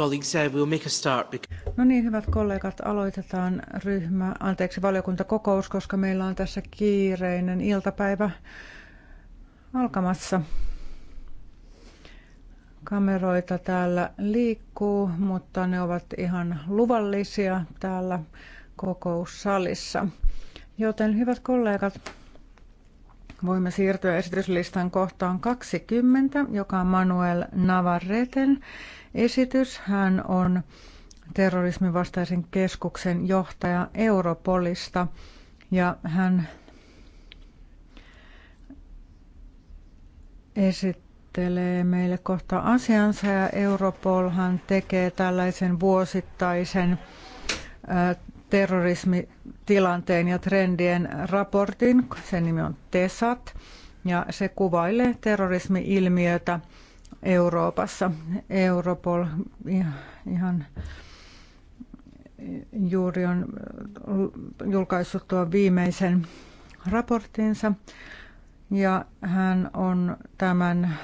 Uh, no niin, hyvät kollegat, aloitetaan ryhmä, anteeksi valiokuntakokous, koska meillä on tässä kiireinen iltapäivä alkamassa. Kameroita täällä liikkuu, mutta ne ovat ihan luvallisia täällä kokoussalissa. Joten hyvät kollegat, voimme siirtyä esityslistan kohtaan 20, joka on Manuel Navarreten esitys. Hän on terrorismin vastaisen keskuksen johtaja Europolista ja hän esittelee meille kohta asiansa ja Europolhan tekee tällaisen vuosittaisen terrorismitilanteen ja trendien raportin. Sen nimi on TESAT ja se kuvailee terrorismi-ilmiötä Euroopassa. Europol ihan juuri on julkaissut tuon viimeisen raporttinsa ja hän on tämän äh,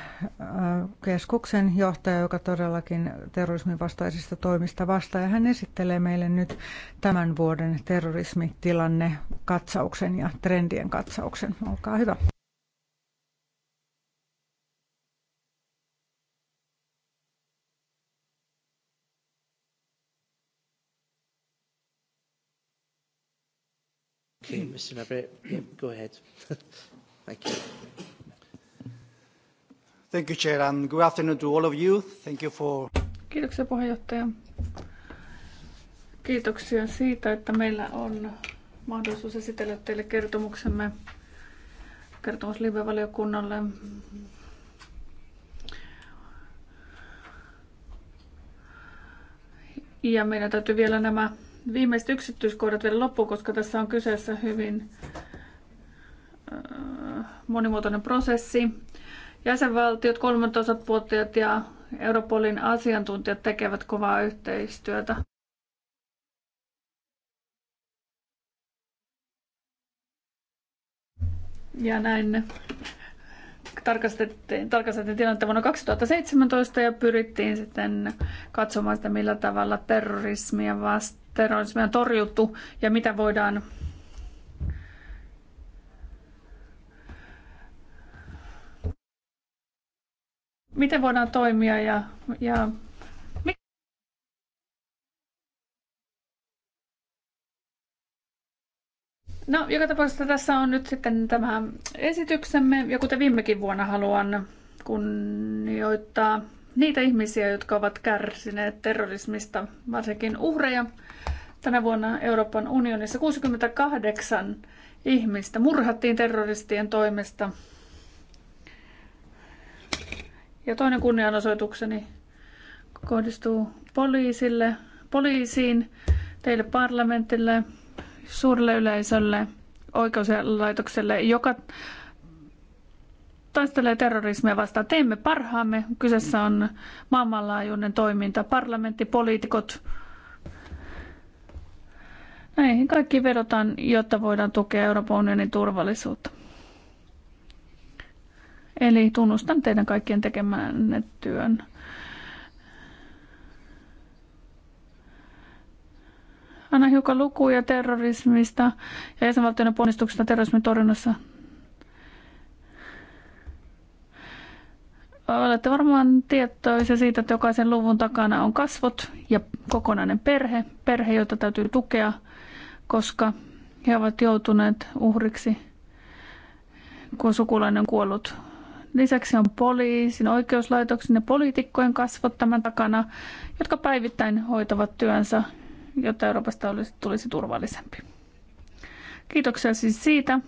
keskuksen johtaja, joka todellakin terrorismin vastaisista toimista vastaa. Ja hän esittelee meille nyt tämän vuoden terrorismitilanne katsauksen ja trendien katsauksen. Olkaa hyvä. Okay, Mr. Nabre, go ahead. Thank you. Thank you, Chair, and good afternoon to all of you. Thank you for... Kiitoksia puheenjohtaja. Kiitoksia siitä, että meillä on mahdollisuus esitellä teille kertomuksemme kertomus Libe-valiokunnalle. Ja meidän täytyy vielä nämä viimeiset yksityiskohdat vielä loppuun, koska tässä on kyseessä hyvin Äh, monimuotoinen prosessi. Jäsenvaltiot, kolmannet osapuolet ja Europolin asiantuntijat tekevät kovaa yhteistyötä. Ja näin tarkastettiin, tarkastettiin tilannetta vuonna 2017 ja pyrittiin sitten katsomaan sitä, millä tavalla terrorismia, terrorismia on torjuttu ja mitä voidaan miten voidaan toimia ja, ja No, joka tapauksessa tässä on nyt sitten tämä esityksemme, ja kuten viimekin vuonna haluan kunnioittaa niitä ihmisiä, jotka ovat kärsineet terrorismista, varsinkin uhreja. Tänä vuonna Euroopan unionissa 68 ihmistä murhattiin terroristien toimesta ja toinen kunnianosoitukseni kohdistuu poliisille, poliisiin, teille parlamentille, suurelle yleisölle, oikeuslaitokselle, joka taistelee terrorismia vastaan. Teemme parhaamme. Kyseessä on maailmanlaajuinen toiminta. Parlamentti, poliitikot, näihin kaikki vedotaan, jotta voidaan tukea Euroopan unionin turvallisuutta. Eli tunnustan teidän kaikkien tekemään työn. Anna hiukan lukuja terrorismista ja jäsenvaltioiden ponnistuksista terrorismin torjunnassa. Olette varmaan tietoisia siitä, että jokaisen luvun takana on kasvot ja kokonainen perhe, perhe, jota täytyy tukea, koska he ovat joutuneet uhriksi, kun sukulainen on kuollut Lisäksi on poliisin, oikeuslaitoksen ja poliitikkojen kasvot tämän takana, jotka päivittäin hoitavat työnsä, jotta Euroopasta olisi, tulisi turvallisempi. Kiitoksia siis siitä,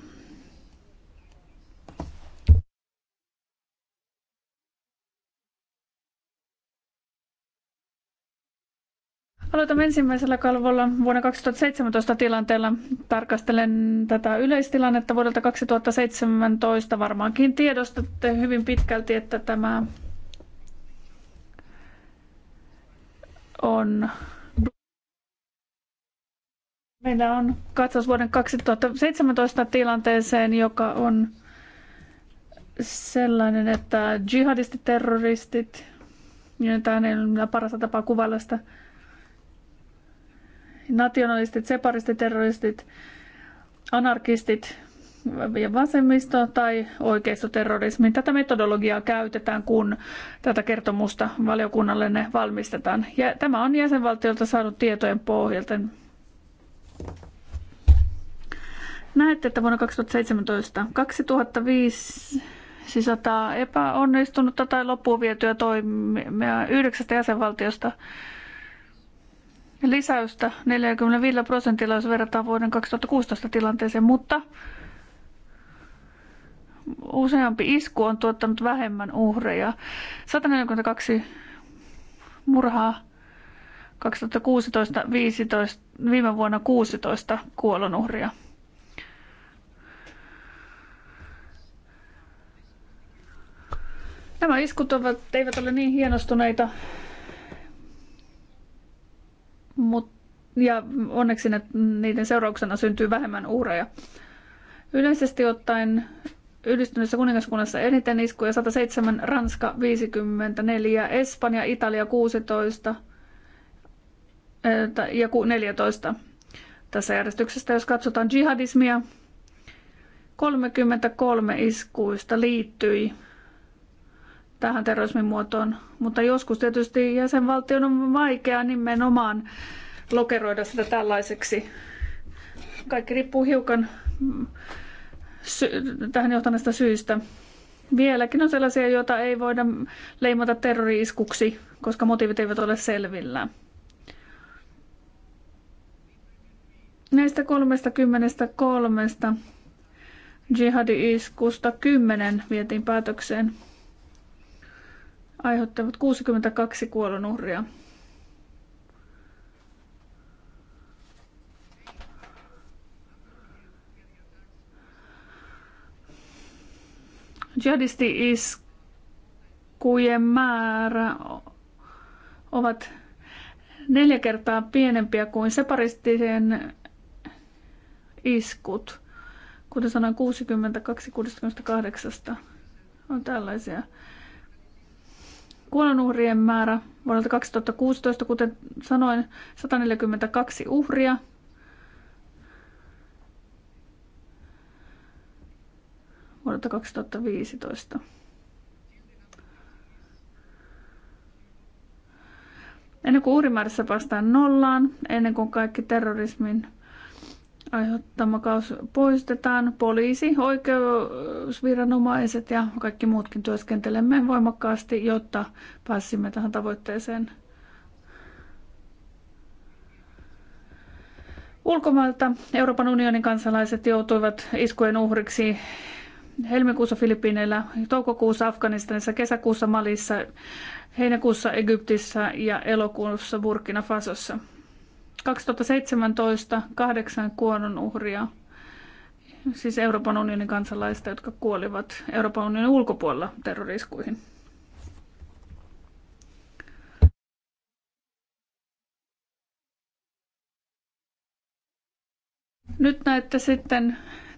Aloitamme ensimmäisellä kalvolla vuonna 2017 tilanteella. Tarkastelen tätä yleistilannetta vuodelta 2017. Varmaankin tiedostatte hyvin pitkälti, että tämä on Meillä on katsaus vuoden 2017 tilanteeseen, joka on sellainen, että jihadistit, terroristit, niin tämä on parasta tapa kuvailla sitä, nationalistit, separistit, terroristit, anarkistit ja vasemmisto tai oikeistoterrorismi. Tätä metodologiaa käytetään, kun tätä kertomusta valiokunnalle ne valmistetaan. Ja tämä on jäsenvaltiolta saanut tietojen pohjalta. Näette, että vuonna 2017 2005 epäonnistunutta tai loppuun vietyä toimia yhdeksästä jäsenvaltiosta lisäystä 45 prosentilla, jos verrataan vuoden 2016 tilanteeseen, mutta useampi isku on tuottanut vähemmän uhreja. 142 murhaa 2016, 15, viime vuonna 16 kuolonuhria. Nämä iskut ovat, eivät ole niin hienostuneita Mut, ja onneksi ne, niiden seurauksena syntyy vähemmän uhreja. Yleisesti ottaen yhdistyneessä kuningaskunnassa eniten iskuja 107, Ranska 54, Espanja, Italia 16 ja 14 tässä järjestyksessä. Jos katsotaan jihadismia, 33 iskuista liittyi tähän terrorismin muotoon, mutta joskus tietysti jäsenvaltion on vaikea nimenomaan lokeroida sitä tällaiseksi. Kaikki riippuu hiukan mm, sy- tähän johtaneesta syistä. Vieläkin on sellaisia, joita ei voida leimata terroriiskuksi, koska motiivit eivät ole selvillä. Näistä 33 jihadi-iskusta 10 vietiin päätökseen – aiheuttavat 62 kuolonuhria. Jihadisti-iskujen määrä ovat neljä kertaa pienempiä kuin separistisen iskut. Kuten sanoin, 62-68 on tällaisia. Kuolonuhrien määrä vuodelta 2016, kuten sanoin, 142 uhria. Vuodelta 2015. Ennen kuin uhrimäärässä päästään nollaan, ennen kuin kaikki terrorismin aiheuttama kaos poistetaan. Poliisi, oikeusviranomaiset ja kaikki muutkin työskentelemme voimakkaasti, jotta pääsimme tähän tavoitteeseen. Ulkomailta Euroopan unionin kansalaiset joutuivat iskujen uhriksi helmikuussa Filippiineillä, toukokuussa Afganistanissa, kesäkuussa Malissa, heinäkuussa Egyptissä ja elokuussa Burkina Fasossa. 2017 kahdeksan kuonon uhria, siis Euroopan unionin kansalaista, jotka kuolivat Euroopan unionin ulkopuolella terroriskuihin. Nyt näette sitten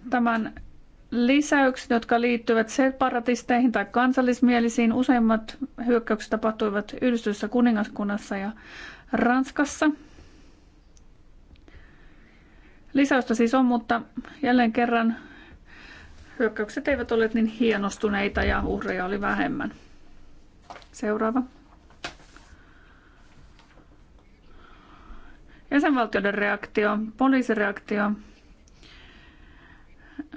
tämän lisäykset, jotka liittyvät separatisteihin tai kansallismielisiin. Useimmat hyökkäykset tapahtuivat Yhdistyssä kuningaskunnassa ja Ranskassa. Lisäystä siis on, mutta jälleen kerran hyökkäykset eivät ole niin hienostuneita ja uhreja oli vähemmän. Seuraava. Jäsenvaltioiden reaktio, poliisireaktio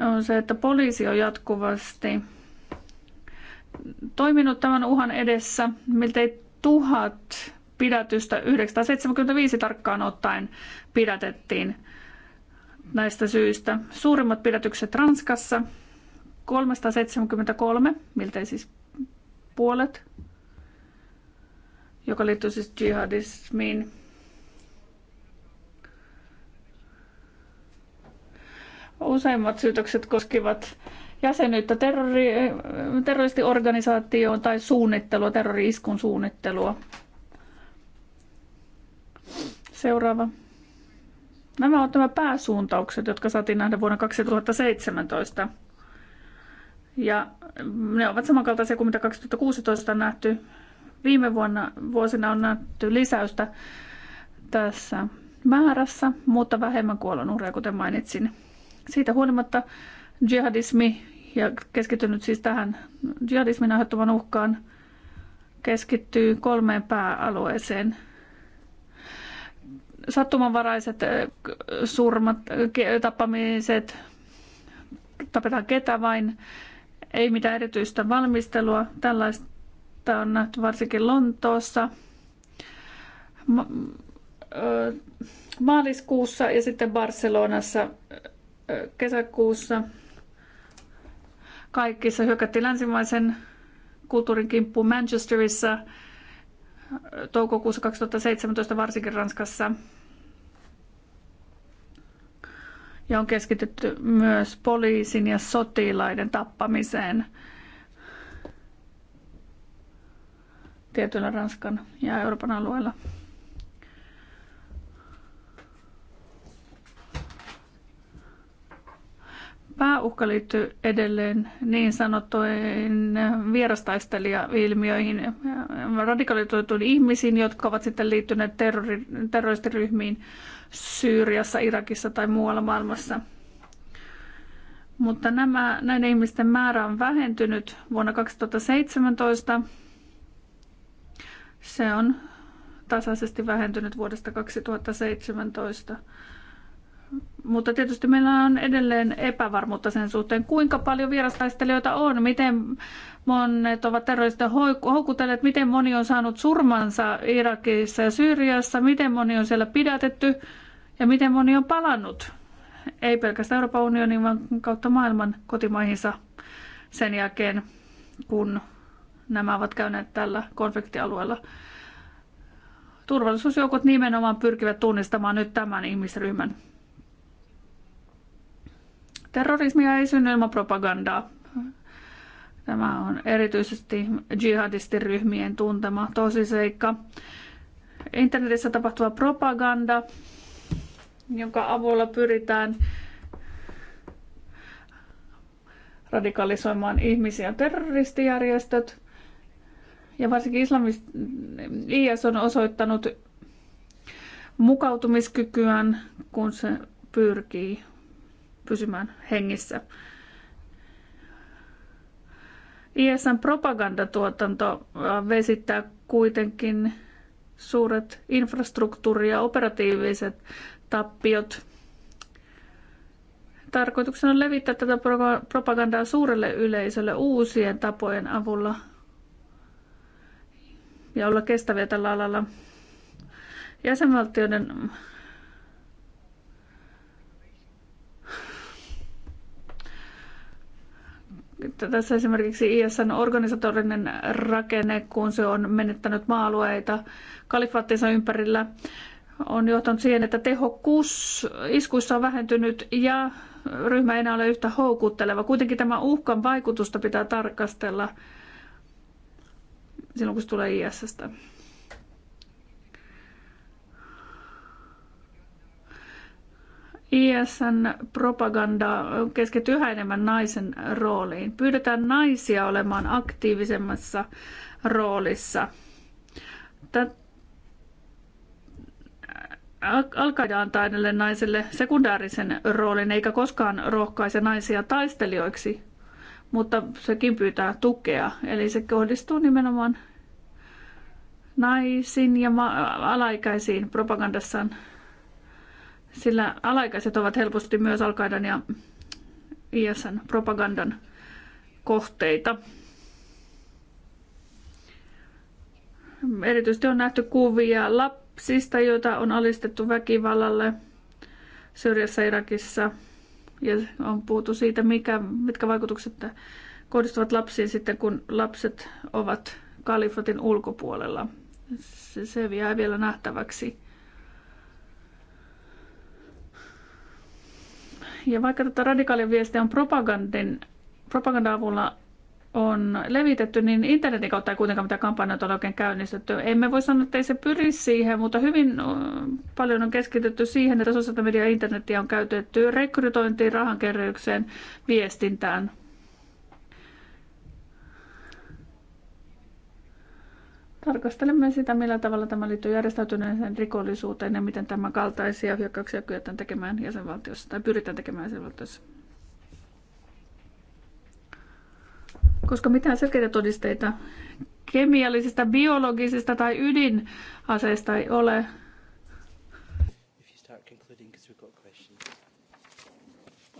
on se, että poliisi on jatkuvasti toiminut tämän uhan edessä miltei tuhat pidätystä, 975 tarkkaan ottaen pidätettiin näistä syistä. Suurimmat pidätykset Ranskassa, 373, miltei siis puolet, joka liittyy siis jihadismiin. Useimmat syytökset koskivat jäsenyyttä terrori, terroristiorganisaatioon tai suunnittelua, terrori-iskun suunnittelua. Seuraava. Nämä ovat nämä pääsuuntaukset, jotka saatiin nähdä vuonna 2017. Ja ne ovat samankaltaisia kuin mitä 2016 on nähty. Viime vuonna, vuosina on nähty lisäystä tässä määrässä, mutta vähemmän kuolonuhreja, kuten mainitsin. Siitä huolimatta jihadismi ja keskittynyt siis tähän jihadismin aiheuttavan uhkaan keskittyy kolmeen pääalueeseen – sattumanvaraiset surmat, tappamiset, tapetaan ketä vain, ei mitään erityistä valmistelua. Tällaista on nähty varsinkin Lontoossa ma- maaliskuussa ja sitten Barcelonassa kesäkuussa. Kaikissa hyökättiin länsimaisen kulttuurin kimppuun Manchesterissa toukokuussa 2017 varsinkin Ranskassa. Ja on keskitytty myös poliisin ja sotilaiden tappamiseen tietyillä Ranskan ja Euroopan alueilla. Pääuhka liittyy edelleen niin sanottuihin vierastaistelijailmiöihin, radikalisoituihin ihmisiin, jotka ovat sitten liittyneet terrori, terroristiryhmiin Syyriassa, Irakissa tai muualla maailmassa. Mutta nämä, näiden ihmisten määrä on vähentynyt vuonna 2017. Se on tasaisesti vähentynyt vuodesta 2017. Mutta tietysti meillä on edelleen epävarmuutta sen suhteen, kuinka paljon vierastaistelijoita on, miten monet ovat terrorista houkutelleet, miten moni on saanut surmansa Irakissa ja Syyriassa, miten moni on siellä pidätetty ja miten moni on palannut. Ei pelkästään Euroopan unionin, vaan kautta maailman kotimaihinsa sen jälkeen, kun nämä ovat käyneet tällä konfliktialueella. Turvallisuusjoukot nimenomaan pyrkivät tunnistamaan nyt tämän ihmisryhmän Terrorismia ei synny ilman propagandaa. Tämä on erityisesti jihadistiryhmien tuntema tosiseikka. Internetissä tapahtuva propaganda, jonka avulla pyritään radikalisoimaan ihmisiä terroristijärjestöt. Ja varsinkin islamist, IS on osoittanut mukautumiskykyään, kun se pyrkii pysymään hengissä. ISN propagandatuotanto vesittää kuitenkin suuret infrastruktuuri- ja operatiiviset tappiot. Tarkoituksena on levittää tätä propagandaa suurelle yleisölle uusien tapojen avulla ja olla kestäviä tällä alalla. Jäsenvaltioiden tässä esimerkiksi ISN organisatorinen rakenne, kun se on menettänyt maalueita kalifaattinsa ympärillä, on johtanut siihen, että tehokkuus iskuissa on vähentynyt ja ryhmä ei enää ole yhtä houkutteleva. Kuitenkin tämä uhkan vaikutusta pitää tarkastella silloin, kun se tulee ISS. ISN propaganda keskittyy yhä enemmän naisen rooliin. Pyydetään naisia olemaan aktiivisemmassa roolissa. Tätä antaa edelle naiselle sekundäärisen roolin eikä koskaan rohkaise naisia taistelijoiksi, mutta sekin pyytää tukea. Eli se kohdistuu nimenomaan naisiin ja alaikäisiin propagandassaan sillä alaikäiset ovat helposti myös al ja ISN propagandan kohteita. Erityisesti on nähty kuvia lapsista, joita on alistettu väkivallalle syrjässä Irakissa. Ja on puhuttu siitä, mikä, mitkä vaikutukset kohdistuvat lapsiin sitten, kun lapset ovat kalifatin ulkopuolella. Se, se jää vielä nähtäväksi. Ja vaikka tätä radikaalin viestiä on propagandin, propaganda avulla on levitetty, niin internetin kautta ei kuitenkaan mitään kampanjoita ole oikein käynnistetty. Emme voi sanoa, että ei se pyri siihen, mutta hyvin paljon on keskitytty siihen, että sosiaalista mediaa ja internetiä on käytetty rekrytointiin, rahankeräykseen, viestintään – Tarkastelemme sitä, millä tavalla tämä liittyy järjestäytyneeseen rikollisuuteen ja miten tämä kaltaisia hyökkäyksiä kyetään tekemään jäsenvaltiossa tai pyritään tekemään jäsenvaltiossa. Koska mitään selkeitä todisteita kemiallisista, biologisista tai ydinaseista ei ole,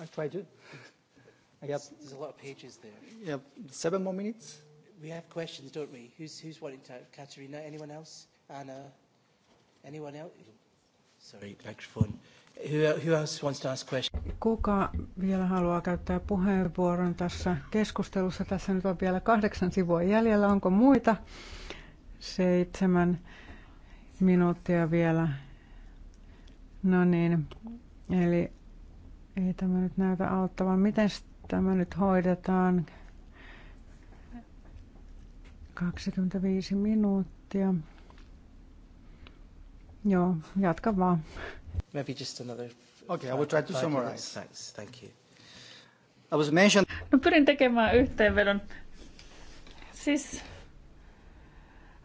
I try to. I got, a lot of pages there. Yeah, seven more minutes. We have questions, don't we? Who's, who's wanting to? Katerina, anyone else? Anna, anyone else? Sorry, microphone. Who, who else wants to ask questions? Kuka vielä haluaa käyttää puheenvuoron tässä keskustelussa? Tässä nyt on vielä kahdeksan sivua jäljellä. Onko muita? Seitsemän minuuttia vielä. No niin, eli ei tämä nyt näytä auttavan. Miten tämä nyt hoidetaan? 25 minuuttia. Joo, jatka vaan. Maybe just another... Okay, I will try to summarize. Thanks, thank you. I was mentioned... No pyrin tekemään yhteenvedon. Siis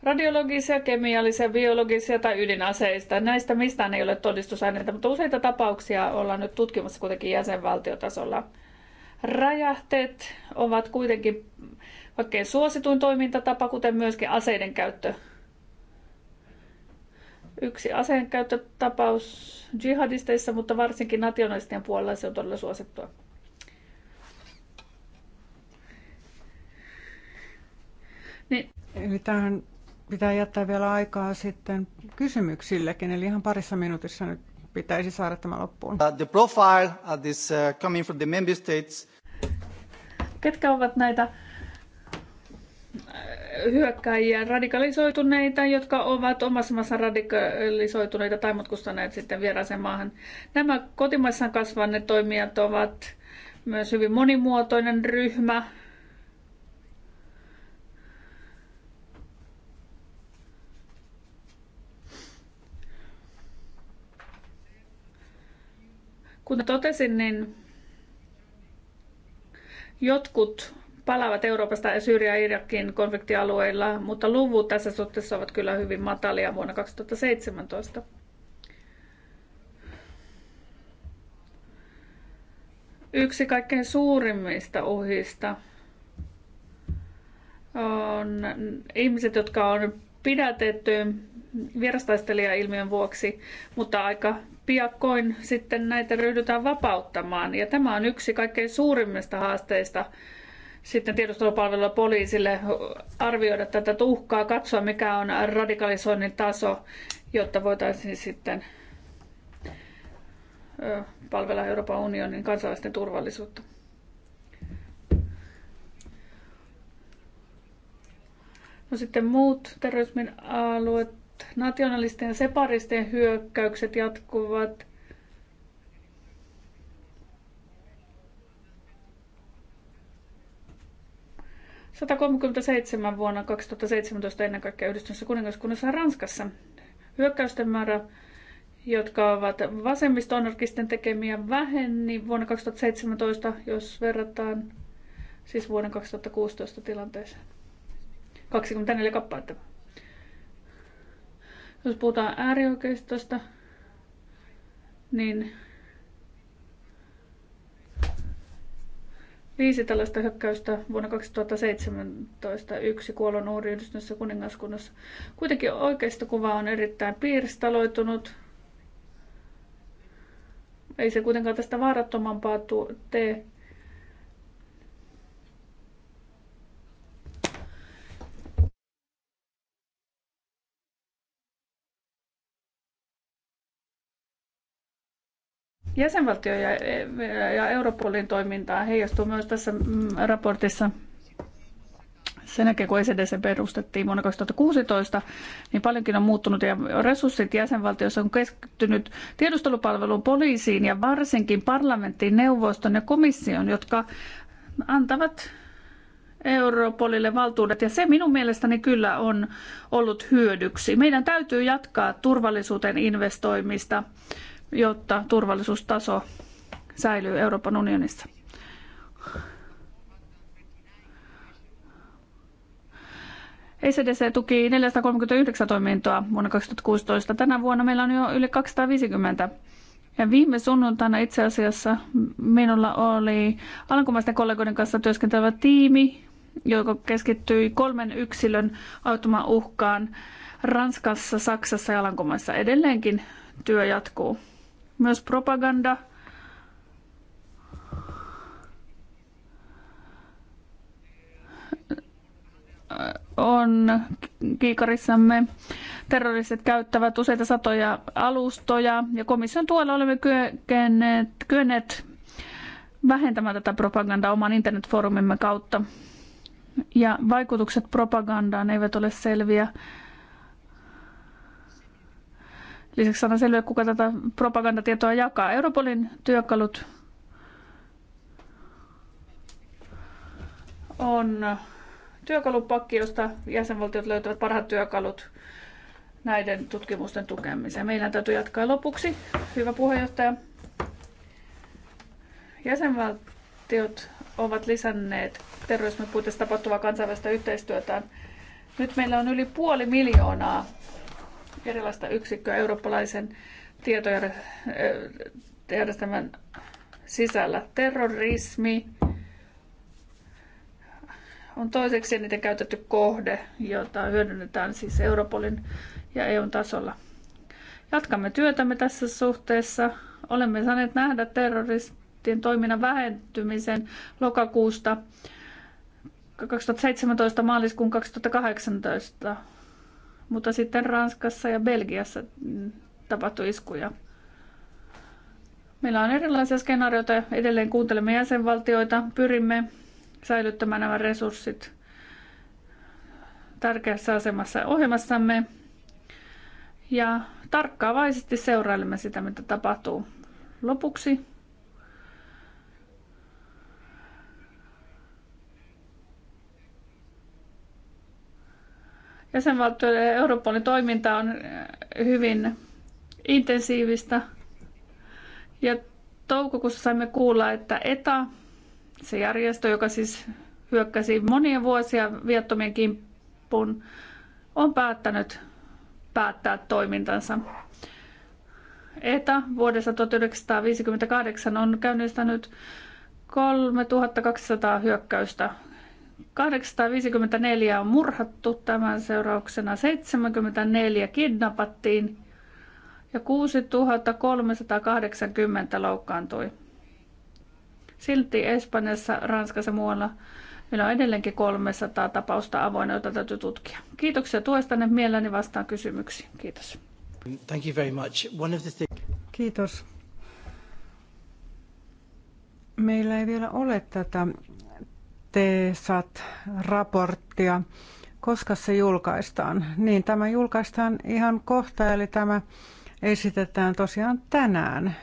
radiologisia, kemiallisia, biologisia tai ydinaseista. Näistä mistään ei ole todistusaineita, mutta useita tapauksia ollaan nyt tutkimassa kuitenkin jäsenvaltiotasolla. Räjähteet ovat kuitenkin oikein suosituin toimintatapa, kuten myöskin aseiden käyttö. Yksi aseen käyttötapaus jihadisteissa, mutta varsinkin nationalistien puolella se on todella suosittua. Niin. Eli tähän pitää jättää vielä aikaa sitten kysymyksillekin, eli ihan parissa minuutissa nyt pitäisi saada tämä loppuun. Uh, the profile of uh, this uh, coming from the member states. Ketkä ovat näitä hyökkäjiä, radikalisoituneita, jotka ovat omassa maassa radikalisoituneita tai matkustaneet sitten vieraaseen maahan. Nämä kotimaissa kasvaneet toimijat ovat myös hyvin monimuotoinen ryhmä. Kuten totesin, niin jotkut palaavat Euroopasta ja Syyria ja Irakin konfliktialueilla, mutta luvut tässä suhteessa ovat kyllä hyvin matalia vuonna 2017. Yksi kaikkein suurimmista uhista on ihmiset, jotka on pidätetty vierastaistelijailmiön vuoksi, mutta aika piakkoin sitten näitä ryhdytään vapauttamaan. Ja tämä on yksi kaikkein suurimmista haasteista sitten tiedustelupalvelulla poliisille arvioida tätä tuhkaa, katsoa mikä on radikalisoinnin taso, jotta voitaisiin sitten palvella Euroopan unionin kansalaisten turvallisuutta. No sitten muut terrorismin alueet, nationalisten ja separisten hyökkäykset jatkuvat. 137 vuonna 2017 ennen kaikkea yhdistyneessä kuningaskunnassa ja Ranskassa. Hyökkäysten määrä, jotka ovat vasemmistoanarkisten tekemiä, väheni vuonna 2017, jos verrataan siis vuoden 2016 tilanteeseen. 24 kappaletta. Jos puhutaan äärioikeistosta, niin Viisi tällaista hyökkäystä vuonna 2017, yksi kuollon uhri yhdistyneessä kuningaskunnassa. Kuitenkin oikeista kuva on erittäin piirstaloitunut. Ei se kuitenkaan tästä vaarattomampaa tee, Jäsenvaltio ja, ja Europolin toimintaa heijastuu myös tässä mm, raportissa. Sen jälkeen, kun ECDC perustettiin vuonna 2016, niin paljonkin on muuttunut ja resurssit jäsenvaltioissa on keskittynyt tiedustelupalveluun, poliisiin ja varsinkin parlamenttiin, neuvoston ja komission, jotka antavat Europolille valtuudet ja se minun mielestäni kyllä on ollut hyödyksi. Meidän täytyy jatkaa turvallisuuteen investoimista jotta turvallisuustaso säilyy Euroopan unionissa. ECDC tuki 439 toimintoa vuonna 2016. Tänä vuonna meillä on jo yli 250. Ja viime sunnuntaina itse asiassa minulla oli alankomaisten kollegoiden kanssa työskentelevä tiimi, joka keskittyi kolmen yksilön auttamaan uhkaan Ranskassa, Saksassa ja Alankomaissa. Edelleenkin työ jatkuu. Myös propaganda on kiikarissamme. Terroristit käyttävät useita satoja alustoja ja komission tuella olemme kyenneet, kyenneet vähentämään tätä propagandaa oman internetfoorumimme kautta. Ja vaikutukset propagandaan eivät ole selviä. Lisäksi saadaan selville, kuka tätä propagandatietoa jakaa. Europolin työkalut on työkalupakki, josta jäsenvaltiot löytävät parhaat työkalut näiden tutkimusten tukemiseen. Meidän täytyy jatkaa lopuksi. Hyvä puheenjohtaja. Jäsenvaltiot ovat lisänneet terrorismin puitteissa tapahtuvaa kansainvälistä yhteistyötään. Nyt meillä on yli puoli miljoonaa erilaista yksikköä eurooppalaisen tietojärjestelmän eh, sisällä. Terrorismi on toiseksi eniten käytetty kohde, jota hyödynnetään siis Europolin ja EUn tasolla. Jatkamme työtämme tässä suhteessa. Olemme saaneet nähdä terroristien toiminnan vähentymisen lokakuusta 2017 maaliskuun 2018 mutta sitten Ranskassa ja Belgiassa tapahtui iskuja. Meillä on erilaisia skenaarioita. Edelleen kuuntelemme jäsenvaltioita. Pyrimme säilyttämään nämä resurssit tärkeässä asemassa ohjelmassamme. Ja tarkkaavaisesti seurailemme sitä, mitä tapahtuu. Lopuksi jäsenvaltioiden ja Euroopan toiminta on äh, hyvin intensiivistä. Ja toukokuussa saimme kuulla, että ETA, se järjestö, joka siis hyökkäsi monia vuosia viattomien kimppuun, on päättänyt päättää toimintansa. ETA vuodesta 1958 on käynnistänyt 3200 hyökkäystä 854 on murhattu tämän seurauksena, 74 kidnappattiin ja 6380 loukkaantui. Silti Espanjassa, Ranskassa ja muualla meillä on edelleenkin 300 tapausta avoinna, joita täytyy tutkia. Kiitoksia tuestanne. Mielelläni vastaan kysymyksiin. Kiitos. Thank you very much. One of the Kiitos. Meillä ei vielä ole tätä TESAT-raporttia. Koska se julkaistaan? Niin, tämä julkaistaan ihan kohta, eli tämä esitetään tosiaan tänään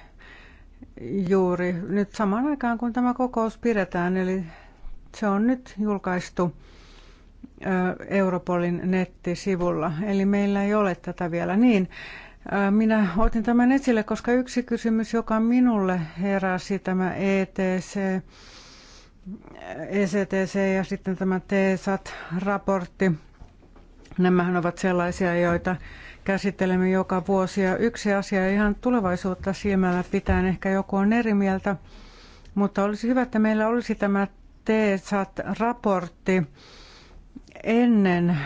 juuri nyt samaan aikaan, kun tämä kokous pidetään. Eli se on nyt julkaistu Europolin nettisivulla, eli meillä ei ole tätä vielä niin. Minä otin tämän esille, koska yksi kysymys, joka minulle heräsi, tämä ETC, ECTC ja sitten tämä TESAT-raportti. Nämähän ovat sellaisia, joita käsittelemme joka vuosi. Ja yksi asia ihan tulevaisuutta silmällä pitäen, ehkä joku on eri mieltä, mutta olisi hyvä, että meillä olisi tämä TESAT-raportti ennen,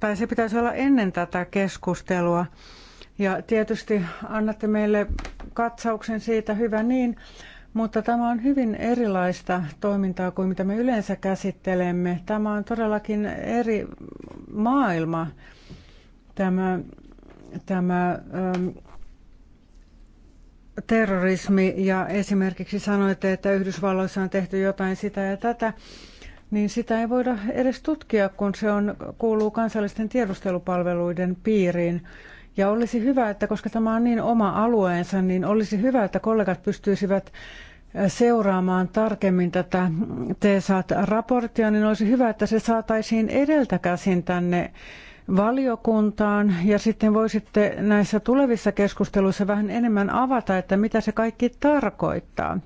tai se pitäisi olla ennen tätä keskustelua. Ja tietysti annatte meille katsauksen siitä, hyvä niin, mutta tämä on hyvin erilaista toimintaa kuin mitä me yleensä käsittelemme. Tämä on todellakin eri maailma, tämä, tämä ähm, terrorismi. Ja esimerkiksi sanoitte, että Yhdysvalloissa on tehty jotain sitä ja tätä, niin sitä ei voida edes tutkia, kun se on, kuuluu kansallisten tiedustelupalveluiden piiriin. Ja olisi hyvä, että koska tämä on niin oma alueensa, niin olisi hyvä, että kollegat pystyisivät seuraamaan tarkemmin tätä TESAT-raporttia, niin olisi hyvä, että se saataisiin edeltäkäsin tänne valiokuntaan ja sitten voisitte näissä tulevissa keskusteluissa vähän enemmän avata, että mitä se kaikki tarkoittaa.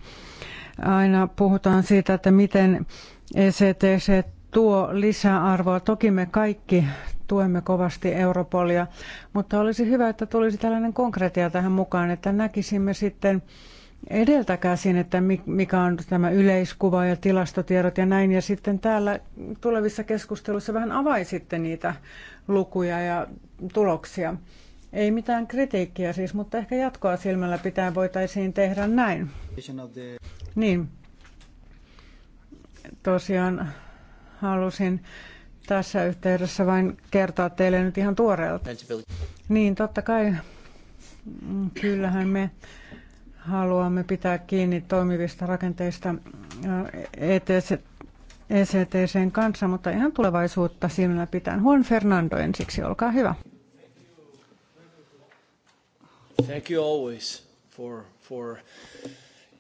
Aina puhutaan siitä, että miten ECTC tuo lisäarvoa. Toki me kaikki tuemme kovasti Europolia, mutta olisi hyvä, että tulisi tällainen konkretia tähän mukaan, että näkisimme sitten edeltäkäsin, että mikä on tämä yleiskuva ja tilastotiedot ja näin. Ja sitten täällä tulevissa keskusteluissa vähän avaisitte niitä lukuja ja tuloksia. Ei mitään kritiikkiä siis, mutta ehkä jatkoa silmällä pitää voitaisiin tehdä näin. Niin. Tosiaan halusin tässä yhteydessä vain kertoa teille nyt ihan tuoreelta. Niin, totta kai kyllähän me haluamme pitää kiinni toimivista rakenteista ETC, ECTCn kanssa, mutta ihan tulevaisuutta silmällä pitää. Juan Fernando ensiksi, olkaa hyvä. Thank you always for, for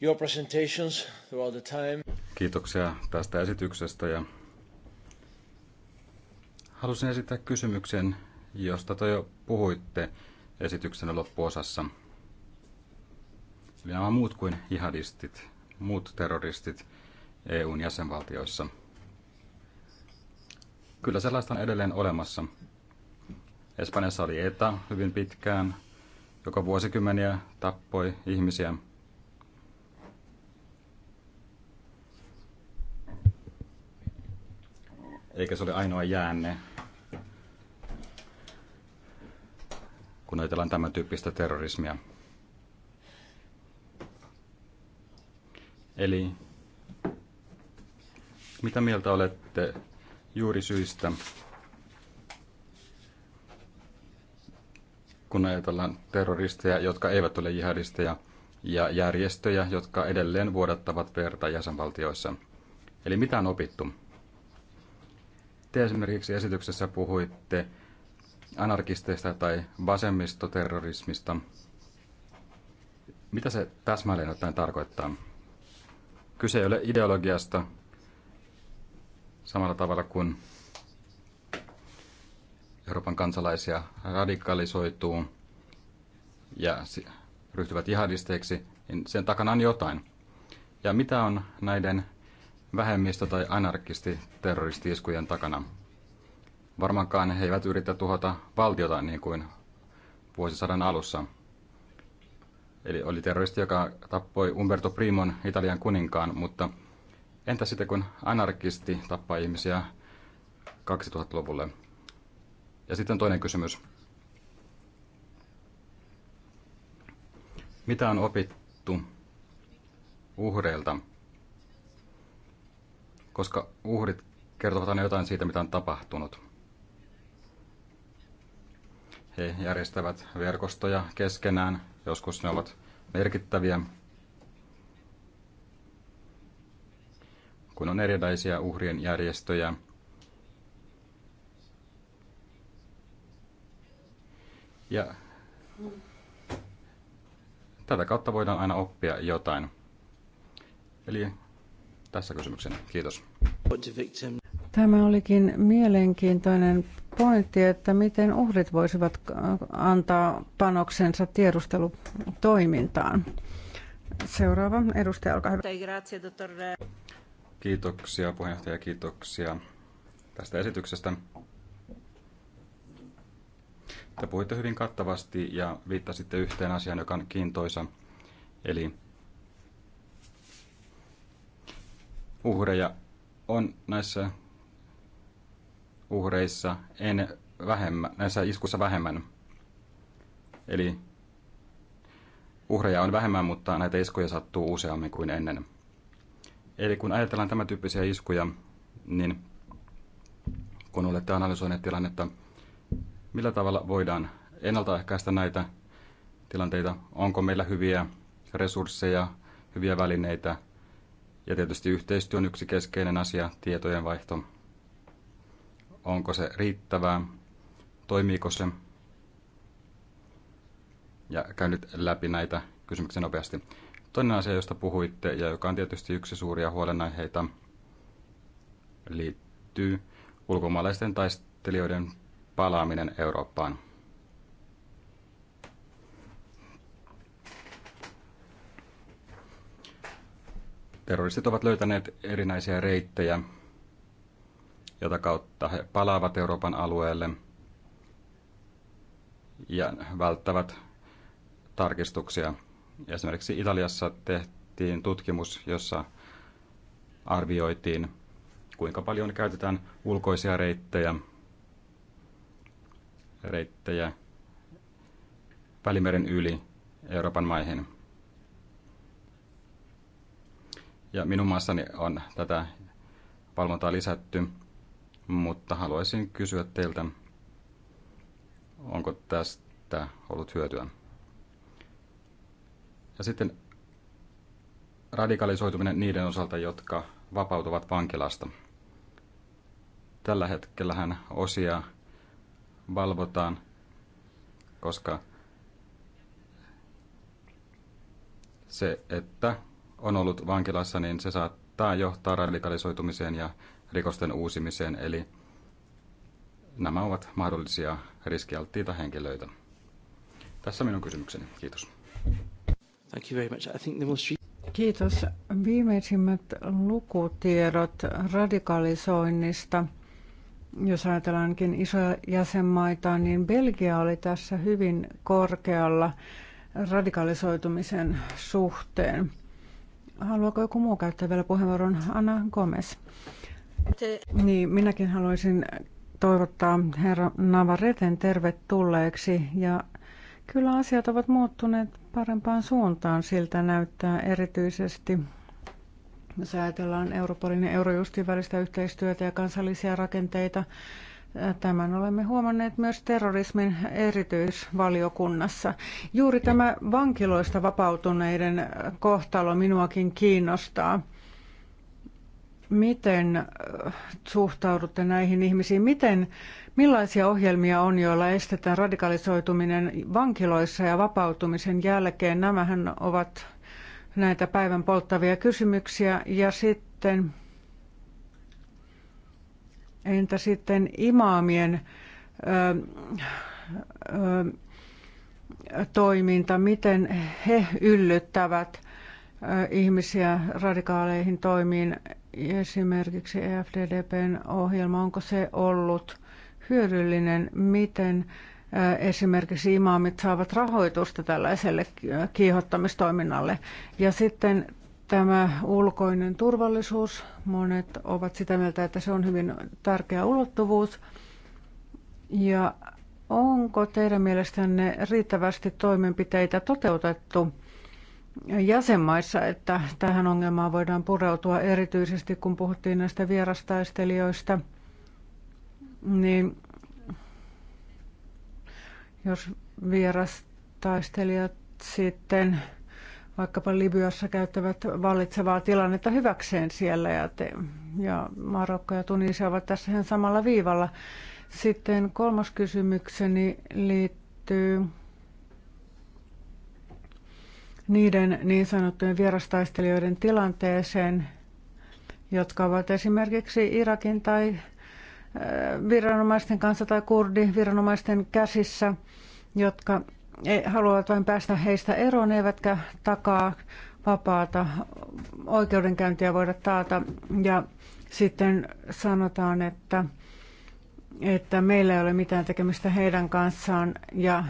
your presentations throughout the time. Kiitoksia tästä esityksestä ja Halusin esittää kysymyksen, josta te jo puhuitte esityksen loppuosassa. Eli nämä muut kuin jihadistit, muut terroristit EUn jäsenvaltioissa. Kyllä sellaista on edelleen olemassa. Espanjassa oli ETA hyvin pitkään, joka vuosikymmeniä tappoi ihmisiä. Eikä se ole ainoa jäänne kun ajatellaan tämän tyyppistä terrorismia. Eli mitä mieltä olette juuri syistä, kun ajatellaan terroristeja, jotka eivät ole jihadisteja, ja järjestöjä, jotka edelleen vuodattavat verta jäsenvaltioissa. Eli mitä on opittu? Te esimerkiksi esityksessä puhuitte anarkisteista tai vasemmistoterrorismista. Mitä se täsmälleen ottaen tarkoittaa? Kyse ei ole ideologiasta samalla tavalla kuin Euroopan kansalaisia radikalisoituu ja ryhtyvät jihadisteiksi, niin sen takana on jotain. Ja mitä on näiden vähemmistö- tai anarkisti-terroristi-iskujen takana? Varmaankaan he eivät yritä tuhota valtiota niin kuin vuosisadan alussa. Eli oli terroristi, joka tappoi Umberto Primon, Italian kuninkaan, mutta entä sitten kun anarkisti tappaa ihmisiä 2000-luvulle? Ja sitten toinen kysymys. Mitä on opittu uhreilta? Koska uhrit kertovat aina jotain siitä, mitä on tapahtunut. He järjestävät verkostoja keskenään, joskus ne ovat merkittäviä. Kun on erilaisia uhrien järjestöjä, ja tätä kautta voidaan aina oppia jotain. Eli tässä kysymyksenä. Kiitos. Tämä olikin mielenkiintoinen pointti, että miten uhrit voisivat antaa panoksensa tiedustelutoimintaan. Seuraava edustaja, olkaa hyvä. Kiitoksia puheenjohtaja, kiitoksia tästä esityksestä. Te puhuitte hyvin kattavasti ja viittasitte yhteen asiaan, joka on kiintoisa, eli uhreja on näissä uhreissa en vähemmän, näissä iskussa vähemmän. Eli uhreja on vähemmän, mutta näitä iskuja sattuu useammin kuin ennen. Eli kun ajatellaan tämän tyyppisiä iskuja, niin kun olette analysoineet tilannetta, millä tavalla voidaan ennaltaehkäistä näitä tilanteita? Onko meillä hyviä resursseja, hyviä välineitä? Ja tietysti yhteistyö on yksi keskeinen asia, tietojen vaihto. Onko se riittävää? Toimiiko se? Ja käyn nyt läpi näitä kysymyksiä nopeasti. Toinen asia, josta puhuitte ja joka on tietysti yksi suuria huolenaiheita, liittyy ulkomaalaisten taistelijoiden palaaminen Eurooppaan. Terroristit ovat löytäneet erinäisiä reittejä jota kautta he palaavat Euroopan alueelle ja välttävät tarkistuksia. Esimerkiksi Italiassa tehtiin tutkimus, jossa arvioitiin, kuinka paljon käytetään ulkoisia reittejä, reittejä Välimeren yli Euroopan maihin. Ja minun maassani on tätä valvontaa lisätty mutta haluaisin kysyä teiltä, onko tästä ollut hyötyä. Ja sitten radikalisoituminen niiden osalta, jotka vapautuvat vankilasta. Tällä hetkellähän osia valvotaan, koska se, että on ollut vankilassa, niin se saattaa johtaa radikalisoitumiseen ja rikosten uusimiseen, eli nämä ovat mahdollisia riskialttiita henkilöitä. Tässä minun kysymykseni. Kiitos. Thank you very much. I think the most... Kiitos. Viimeisimmät lukutiedot radikalisoinnista. Jos ajatellaankin isoja jäsenmaita, niin Belgia oli tässä hyvin korkealla radikalisoitumisen suhteen. Haluaako joku muu käyttää vielä puheenvuoron? Anna Gomez. Niin, minäkin haluaisin toivottaa herra Navareten tervetulleeksi ja kyllä asiat ovat muuttuneet parempaan suuntaan, siltä näyttää erityisesti jos ajatellaan Europolin ja Eurojustin välistä yhteistyötä ja kansallisia rakenteita. Tämän olemme huomanneet myös terrorismin erityisvaliokunnassa. Juuri tämä vankiloista vapautuneiden kohtalo minuakin kiinnostaa miten äh, suhtaudutte näihin ihmisiin? Miten, millaisia ohjelmia on, joilla estetään radikalisoituminen vankiloissa ja vapautumisen jälkeen? Nämähän ovat näitä päivän polttavia kysymyksiä. Ja sitten, entä sitten imaamien ö, äh, ö, äh, toiminta, miten he yllyttävät – ihmisiä radikaaleihin toimiin esimerkiksi EFDDPn ohjelma, onko se ollut hyödyllinen, miten esimerkiksi imaamit saavat rahoitusta tällaiselle kiihottamistoiminnalle. Ja sitten tämä ulkoinen turvallisuus, monet ovat sitä mieltä, että se on hyvin tärkeä ulottuvuus. Ja onko teidän mielestänne riittävästi toimenpiteitä toteutettu jäsenmaissa, että tähän ongelmaan voidaan pureutua erityisesti, kun puhuttiin näistä vierastaistelijoista, niin jos vierastaistelijat sitten vaikkapa Libyassa käyttävät vallitsevaa tilannetta hyväkseen siellä ja, te, ja Marokko ja Tunisia ovat tässä ihan samalla viivalla. Sitten kolmas kysymykseni liittyy niiden niin sanottujen vierastaistelijoiden tilanteeseen, jotka ovat esimerkiksi Irakin tai viranomaisten kanssa tai viranomaisten käsissä, jotka e, haluavat vain päästä heistä eroon, eivätkä takaa vapaata oikeudenkäyntiä voida taata. Ja sitten sanotaan, että, että meillä ei ole mitään tekemistä heidän kanssaan ja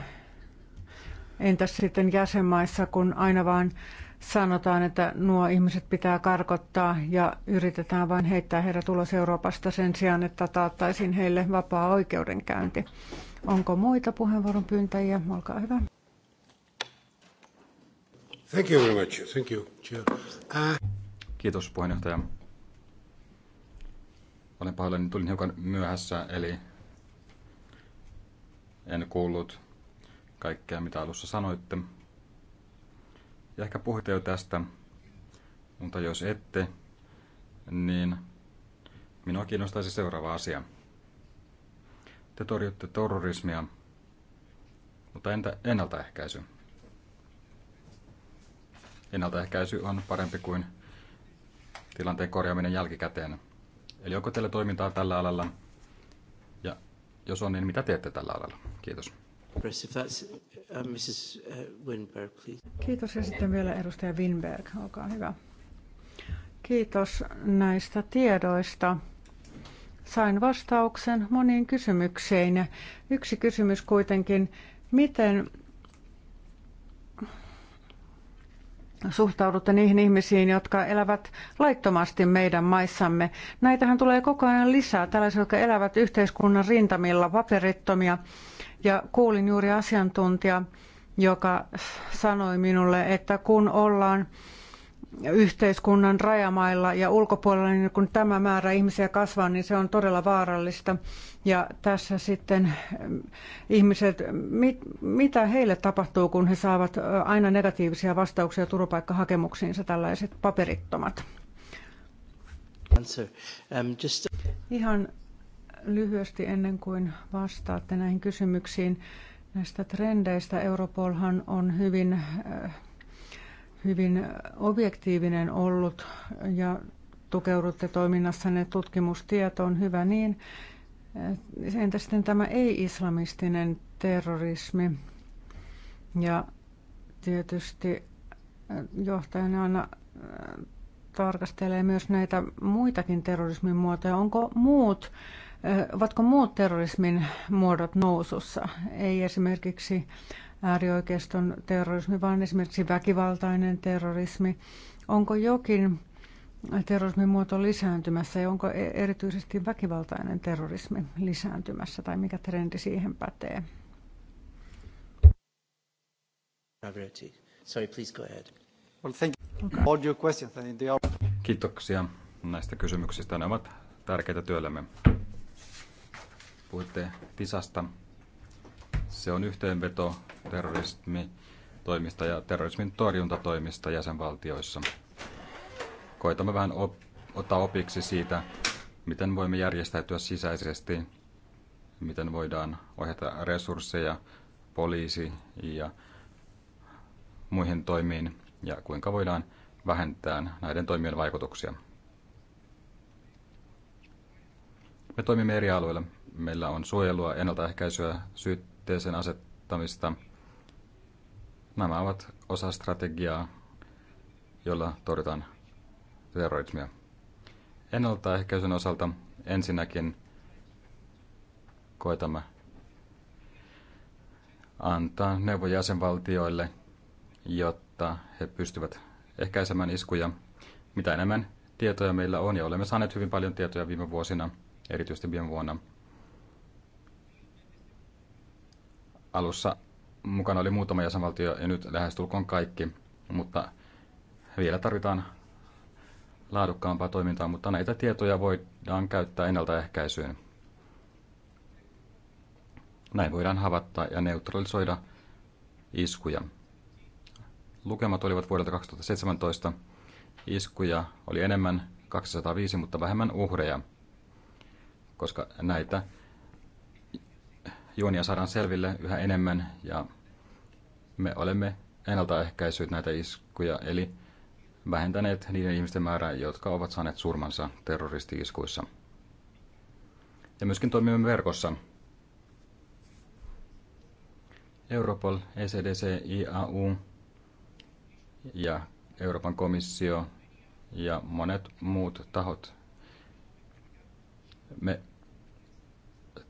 Entäs sitten jäsenmaissa, kun aina vain sanotaan, että nuo ihmiset pitää karkottaa ja yritetään vain heittää heidät ulos Euroopasta sen sijaan, että taattaisiin heille vapaa oikeudenkäynti. Onko muita puheenvuoron pyyntäjiä? Olkaa hyvä. Thank you very much. Thank you. Uh... Kiitos puheenjohtaja. Olen pahoillani, tulin hiukan myöhässä, eli en kuullut kaikkea, mitä alussa sanoitte. Ja ehkä puhutte jo tästä, mutta jos ette, niin minua kiinnostaisi seuraava asia. Te torjutte terrorismia, mutta entä ennaltaehkäisy? Ennaltaehkäisy on parempi kuin tilanteen korjaaminen jälkikäteen. Eli onko teillä toimintaa tällä alalla? Ja jos on, niin mitä teette tällä alalla? Kiitos. Uh, uh, Kiitos ja sitten vielä edustaja Winberg, olkaa hyvä. Kiitos näistä tiedoista. Sain vastauksen moniin kysymyksiin. Yksi kysymys kuitenkin, miten suhtaudutte niihin ihmisiin, jotka elävät laittomasti meidän maissamme. Näitähän tulee koko ajan lisää, tällaisia, jotka elävät yhteiskunnan rintamilla, paperittomia. Ja kuulin juuri asiantuntijaa, joka sanoi minulle, että kun ollaan yhteiskunnan rajamailla ja ulkopuolella, niin kun tämä määrä ihmisiä kasvaa, niin se on todella vaarallista. Ja tässä sitten eh, ihmiset, mit, mitä heille tapahtuu, kun he saavat eh, aina negatiivisia vastauksia turvapaikkahakemuksiinsa tällaiset paperittomat? Um, Ihan lyhyesti ennen kuin vastaatte näihin kysymyksiin näistä trendeistä. Europolhan on hyvin eh, hyvin objektiivinen ollut ja tukeudutte toiminnassanne tutkimustietoon, hyvä niin. Entä sitten tämä ei-islamistinen terrorismi? Ja tietysti äh, johtajana aina äh, tarkastelee myös näitä muitakin terrorismin muotoja. Onko muut, äh, ovatko muut terrorismin muodot nousussa? Ei esimerkiksi äärioikeiston terrorismi, vaan esimerkiksi väkivaltainen terrorismi. Onko jokin terrorismin muoto lisääntymässä ja onko e- erityisesti väkivaltainen terrorismi lisääntymässä tai mikä trendi siihen pätee? Sorry, please go ahead. Well, thank you. your questions. Kiitoksia näistä kysymyksistä. Ne ovat tärkeitä työllemme. Puhutte TISasta. Se on yhteenveto terrorismitoimista ja terrorismin torjuntatoimista jäsenvaltioissa. Koitamme vähän op- ottaa opiksi siitä, miten voimme järjestäytyä sisäisesti, miten voidaan ohjata resursseja poliisi ja muihin toimiin ja kuinka voidaan vähentää näiden toimien vaikutuksia. Me toimimme eri alueilla. Meillä on suojelua, ennaltaehkäisyä, syytteeseen asettamista – Nämä ovat osa strategiaa, jolla torjutaan terrorismia. Ennaltaehkäisyn osalta ensinnäkin koetamme antaa neuvoja jäsenvaltioille, jotta he pystyvät ehkäisemään iskuja. Mitä enemmän tietoja meillä on, ja olemme saaneet hyvin paljon tietoja viime vuosina, erityisesti viime vuonna. Alussa mukana oli muutama jäsenvaltio ja nyt lähestulkoon kaikki, mutta vielä tarvitaan laadukkaampaa toimintaa, mutta näitä tietoja voidaan käyttää ennaltaehkäisyyn. Näin voidaan havaittaa ja neutralisoida iskuja. Lukemat olivat vuodelta 2017. Iskuja oli enemmän 205, mutta vähemmän uhreja, koska näitä juonia saadaan selville yhä enemmän ja me olemme ennaltaehkäisyt näitä iskuja, eli vähentäneet niiden ihmisten määrää, jotka ovat saaneet surmansa terroristi-iskuissa. Ja myöskin toimimme verkossa. Europol, ECDC, IAU ja Euroopan komissio ja monet muut tahot. Me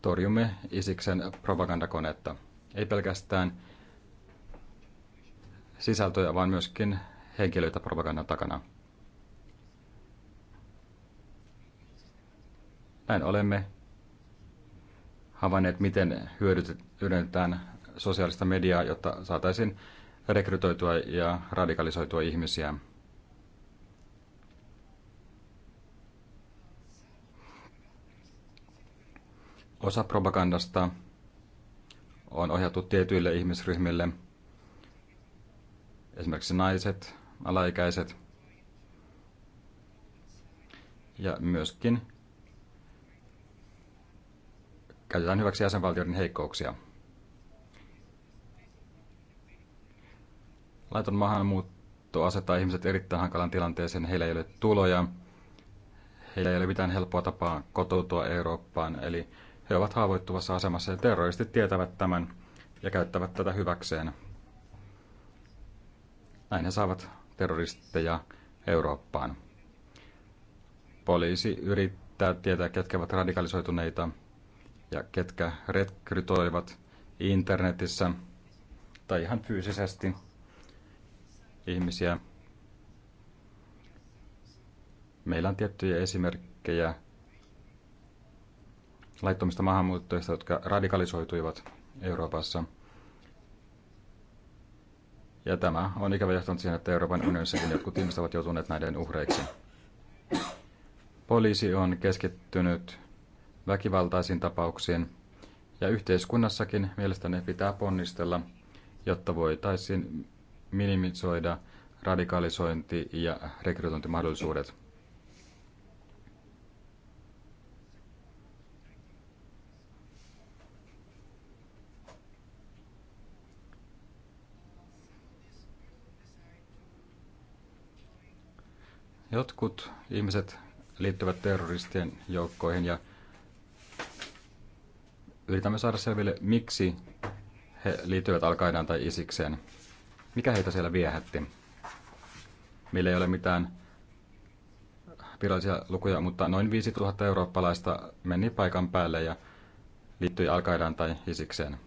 torjumme Isiksen propagandakonetta. Ei pelkästään sisältöjä, vaan myöskin henkilöitä propagandan takana. Näin olemme havainneet, miten hyödynnetään sosiaalista mediaa, jotta saataisiin rekrytoitua ja radikalisoitua ihmisiä – Osa propagandasta on ohjattu tietyille ihmisryhmille, esimerkiksi naiset, alaikäiset ja myöskin käytetään hyväksi jäsenvaltioiden heikkouksia. Laiton maahanmuutto asettaa ihmiset erittäin hankalan tilanteeseen. Heillä ei ole tuloja, heillä ei ole mitään helppoa tapaa kotoutua Eurooppaan, eli he ovat haavoittuvassa asemassa ja terroristit tietävät tämän ja käyttävät tätä hyväkseen. Näin he saavat terroristeja Eurooppaan. Poliisi yrittää tietää, ketkä ovat radikalisoituneita ja ketkä rekrytoivat internetissä tai ihan fyysisesti ihmisiä. Meillä on tiettyjä esimerkkejä laittomista maahanmuuttajista, jotka radikalisoituivat Euroopassa. Ja tämä on ikävä johtanut siihen, että Euroopan unionissakin jotkut ihmiset ovat joutuneet näiden uhreiksi. Poliisi on keskittynyt väkivaltaisiin tapauksiin ja yhteiskunnassakin mielestäni pitää ponnistella, jotta voitaisiin minimisoida radikalisointi ja rekrytointimahdollisuudet. Jotkut ihmiset liittyvät terroristien joukkoihin ja yritämme saada selville, miksi he liittyvät al tai Isikseen. Mikä heitä siellä viehätti? Meillä ei ole mitään virallisia lukuja, mutta noin 5000 eurooppalaista meni paikan päälle ja liittyi al tai Isikseen.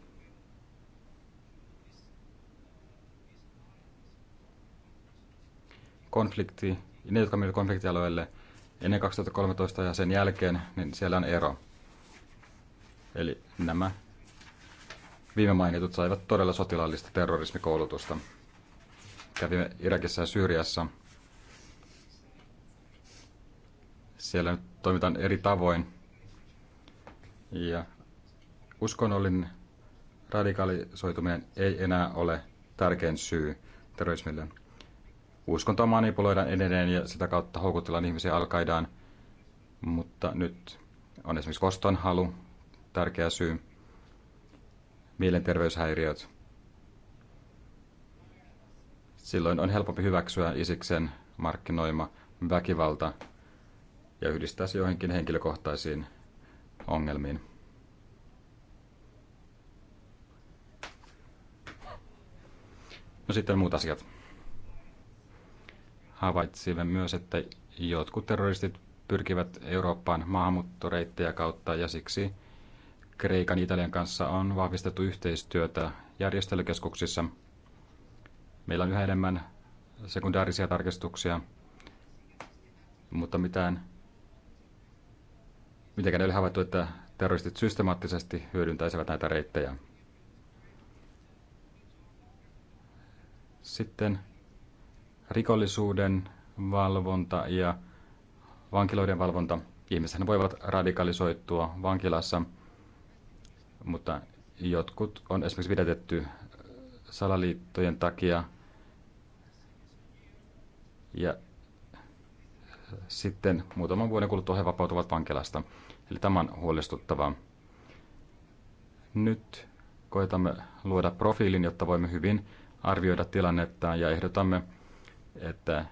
Konflikti ne, jotka menivät konfliktialueelle ennen 2013 ja sen jälkeen, niin siellä on ero. Eli nämä viime mainitut saivat todella sotilaallista terrorismikoulutusta. Kävimme Irakissa ja Syyriassa. Siellä nyt toimitaan eri tavoin. Ja uskonnollinen radikalisoituminen ei enää ole tärkein syy terrorismille uskontoa manipuloidaan edelleen ja sitä kautta houkutellaan ihmisiä alkaidaan. Mutta nyt on esimerkiksi kostonhalu tärkeä syy, mielenterveyshäiriöt. Silloin on helpompi hyväksyä isiksen markkinoima väkivalta ja yhdistää se joihinkin henkilökohtaisiin ongelmiin. No sitten muut asiat havaitsimme myös, että jotkut terroristit pyrkivät Eurooppaan maahanmuuttoreittejä kautta ja siksi Kreikan ja Italian kanssa on vahvistettu yhteistyötä järjestelykeskuksissa. Meillä on yhä enemmän sekundaarisia tarkistuksia, mutta mitään, mitenkään ei ole havaittu, että terroristit systemaattisesti hyödyntäisivät näitä reittejä. Sitten rikollisuuden valvonta ja vankiloiden valvonta. Ihmisethän voivat radikalisoitua vankilassa, mutta jotkut on esimerkiksi pidätetty salaliittojen takia. Ja sitten muutaman vuoden kuluttua he vapautuvat vankilasta. Eli tämä on huolestuttavaa. Nyt koetamme luoda profiilin, jotta voimme hyvin arvioida tilannetta ja ehdotamme että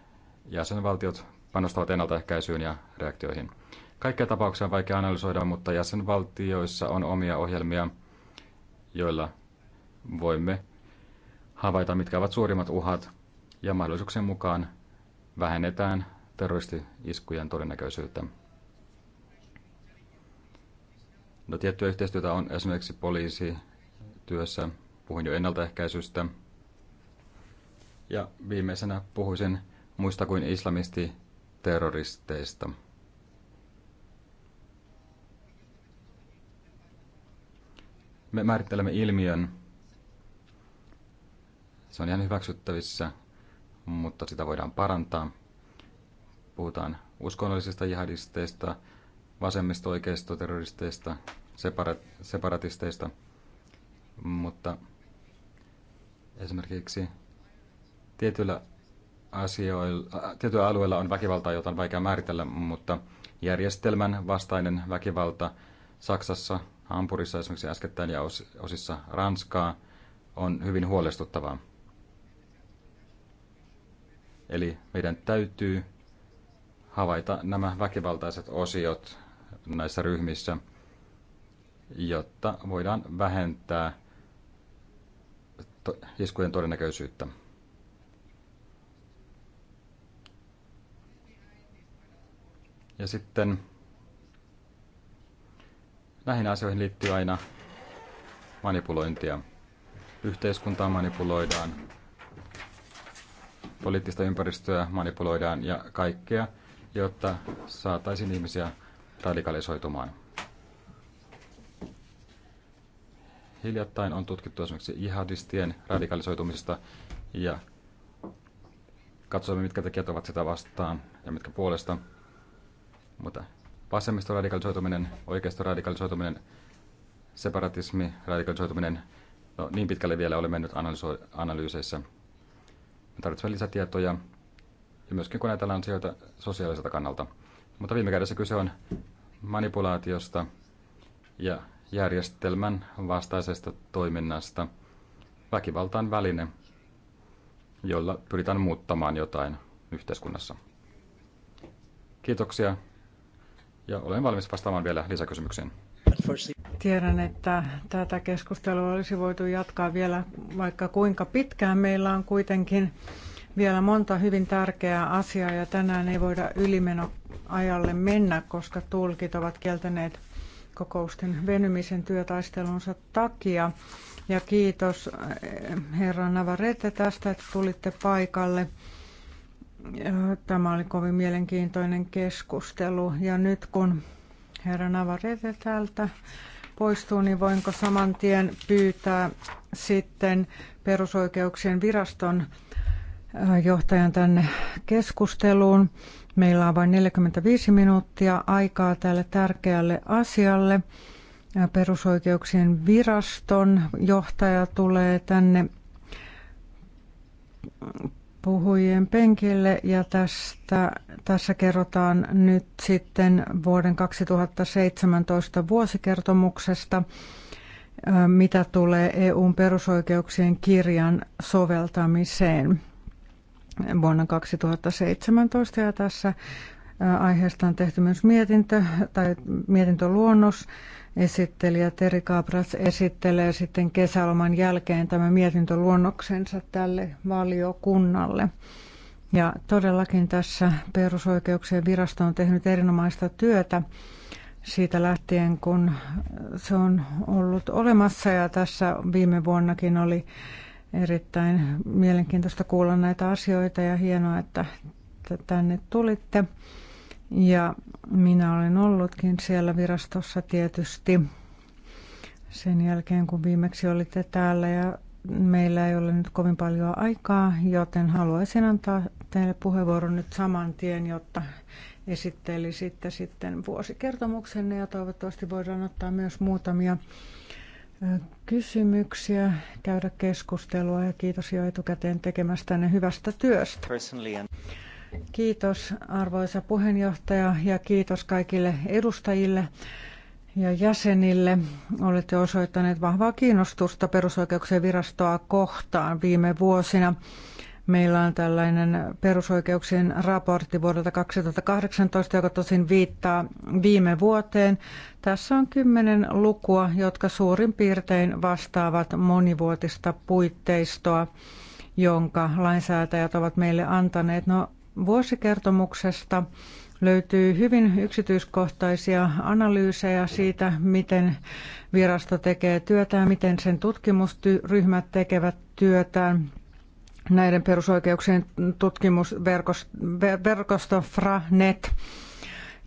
jäsenvaltiot panostavat ennaltaehkäisyyn ja reaktioihin. Kaikkia tapauksia on vaikea analysoida, mutta jäsenvaltioissa on omia ohjelmia, joilla voimme havaita, mitkä ovat suurimmat uhat, ja mahdollisuuksien mukaan vähennetään terroristi-iskujen todennäköisyyttä. No, tiettyä yhteistyötä on esimerkiksi poliisityössä, puhuin jo ennaltaehkäisystä, ja viimeisenä puhuisin muista kuin islamistiterroristeista. Me määrittelemme ilmiön. Se on ihan hyväksyttävissä, mutta sitä voidaan parantaa. Puhutaan uskonnollisista jihadisteista, vasemmisto-oikeistoterroristeista, separatisteista, mutta esimerkiksi Tietyillä, asioilla, äh, tietyillä alueilla on väkivaltaa, jota on vaikea määritellä, mutta järjestelmän vastainen väkivalta Saksassa, Hampurissa esimerkiksi äskettäin ja osissa Ranskaa on hyvin huolestuttavaa. Eli meidän täytyy havaita nämä väkivaltaiset osiot näissä ryhmissä, jotta voidaan vähentää iskujen todennäköisyyttä. Ja sitten näihin asioihin liittyy aina manipulointia. Yhteiskuntaa manipuloidaan, poliittista ympäristöä manipuloidaan ja kaikkea, jotta saataisiin ihmisiä radikalisoitumaan. Hiljattain on tutkittu esimerkiksi jihadistien radikalisoitumisesta ja katsoimme, mitkä tekijät ovat sitä vastaan ja mitkä puolesta. Mutta vasemmistoradikalisoituminen, oikeistoradikalisoituminen, separatismi, radikalisoituminen, no niin pitkälle vielä ole mennyt analyso- analyyseissä. Me tarvitsemme lisätietoja ja myöskin kun ajatellaan asioita sosiaaliselta kannalta. Mutta viime kädessä kyse on manipulaatiosta ja järjestelmän vastaisesta toiminnasta. Väkivaltaan väline, jolla pyritään muuttamaan jotain yhteiskunnassa. Kiitoksia ja olen valmis vastaamaan vielä lisäkysymyksiin. Tiedän, että tätä keskustelua olisi voitu jatkaa vielä vaikka kuinka pitkään. Meillä on kuitenkin vielä monta hyvin tärkeää asiaa ja tänään ei voida ylimenoajalle mennä, koska tulkit ovat kieltäneet kokousten venymisen työtaistelunsa takia. Ja kiitos eh, herra Navarrete tästä, että tulitte paikalle. Tämä oli kovin mielenkiintoinen keskustelu ja nyt kun herra Navarrete täältä poistuu, niin voinko saman tien pyytää sitten perusoikeuksien viraston äh, johtajan tänne keskusteluun. Meillä on vain 45 minuuttia aikaa tälle tärkeälle asialle. Äh, perusoikeuksien viraston johtaja tulee tänne puhujien penkille ja tästä, tässä kerrotaan nyt sitten vuoden 2017 vuosikertomuksesta, mitä tulee EUn perusoikeuksien kirjan soveltamiseen vuonna 2017 ja tässä aiheesta on tehty myös mietintö tai mietintöluonnos esittelijä Teri Kaapras esittelee sitten kesäloman jälkeen tämä mietintöluonnoksensa tälle valiokunnalle. Ja todellakin tässä perusoikeuksien virasto on tehnyt erinomaista työtä siitä lähtien, kun se on ollut olemassa ja tässä viime vuonnakin oli erittäin mielenkiintoista kuulla näitä asioita ja hienoa, että tänne tulitte. Ja minä olen ollutkin siellä virastossa tietysti sen jälkeen, kun viimeksi olitte täällä ja meillä ei ole nyt kovin paljon aikaa, joten haluaisin antaa teille puheenvuoron nyt saman tien, jotta esittelisitte sitten vuosikertomuksenne ja toivottavasti voidaan ottaa myös muutamia kysymyksiä, käydä keskustelua ja kiitos jo etukäteen tekemästänne hyvästä työstä. Kiitos arvoisa puheenjohtaja ja kiitos kaikille edustajille ja jäsenille. Olette osoittaneet vahvaa kiinnostusta perusoikeuksien virastoa kohtaan viime vuosina. Meillä on tällainen perusoikeuksien raportti vuodelta 2018, joka tosin viittaa viime vuoteen. Tässä on kymmenen lukua, jotka suurin piirtein vastaavat monivuotista puitteistoa jonka lainsäätäjät ovat meille antaneet. No, vuosikertomuksesta löytyy hyvin yksityiskohtaisia analyysejä siitä, miten virasto tekee työtään, miten sen tutkimusryhmät tekevät työtään, näiden perusoikeuksien tutkimusverkosto FRANET.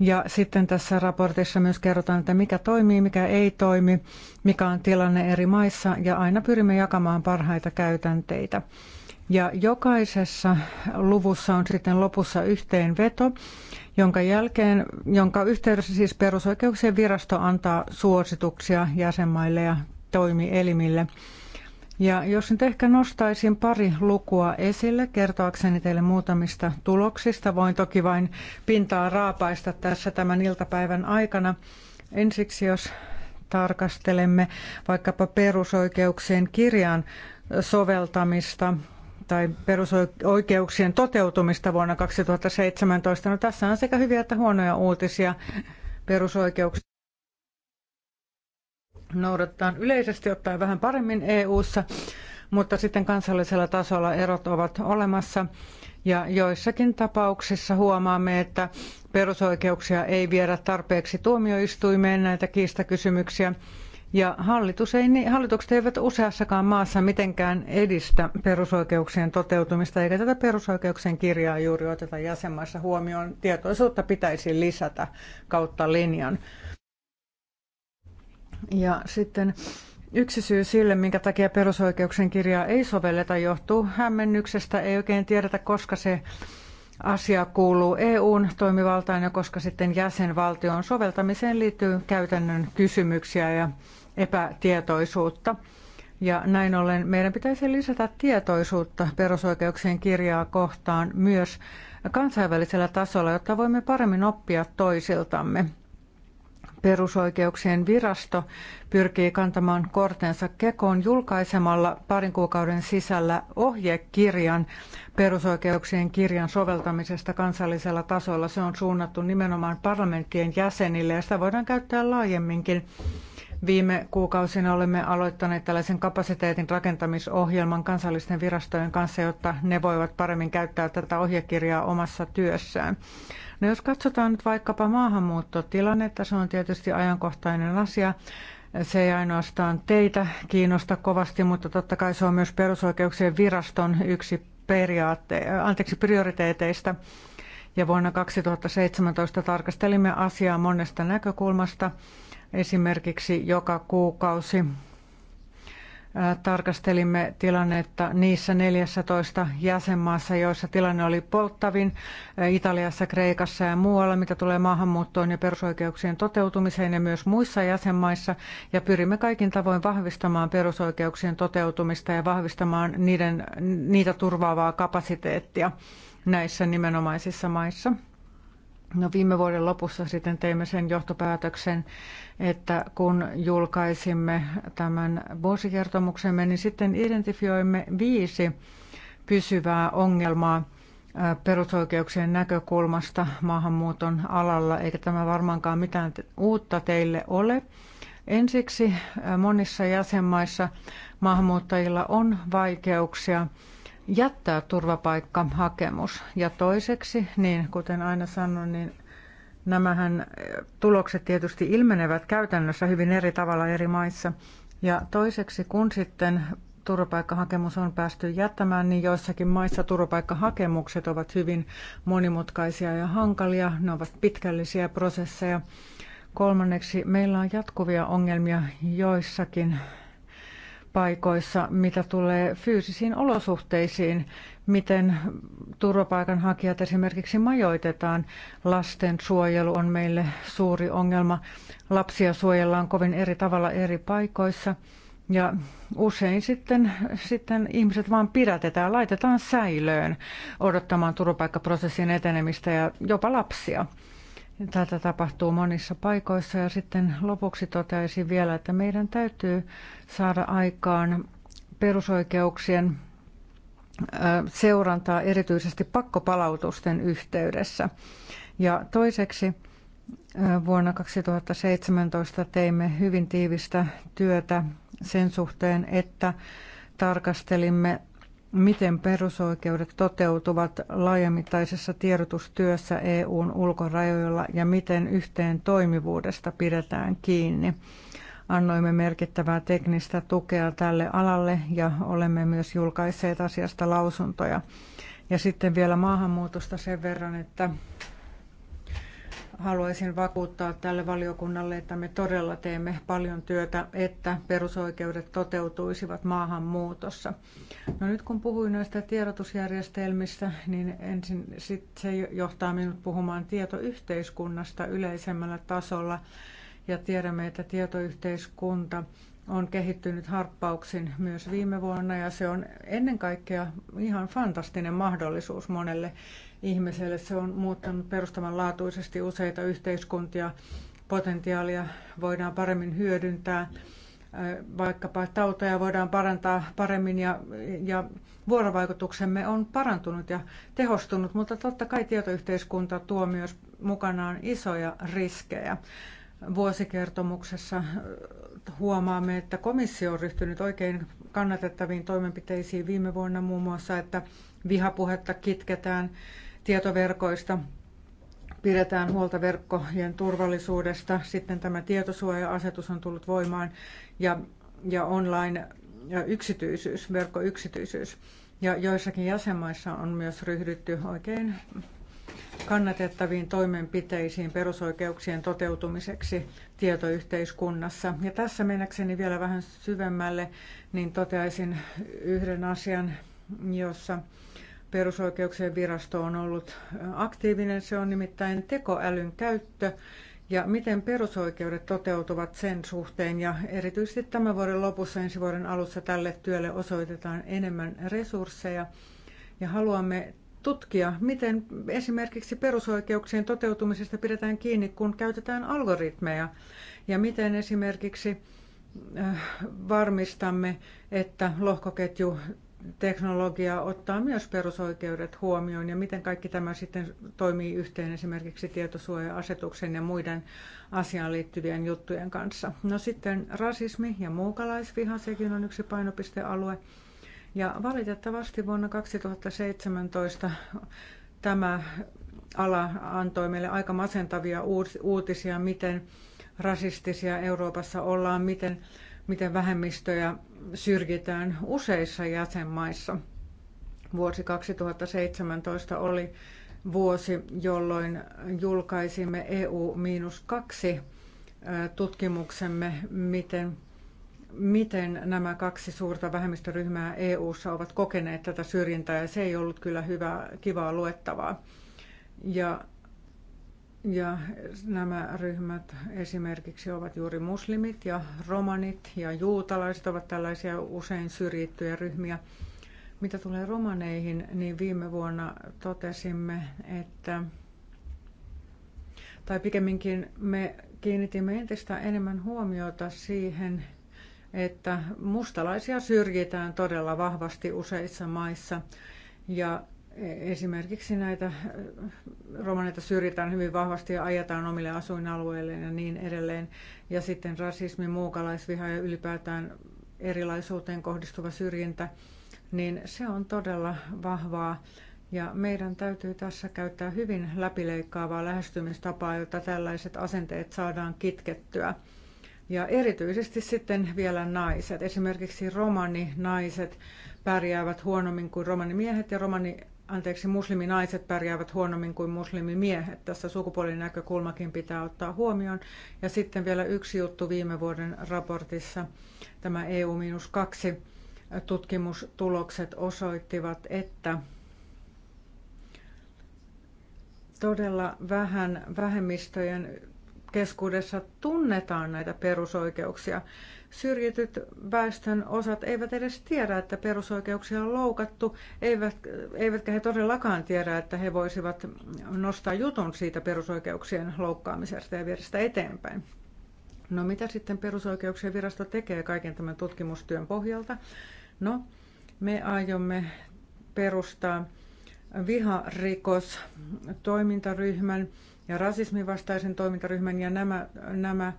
Ja sitten tässä raportissa myös kerrotaan, että mikä toimii, mikä ei toimi, mikä on tilanne eri maissa ja aina pyrimme jakamaan parhaita käytänteitä. Ja jokaisessa luvussa on sitten lopussa yhteenveto, jonka, jälkeen, jonka yhteydessä siis perusoikeuksien virasto antaa suosituksia jäsenmaille ja toimielimille. Ja jos nyt ehkä nostaisin pari lukua esille, kertoakseni teille muutamista tuloksista, voin toki vain pintaa raapaista tässä tämän iltapäivän aikana. Ensiksi jos tarkastelemme vaikkapa perusoikeuksien kirjan soveltamista tai perusoikeuksien toteutumista vuonna 2017. No, tässä on sekä hyviä että huonoja uutisia perusoikeuksia noudattaa yleisesti ottaen vähän paremmin EU:ssa, mutta sitten kansallisella tasolla erot ovat olemassa. Ja joissakin tapauksissa huomaamme, että perusoikeuksia ei viedä tarpeeksi tuomioistuimeen näitä kiistakysymyksiä. kysymyksiä ja hallitus ei, hallitukset eivät useassakaan maassa mitenkään edistä perusoikeuksien toteutumista, eikä tätä perusoikeuksien kirjaa juuri oteta jäsenmaissa huomioon. Tietoisuutta pitäisi lisätä kautta linjan. Ja sitten Yksi syy sille, minkä takia perusoikeuksien kirjaa ei sovelleta, johtuu hämmennyksestä. Ei oikein tiedetä, koska se asia kuuluu EUn toimivaltaan ja koska sitten jäsenvaltion soveltamiseen liittyy käytännön kysymyksiä ja epätietoisuutta. Ja näin ollen meidän pitäisi lisätä tietoisuutta perusoikeuksien kirjaa kohtaan myös kansainvälisellä tasolla, jotta voimme paremmin oppia toisiltamme. Perusoikeuksien virasto pyrkii kantamaan kortensa kekoon julkaisemalla parin kuukauden sisällä ohjekirjan perusoikeuksien kirjan soveltamisesta kansallisella tasolla. Se on suunnattu nimenomaan parlamenttien jäsenille ja sitä voidaan käyttää laajemminkin Viime kuukausina olemme aloittaneet tällaisen kapasiteetin rakentamisohjelman kansallisten virastojen kanssa, jotta ne voivat paremmin käyttää tätä ohjekirjaa omassa työssään. No jos katsotaan nyt vaikkapa maahanmuuttotilannetta, se on tietysti ajankohtainen asia. Se ei ainoastaan teitä kiinnosta kovasti, mutta totta kai se on myös perusoikeuksien viraston yksi periaatte, anteeksi, prioriteeteista ja vuonna 2017 tarkastelimme asiaa monesta näkökulmasta Esimerkiksi joka kuukausi tarkastelimme tilannetta niissä 14 jäsenmaassa, joissa tilanne oli polttavin, Italiassa, Kreikassa ja muualla, mitä tulee maahanmuuttoon ja perusoikeuksien toteutumiseen ja myös muissa jäsenmaissa. Ja pyrimme kaikin tavoin vahvistamaan perusoikeuksien toteutumista ja vahvistamaan niiden, niitä turvaavaa kapasiteettia näissä nimenomaisissa maissa. No viime vuoden lopussa sitten teimme sen johtopäätöksen, että kun julkaisimme tämän vuosikertomuksemme, niin sitten identifioimme viisi pysyvää ongelmaa perusoikeuksien näkökulmasta maahanmuuton alalla, eikä tämä varmaankaan mitään uutta teille ole. Ensiksi monissa jäsenmaissa maahanmuuttajilla on vaikeuksia jättää turvapaikkahakemus. Ja toiseksi, niin kuten aina sanon, niin nämähän eh, tulokset tietysti ilmenevät käytännössä hyvin eri tavalla eri maissa. Ja toiseksi, kun sitten turvapaikkahakemus on päästy jättämään, niin joissakin maissa turvapaikkahakemukset ovat hyvin monimutkaisia ja hankalia. Ne ovat pitkällisiä prosesseja. Kolmanneksi, meillä on jatkuvia ongelmia joissakin paikoissa, mitä tulee fyysisiin olosuhteisiin, miten turvapaikanhakijat esimerkiksi majoitetaan. lasten suojelu on meille suuri ongelma. Lapsia suojellaan kovin eri tavalla eri paikoissa. Ja usein sitten, sitten ihmiset vaan pidätetään, laitetaan säilöön odottamaan turvapaikkaprosessin etenemistä ja jopa lapsia. Tätä tapahtuu monissa paikoissa ja sitten lopuksi toteaisin vielä, että meidän täytyy saada aikaan perusoikeuksien seurantaa erityisesti pakkopalautusten yhteydessä. Ja toiseksi vuonna 2017 teimme hyvin tiivistä työtä sen suhteen, että tarkastelimme miten perusoikeudet toteutuvat laajamittaisessa tiedotustyössä EUn ulkorajoilla ja miten yhteen toimivuudesta pidetään kiinni. Annoimme merkittävää teknistä tukea tälle alalle ja olemme myös julkaisseet asiasta lausuntoja. Ja sitten vielä maahanmuutosta sen verran, että haluaisin vakuuttaa tälle valiokunnalle, että me todella teemme paljon työtä, että perusoikeudet toteutuisivat maahanmuutossa. No nyt kun puhuin näistä tiedotusjärjestelmistä, niin ensin sit se johtaa minut puhumaan tietoyhteiskunnasta yleisemmällä tasolla. Ja tiedämme, että tietoyhteiskunta on kehittynyt harppauksin myös viime vuonna ja se on ennen kaikkea ihan fantastinen mahdollisuus monelle ihmiselle. Se on muuttanut perustavanlaatuisesti useita yhteiskuntia. Potentiaalia voidaan paremmin hyödyntää, vaikkapa tauteja voidaan parantaa paremmin ja, ja vuorovaikutuksemme on parantunut ja tehostunut, mutta totta kai tietoyhteiskunta tuo myös mukanaan isoja riskejä. Vuosikertomuksessa huomaamme, että komissio on ryhtynyt oikein kannatettaviin toimenpiteisiin viime vuonna muun muassa, että vihapuhetta kitketään tietoverkoista, pidetään huolta verkkojen turvallisuudesta. Sitten tämä tietosuoja-asetus on tullut voimaan ja, ja online ja yksityisyys, verkkoyksityisyys. Ja joissakin jäsenmaissa on myös ryhdytty oikein kannatettaviin toimenpiteisiin perusoikeuksien toteutumiseksi tietoyhteiskunnassa. Ja tässä mennäkseni vielä vähän syvemmälle, niin toteaisin yhden asian, jossa perusoikeuksien virasto on ollut aktiivinen. Se on nimittäin tekoälyn käyttö ja miten perusoikeudet toteutuvat sen suhteen. Ja erityisesti tämän vuoden lopussa, ensi vuoden alussa tälle työlle osoitetaan enemmän resursseja. Ja haluamme tutkia, miten esimerkiksi perusoikeuksien toteutumisesta pidetään kiinni, kun käytetään algoritmeja. Ja miten esimerkiksi varmistamme, että lohkoketju teknologia ottaa myös perusoikeudet huomioon ja miten kaikki tämä sitten toimii yhteen esimerkiksi tietosuoja-asetuksen ja muiden asiaan liittyvien juttujen kanssa. No sitten rasismi ja muukalaisviha, sekin on yksi painopistealue. Ja valitettavasti vuonna 2017 tämä ala antoi meille aika masentavia uutisia, miten rasistisia Euroopassa ollaan, miten, miten vähemmistöjä syrjitään useissa jäsenmaissa. Vuosi 2017 oli vuosi, jolloin julkaisimme EU-2 tutkimuksemme, miten, miten nämä kaksi suurta vähemmistöryhmää EU:ssa ovat kokeneet tätä syrjintää, ja se ei ollut kyllä hyvää, kivaa luettavaa. Ja ja nämä ryhmät esimerkiksi ovat juuri muslimit ja romanit ja juutalaiset ovat tällaisia usein syrjittyjä ryhmiä. Mitä tulee romaneihin, niin viime vuonna totesimme, että tai pikemminkin me kiinnitimme entistä enemmän huomiota siihen, että mustalaisia syrjitään todella vahvasti useissa maissa. Ja E, esimerkiksi näitä e, romaneita syrjitään hyvin vahvasti ja ajetaan omille asuinalueille ja niin edelleen. Ja sitten rasismi, muukalaisviha ja ylipäätään erilaisuuteen kohdistuva syrjintä, niin se on todella vahvaa. Ja meidän täytyy tässä käyttää hyvin läpileikkaavaa lähestymistapaa, jotta tällaiset asenteet saadaan kitkettyä. Ja erityisesti sitten vielä naiset. Esimerkiksi romani naiset pärjäävät huonommin kuin romani miehet ja romani anteeksi, musliminaiset pärjäävät huonommin kuin muslimimiehet. Tässä sukupuolinäkökulmakin pitää ottaa huomioon. Ja sitten vielä yksi juttu viime vuoden raportissa, tämä EU-2 tutkimustulokset osoittivat, että todella vähän vähemmistöjen keskuudessa tunnetaan näitä perusoikeuksia. Syrjityt väestön osat eivät edes tiedä, että perusoikeuksia on loukattu, eivät, eivätkä he todellakaan tiedä, että he voisivat nostaa jutun siitä perusoikeuksien loukkaamisesta ja viedä sitä eteenpäin. No mitä sitten perusoikeuksien virasto tekee kaiken tämän tutkimustyön pohjalta? No, me aiomme perustaa toimintaryhmän ja rasismin vastaisen toimintaryhmän ja nämä, nämä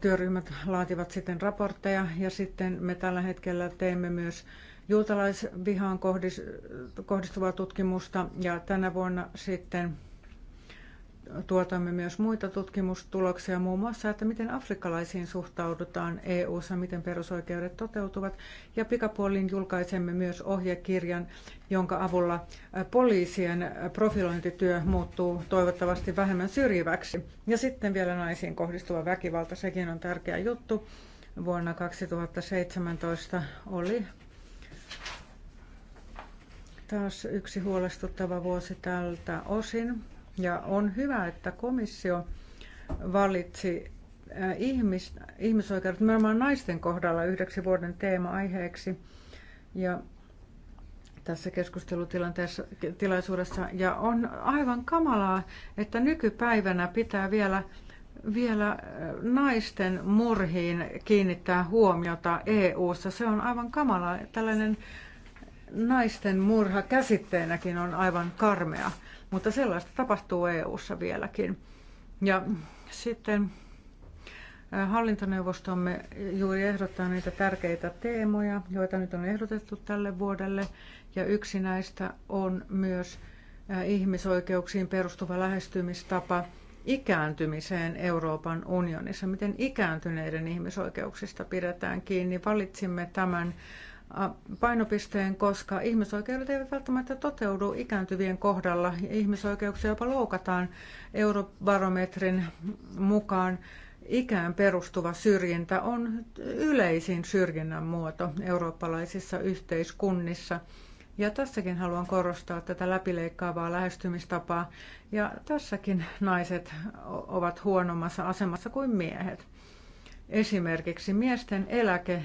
Työryhmät laativat sitten raportteja ja sitten me tällä hetkellä teemme myös juutalaisvihaan kohdistuvaa tutkimusta ja tänä vuonna sitten tuotamme myös muita tutkimustuloksia, muun muassa, että miten afrikkalaisiin suhtaudutaan EU-ssa, miten perusoikeudet toteutuvat. Ja pikapuolin julkaisemme myös ohjekirjan, jonka avulla poliisien profilointityö muuttuu toivottavasti vähemmän syrjiväksi. Ja sitten vielä naisiin kohdistuva väkivalta, sekin on tärkeä juttu. Vuonna 2017 oli taas yksi huolestuttava vuosi tältä osin. Ja on hyvä, että komissio valitsi äh, ihmis, ihmisoikeudet nimenomaan naisten kohdalla yhdeksi vuoden teema-aiheeksi. Ja tässä keskustelutilaisuudessa. Ja on aivan kamalaa, että nykypäivänä pitää vielä, vielä äh, naisten murhiin kiinnittää huomiota EU-ssa. Se on aivan kamalaa. Tällainen naisten murha käsitteenäkin on aivan karmea. Mutta sellaista tapahtuu EU:ssa vieläkin. Ja sitten hallintoneuvostomme juuri ehdottaa niitä tärkeitä teemoja, joita nyt on ehdotettu tälle vuodelle. Ja yksi näistä on myös ihmisoikeuksiin perustuva lähestymistapa ikääntymiseen Euroopan unionissa, miten ikääntyneiden ihmisoikeuksista pidetään kiinni. Valitsimme tämän painopisteen, koska ihmisoikeudet eivät välttämättä toteudu ikääntyvien kohdalla. Ihmisoikeuksia jopa loukataan eurobarometrin mukaan. Ikään perustuva syrjintä on yleisin syrjinnän muoto eurooppalaisissa yhteiskunnissa. Ja tässäkin haluan korostaa tätä läpileikkaavaa lähestymistapaa. Ja tässäkin naiset ovat huonommassa asemassa kuin miehet. Esimerkiksi miesten eläke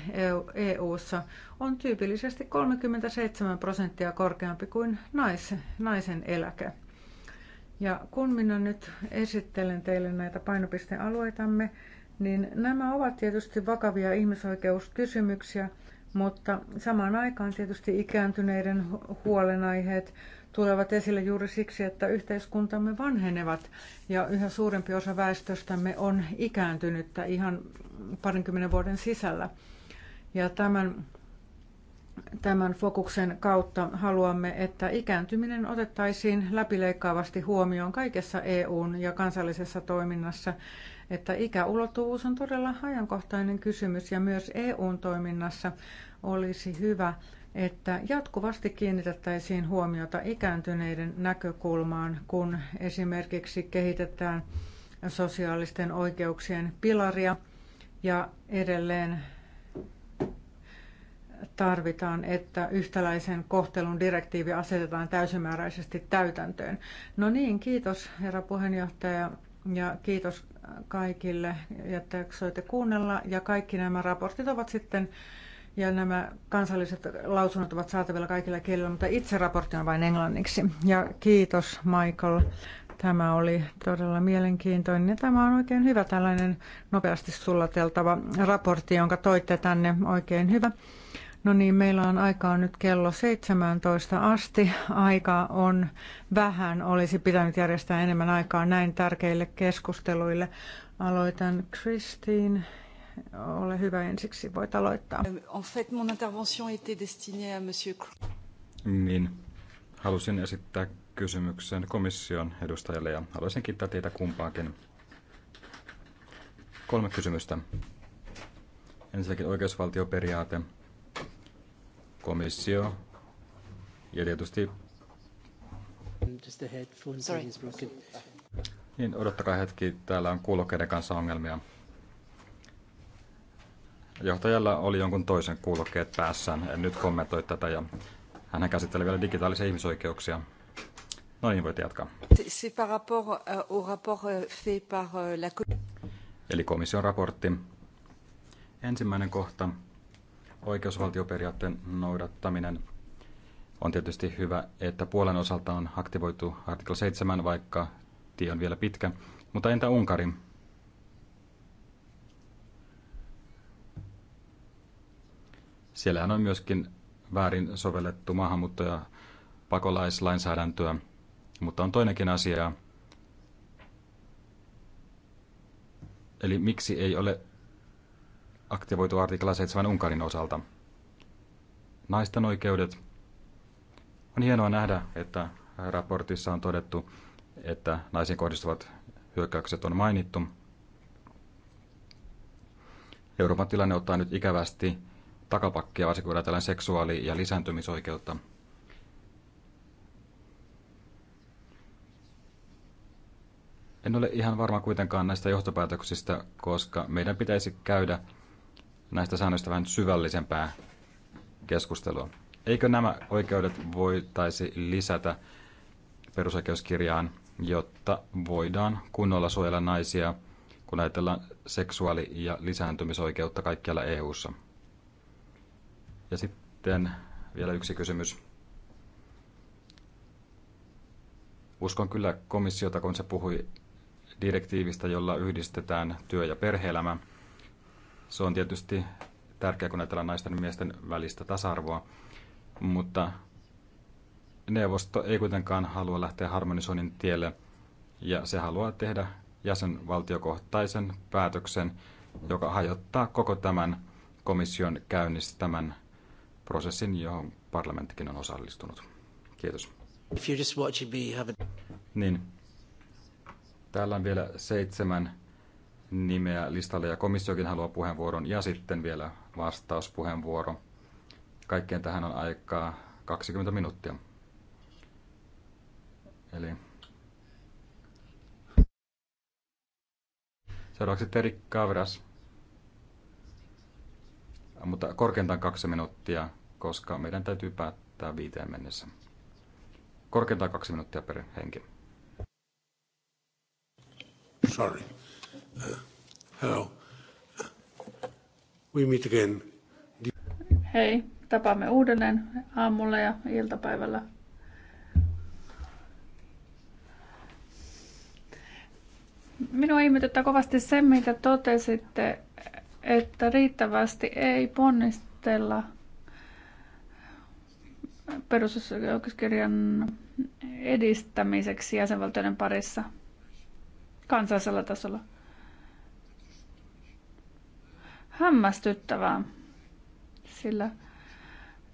EU:ssa e on tyypillisesti 37 prosenttia korkeampi kuin nais, naisen eläke. Ja kun minä nyt esittelen teille näitä painopistealueitamme, niin nämä ovat tietysti vakavia ihmisoikeuskysymyksiä, mutta samaan aikaan tietysti ikääntyneiden huolenaiheet, tulevat esille juuri siksi, että yhteiskuntamme vanhenevat ja yhä suurempi osa väestöstämme on ikääntynyttä ihan parinkymmenen vuoden sisällä. Ja tämän, tämän fokuksen kautta haluamme, että ikääntyminen otettaisiin läpileikkaavasti huomioon kaikessa EUn ja kansallisessa toiminnassa, että ikäulottuvuus on todella ajankohtainen kysymys ja myös EUn toiminnassa olisi hyvä että jatkuvasti kiinnitettäisiin huomiota ikääntyneiden näkökulmaan, kun esimerkiksi kehitetään sosiaalisten oikeuksien pilaria ja edelleen tarvitaan, että yhtäläisen kohtelun direktiivi asetetaan täysimääräisesti täytäntöön. No niin, kiitos herra puheenjohtaja ja kiitos kaikille, että soitte kuunnella. Ja kaikki nämä raportit ovat sitten ja nämä kansalliset lausunnot ovat saatavilla kaikilla kielillä, mutta itse raportti on vain englanniksi. Ja kiitos Michael, tämä oli todella mielenkiintoinen. Ja tämä on oikein hyvä tällainen nopeasti sullateltava raportti, jonka toitte tänne. Oikein hyvä. No niin, meillä on aikaa nyt kello 17 asti. Aika on vähän. Olisi pitänyt järjestää enemmän aikaa näin tärkeille keskusteluille. Aloitan Kristiin ole hyvä ensiksi, voit aloittaa. En fait, mon intervention était destinée à monsieur Niin, halusin esittää kysymyksen komission edustajalle ja haluaisin kiittää teitä kumpaakin. Kolme kysymystä. Ensinnäkin oikeusvaltioperiaate, komissio ja tietysti... Niin, odottakaa hetki, täällä on kuulokkeiden kanssa ongelmia johtajalla oli jonkun toisen kuulokkeet päässään. En nyt kommentoi tätä ja hän käsitteli vielä digitaalisia ihmisoikeuksia. No niin, voit jatkaa. par rapport euh, au rapport euh, fait par euh, la... Eli komission raportti. Ensimmäinen kohta, oikeusvaltioperiaatteen noudattaminen. On tietysti hyvä, että puolen osalta on aktivoitu artikla 7, vaikka tie on vielä pitkä. Mutta entä Unkari? Siellähän on myöskin väärin sovellettu maahanmuutto- ja pakolaislainsäädäntöä, mutta on toinenkin asia. Eli miksi ei ole aktivoitu artikla 7 Unkarin osalta? Naisten oikeudet. On hienoa nähdä, että raportissa on todettu, että naisiin kohdistuvat hyökkäykset on mainittu. Euroopan tilanne ottaa nyt ikävästi takapakkia, varsinkin kun ajatellaan seksuaali- ja lisääntymisoikeutta. En ole ihan varma kuitenkaan näistä johtopäätöksistä, koska meidän pitäisi käydä näistä säännöistä vähän syvällisempää keskustelua. Eikö nämä oikeudet voitaisi lisätä perusoikeuskirjaan, jotta voidaan kunnolla suojella naisia, kun ajatellaan seksuaali- ja lisääntymisoikeutta kaikkialla EU:ssa? ssa ja sitten vielä yksi kysymys. Uskon kyllä komissiota, kun se puhui direktiivistä, jolla yhdistetään työ- ja perheelämä. Se on tietysti tärkeää, kun ajatellaan naisten ja miesten välistä tasa-arvoa, mutta neuvosto ei kuitenkaan halua lähteä harmonisoinnin tielle, ja se haluaa tehdä jäsenvaltiokohtaisen päätöksen, joka hajottaa koko tämän komission käynnistämän prosessin, johon parlamenttikin on osallistunut. Kiitos. If you're just watching me, have a... Niin. Täällä on vielä seitsemän nimeä listalle ja komissiokin haluaa puheenvuoron ja sitten vielä vastauspuheenvuoro. Kaikkeen tähän on aikaa 20 minuuttia. Eli seuraavaksi Terik Kavras, mutta korkeintaan kaksi minuuttia koska meidän täytyy päättää viiteen mennessä. Korkeintaan kaksi minuuttia per henki. Sorry. Uh, hello. Uh, we meet again. Hei, tapaamme uudelleen aamulla ja iltapäivällä. Minua ihmetyttää kovasti se, mitä totesitte, että riittävästi ei ponnistella perusoikeuskirjan edistämiseksi jäsenvaltioiden parissa kansallisella tasolla. Hämmästyttävää, sillä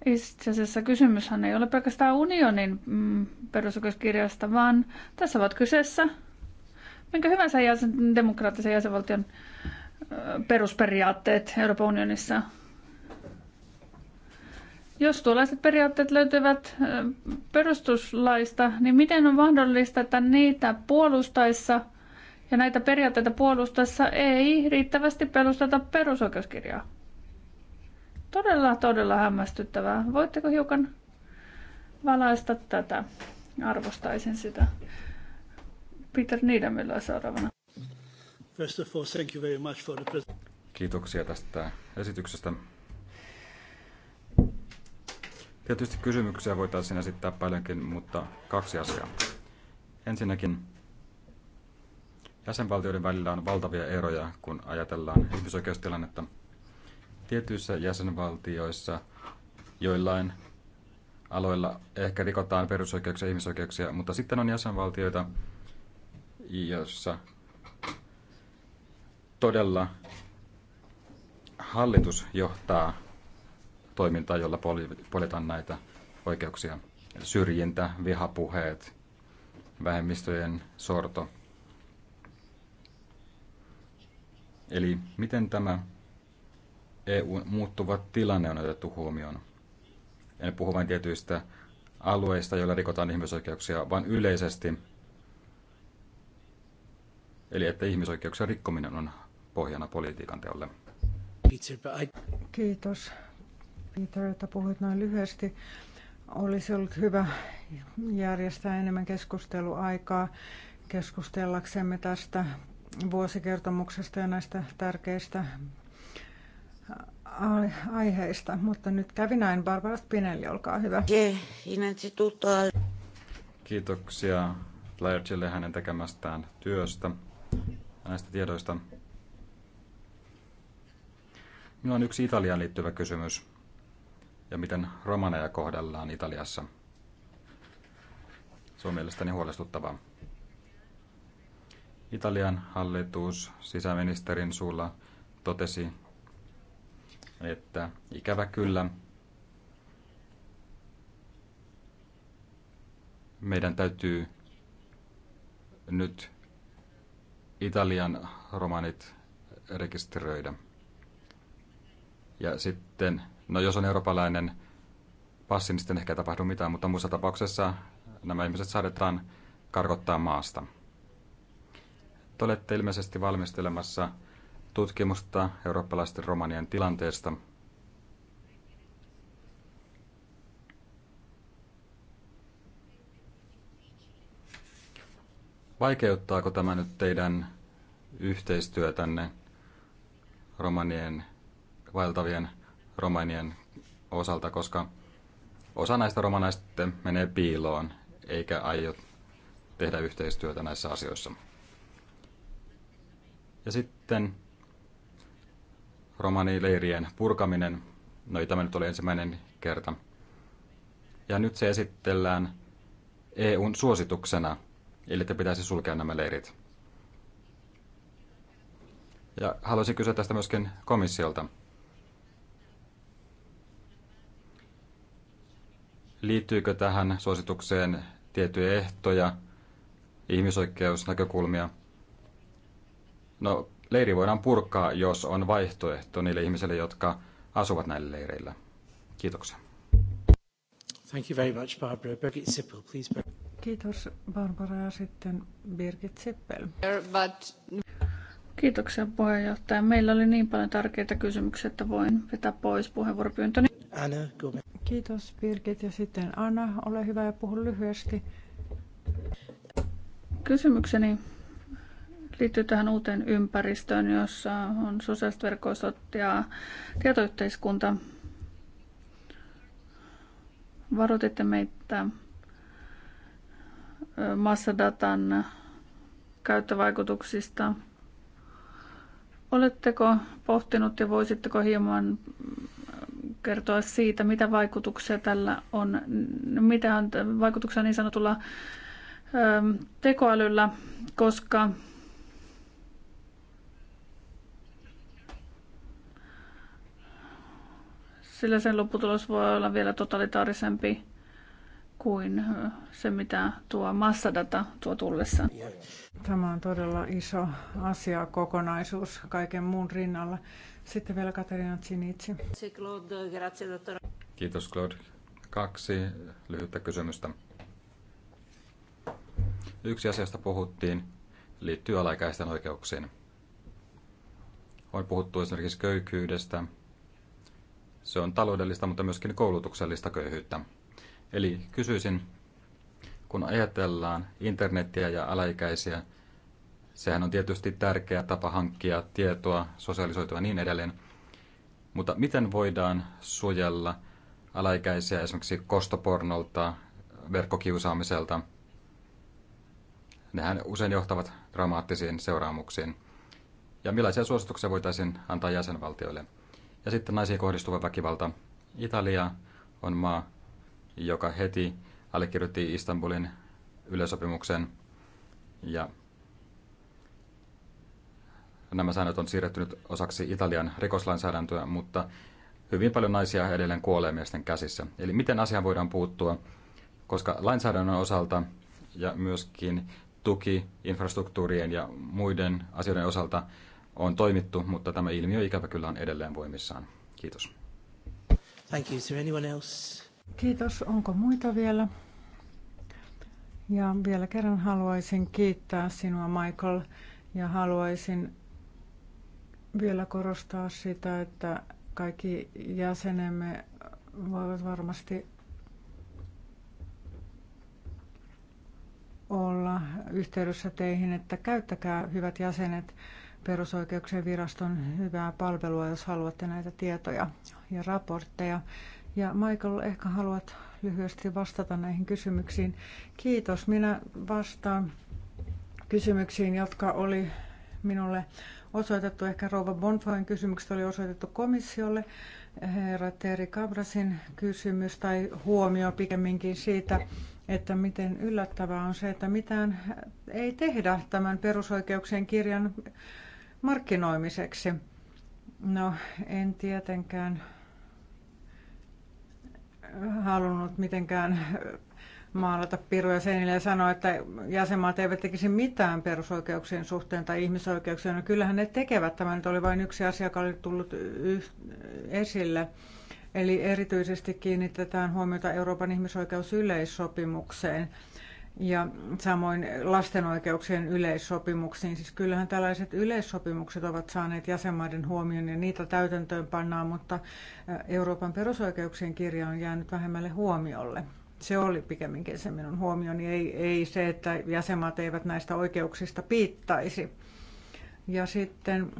itse asiassa kysymyshän ei ole pelkästään unionin mm, perusoikeuskirjasta, vaan tässä ovat kyseessä minkä hyvänsä jäsen, demokraattisen jäsenvaltion perusperiaatteet Euroopan unionissa – jos tuollaiset periaatteet löytyvät perustuslaista, niin miten on mahdollista, että niitä puolustaessa ja näitä periaatteita puolustaessa ei riittävästi perusteta perusoikeuskirjaa? Todella, todella hämmästyttävää. Voitteko hiukan valaista tätä? Arvostaisin sitä. Peter Niidamilla seuraavana. First of all, thank you very much for the Kiitoksia tästä esityksestä. Tietysti kysymyksiä voitaisiin esittää paljonkin, mutta kaksi asiaa. Ensinnäkin jäsenvaltioiden välillä on valtavia eroja, kun ajatellaan ihmisoikeustilannetta. Tietyissä jäsenvaltioissa joillain aloilla ehkä rikotaan perusoikeuksia ja ihmisoikeuksia, mutta sitten on jäsenvaltioita, joissa todella hallitus johtaa toimintaa, jolla poljetaan näitä oikeuksia. Syrjintä, vihapuheet, vähemmistöjen sorto. Eli miten tämä eu muuttuva tilanne on otettu huomioon? En puhu vain tietyistä alueista, joilla rikotaan ihmisoikeuksia, vaan yleisesti. Eli että ihmisoikeuksien rikkominen on pohjana politiikan teolle. Kiitos. Peter, että puhuit noin lyhyesti. Olisi ollut hyvä järjestää enemmän keskusteluaikaa keskustellaksemme tästä vuosikertomuksesta ja näistä tärkeistä äh, aiheista, mutta nyt kävi näin. Barbara Spinelli, olkaa hyvä. Kiitoksia Lairgille hänen tekemästään työstä, näistä tiedoista. Minulla on yksi Italiaan liittyvä kysymys ja miten romaneja kohdellaan Italiassa. Se on mielestäni huolestuttavaa. Italian hallitus sisäministerin suulla totesi, että ikävä kyllä meidän täytyy nyt Italian romanit rekisteröidä. Ja sitten No jos on eurooppalainen passi, niin sitten ehkä ei tapahdu mitään, mutta muussa tapauksessa nämä ihmiset saadetaan karkottaa maasta. Te olette ilmeisesti valmistelemassa tutkimusta eurooppalaisten romanien tilanteesta. Vaikeuttaako tämä nyt teidän yhteistyötänne romanien vaeltavien romanien osalta, koska osa näistä romanaista menee piiloon eikä aio tehdä yhteistyötä näissä asioissa. Ja sitten romanileirien purkaminen. No tämä nyt oli ensimmäinen kerta. Ja nyt se esitellään EUn suosituksena, eli että pitäisi sulkea nämä leirit. Ja haluaisin kysyä tästä myöskin komissiolta. liittyykö tähän suositukseen tiettyjä ehtoja, ihmisoikeusnäkökulmia. No, leiri voidaan purkaa, jos on vaihtoehto niille ihmisille, jotka asuvat näillä leireillä. Kiitoksia. Thank you very much, Barbara. Birgit Sippel, please. Kiitos Barbara ja sitten Birgit Sippel. Kiitoksia puheenjohtaja. Meillä oli niin paljon tärkeitä kysymyksiä, että voin vetää pois puheenvuoropyyntöni. Anna Gomez. Kiitos Birgit ja sitten Anna, ole hyvä ja puhu lyhyesti. Kysymykseni liittyy tähän uuteen ympäristöön, jossa on sosiaaliset verkostot ja tietoyhteiskunta. Varoititte meitä massadatan käyttövaikutuksista. Oletteko pohtinut ja voisitteko hieman kertoa siitä, mitä vaikutuksia tällä on, mitä on vaikutuksia niin sanotulla ö, ähm, tekoälyllä, koska sillä sen lopputulos voi olla vielä totalitaarisempi kuin äh, se, mitä tuo massadata tuo tullessa. Tämä on todella iso asia kokonaisuus kaiken muun rinnalla. Sitten vielä Katerina Tsinitsi. Kiitos Claude. Kaksi lyhyttä kysymystä. Yksi asiasta puhuttiin liittyy alaikäisten oikeuksiin. On puhuttu esimerkiksi köyhyydestä. Se on taloudellista, mutta myöskin koulutuksellista köyhyyttä. Eli kysyisin, kun ajatellaan internettiä ja alaikäisiä, Sehän on tietysti tärkeä tapa hankkia tietoa, sosiaalisoitua ja niin edelleen. Mutta miten voidaan suojella alaikäisiä esimerkiksi kostopornolta, verkkokiusaamiselta? Nehän usein johtavat dramaattisiin seuraamuksiin. Ja millaisia suosituksia voitaisiin antaa jäsenvaltioille? Ja sitten naisiin kohdistuva väkivalta. Italia on maa, joka heti allekirjoitti Istanbulin yleisopimuksen ja nämä säännöt on siirretty nyt osaksi Italian rikoslainsäädäntöä, mutta hyvin paljon naisia edelleen kuolee miesten käsissä. Eli miten asiaan voidaan puuttua, koska lainsäädännön osalta ja myöskin tuki infrastruktuurien ja muiden asioiden osalta on toimittu, mutta tämä ilmiö ikävä kyllä on edelleen voimissaan. Kiitos. Thank you. Is there anyone else? Kiitos. Onko muita vielä? Ja vielä kerran haluaisin kiittää sinua, Michael, ja haluaisin vielä korostaa sitä, että kaikki jäsenemme voivat varmasti olla yhteydessä teihin, että käyttäkää hyvät jäsenet perusoikeuksien viraston hyvää palvelua, jos haluatte näitä tietoja ja raportteja. Ja Michael, ehkä haluat lyhyesti vastata näihin kysymyksiin. Kiitos. Minä vastaan kysymyksiin, jotka oli minulle osoitettu. Ehkä Rouva Bonfoin kysymykset oli osoitettu komissiolle. Herra Teeri Kabrasin kysymys tai huomio pikemminkin siitä, että miten yllättävää on se, että mitään ei tehdä tämän perusoikeuksien kirjan markkinoimiseksi. No, en tietenkään halunnut mitenkään maalata piruja seinille ja sanoa, että jäsenmaat eivät tekisi mitään perusoikeuksien suhteen tai ihmisoikeuksien. No kyllähän ne tekevät. Tämä nyt oli vain yksi asia, joka oli tullut esille. Eli erityisesti kiinnitetään huomiota Euroopan ihmisoikeusyleissopimukseen ja samoin lasten oikeuksien yleissopimuksiin. Siis kyllähän tällaiset yleissopimukset ovat saaneet jäsenmaiden huomioon ja niitä täytäntöön pannaan, mutta Euroopan perusoikeuksien kirja on jäänyt vähemmälle huomiolle se oli pikemminkin se minun huomioni, ei, ei se, että jäsenmaat eivät näistä oikeuksista piittaisi. Ja sitten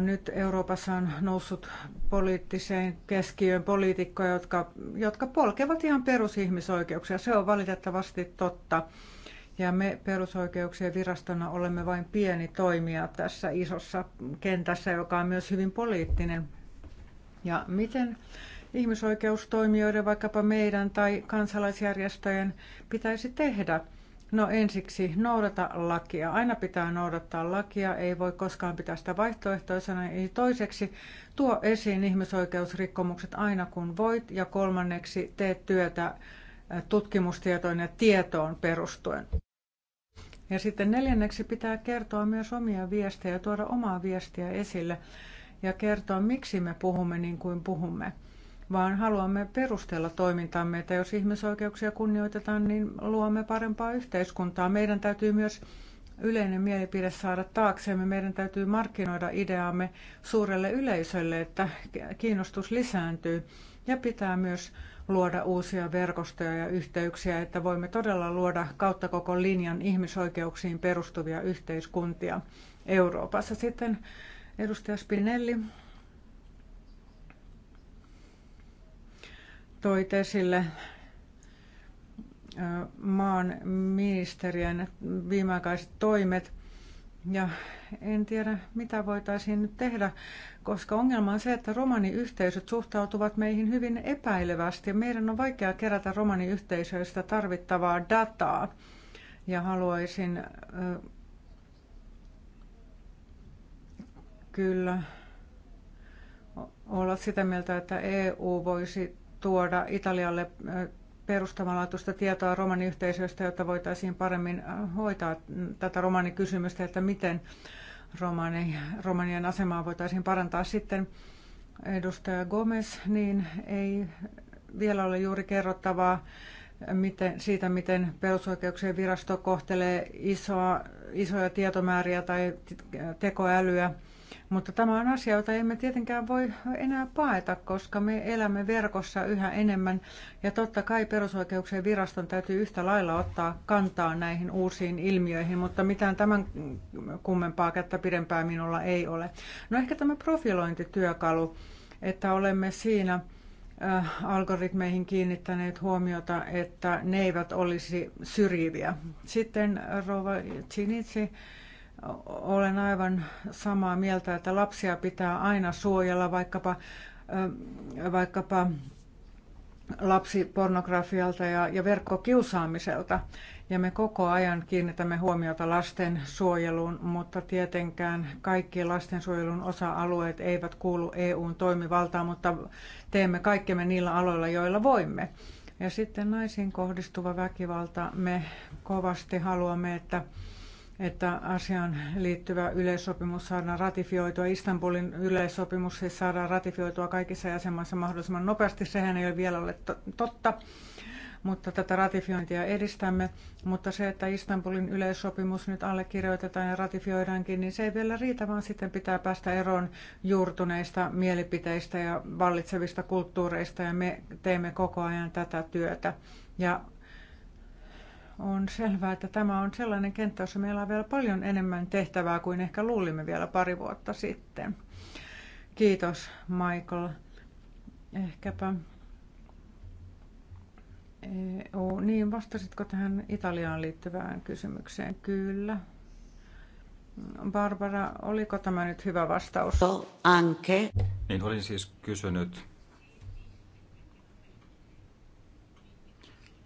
nyt Euroopassa on noussut poliittiseen keskiöön poliitikkoja, jotka, jotka polkevat ihan perusihmisoikeuksia. Se on valitettavasti totta. Ja me perusoikeuksien virastona olemme vain pieni toimija tässä isossa kentässä, joka on myös hyvin poliittinen. Ja miten ihmisoikeustoimijoiden, vaikkapa meidän tai kansalaisjärjestöjen pitäisi tehdä? No ensiksi noudata lakia. Aina pitää noudattaa lakia, ei voi koskaan pitää sitä vaihtoehtoisena. Ei toiseksi tuo esiin ihmisoikeusrikkomukset aina kun voit ja kolmanneksi tee työtä äh, tutkimustietoon ja tietoon perustuen. Ja sitten neljänneksi pitää kertoa myös omia viestejä, tuoda omaa viestiä esille ja kertoa, miksi me puhumme niin kuin puhumme vaan haluamme perustella toimintamme, että jos ihmisoikeuksia kunnioitetaan, niin luomme parempaa yhteiskuntaa. Meidän täytyy myös yleinen mielipide saada taaksemme. Meidän täytyy markkinoida ideaamme suurelle yleisölle, että kiinnostus lisääntyy ja pitää myös luoda uusia verkostoja ja yhteyksiä, että voimme todella luoda kautta koko linjan ihmisoikeuksiin perustuvia yhteiskuntia Euroopassa. Sitten edustaja Spinelli. toit esille maan ministerien viimeaikaiset toimet. Ja en tiedä, mitä voitaisiin nyt tehdä, koska ongelma on se, että romaniyhteisöt suhtautuvat meihin hyvin epäilevästi ja meidän on vaikea kerätä romaniyhteisöistä tarvittavaa dataa. Ja haluaisin kyllä olla sitä mieltä, että EU voisi tuoda Italialle perustavanlaatuista tietoa romaniyhteisöistä, jotta voitaisiin paremmin hoitaa tätä romanikysymystä, että miten romani, romanien asemaa voitaisiin parantaa sitten. Edustaja Gomez, niin ei vielä ole juuri kerrottavaa miten, siitä, miten perusoikeuksien virasto kohtelee isoa, isoja tietomääriä tai tekoälyä mutta tämä on asia, jota emme tietenkään voi enää paeta, koska me elämme verkossa yhä enemmän. Ja totta kai perusoikeuksien viraston täytyy yhtä lailla ottaa kantaa näihin uusiin ilmiöihin, mutta mitään tämän kummempaa kättä pidempää minulla ei ole. No ehkä tämä profilointityökalu, että olemme siinä äh, algoritmeihin kiinnittäneet huomiota, että ne eivät olisi syrjiviä. Sitten Rova Chinitsi olen aivan samaa mieltä, että lapsia pitää aina suojella vaikkapa, vaikkapa lapsipornografialta ja, ja verkkokiusaamiselta. Ja me koko ajan kiinnitämme huomiota lasten suojeluun, mutta tietenkään kaikki lastensuojelun osa-alueet eivät kuulu EUn toimivaltaan, mutta teemme kaikkemme niillä aloilla, joilla voimme. Ja sitten naisiin kohdistuva väkivalta. Me kovasti haluamme, että että asiaan liittyvä yleissopimus saadaan ratifioitua. Istanbulin yleissopimus siis saadaan ratifioitua kaikissa jäsenmaissa mahdollisimman nopeasti. Sehän ei ole vielä ole totta, mutta tätä ratifiointia edistämme. Mutta se, että Istanbulin yleissopimus nyt allekirjoitetaan ja ratifioidaankin, niin se ei vielä riitä, vaan sitten pitää päästä eroon juurtuneista mielipiteistä ja vallitsevista kulttuureista, ja me teemme koko ajan tätä työtä. Ja on selvää, että tämä on sellainen kenttä, jossa meillä on vielä paljon enemmän tehtävää kuin ehkä luulimme vielä pari vuotta sitten. Kiitos Michael. Ehkäpä. EU, niin vastasitko tähän Italiaan liittyvään kysymykseen? Kyllä. Barbara, oliko tämä nyt hyvä vastaus? Anke. Niin, olin siis kysynyt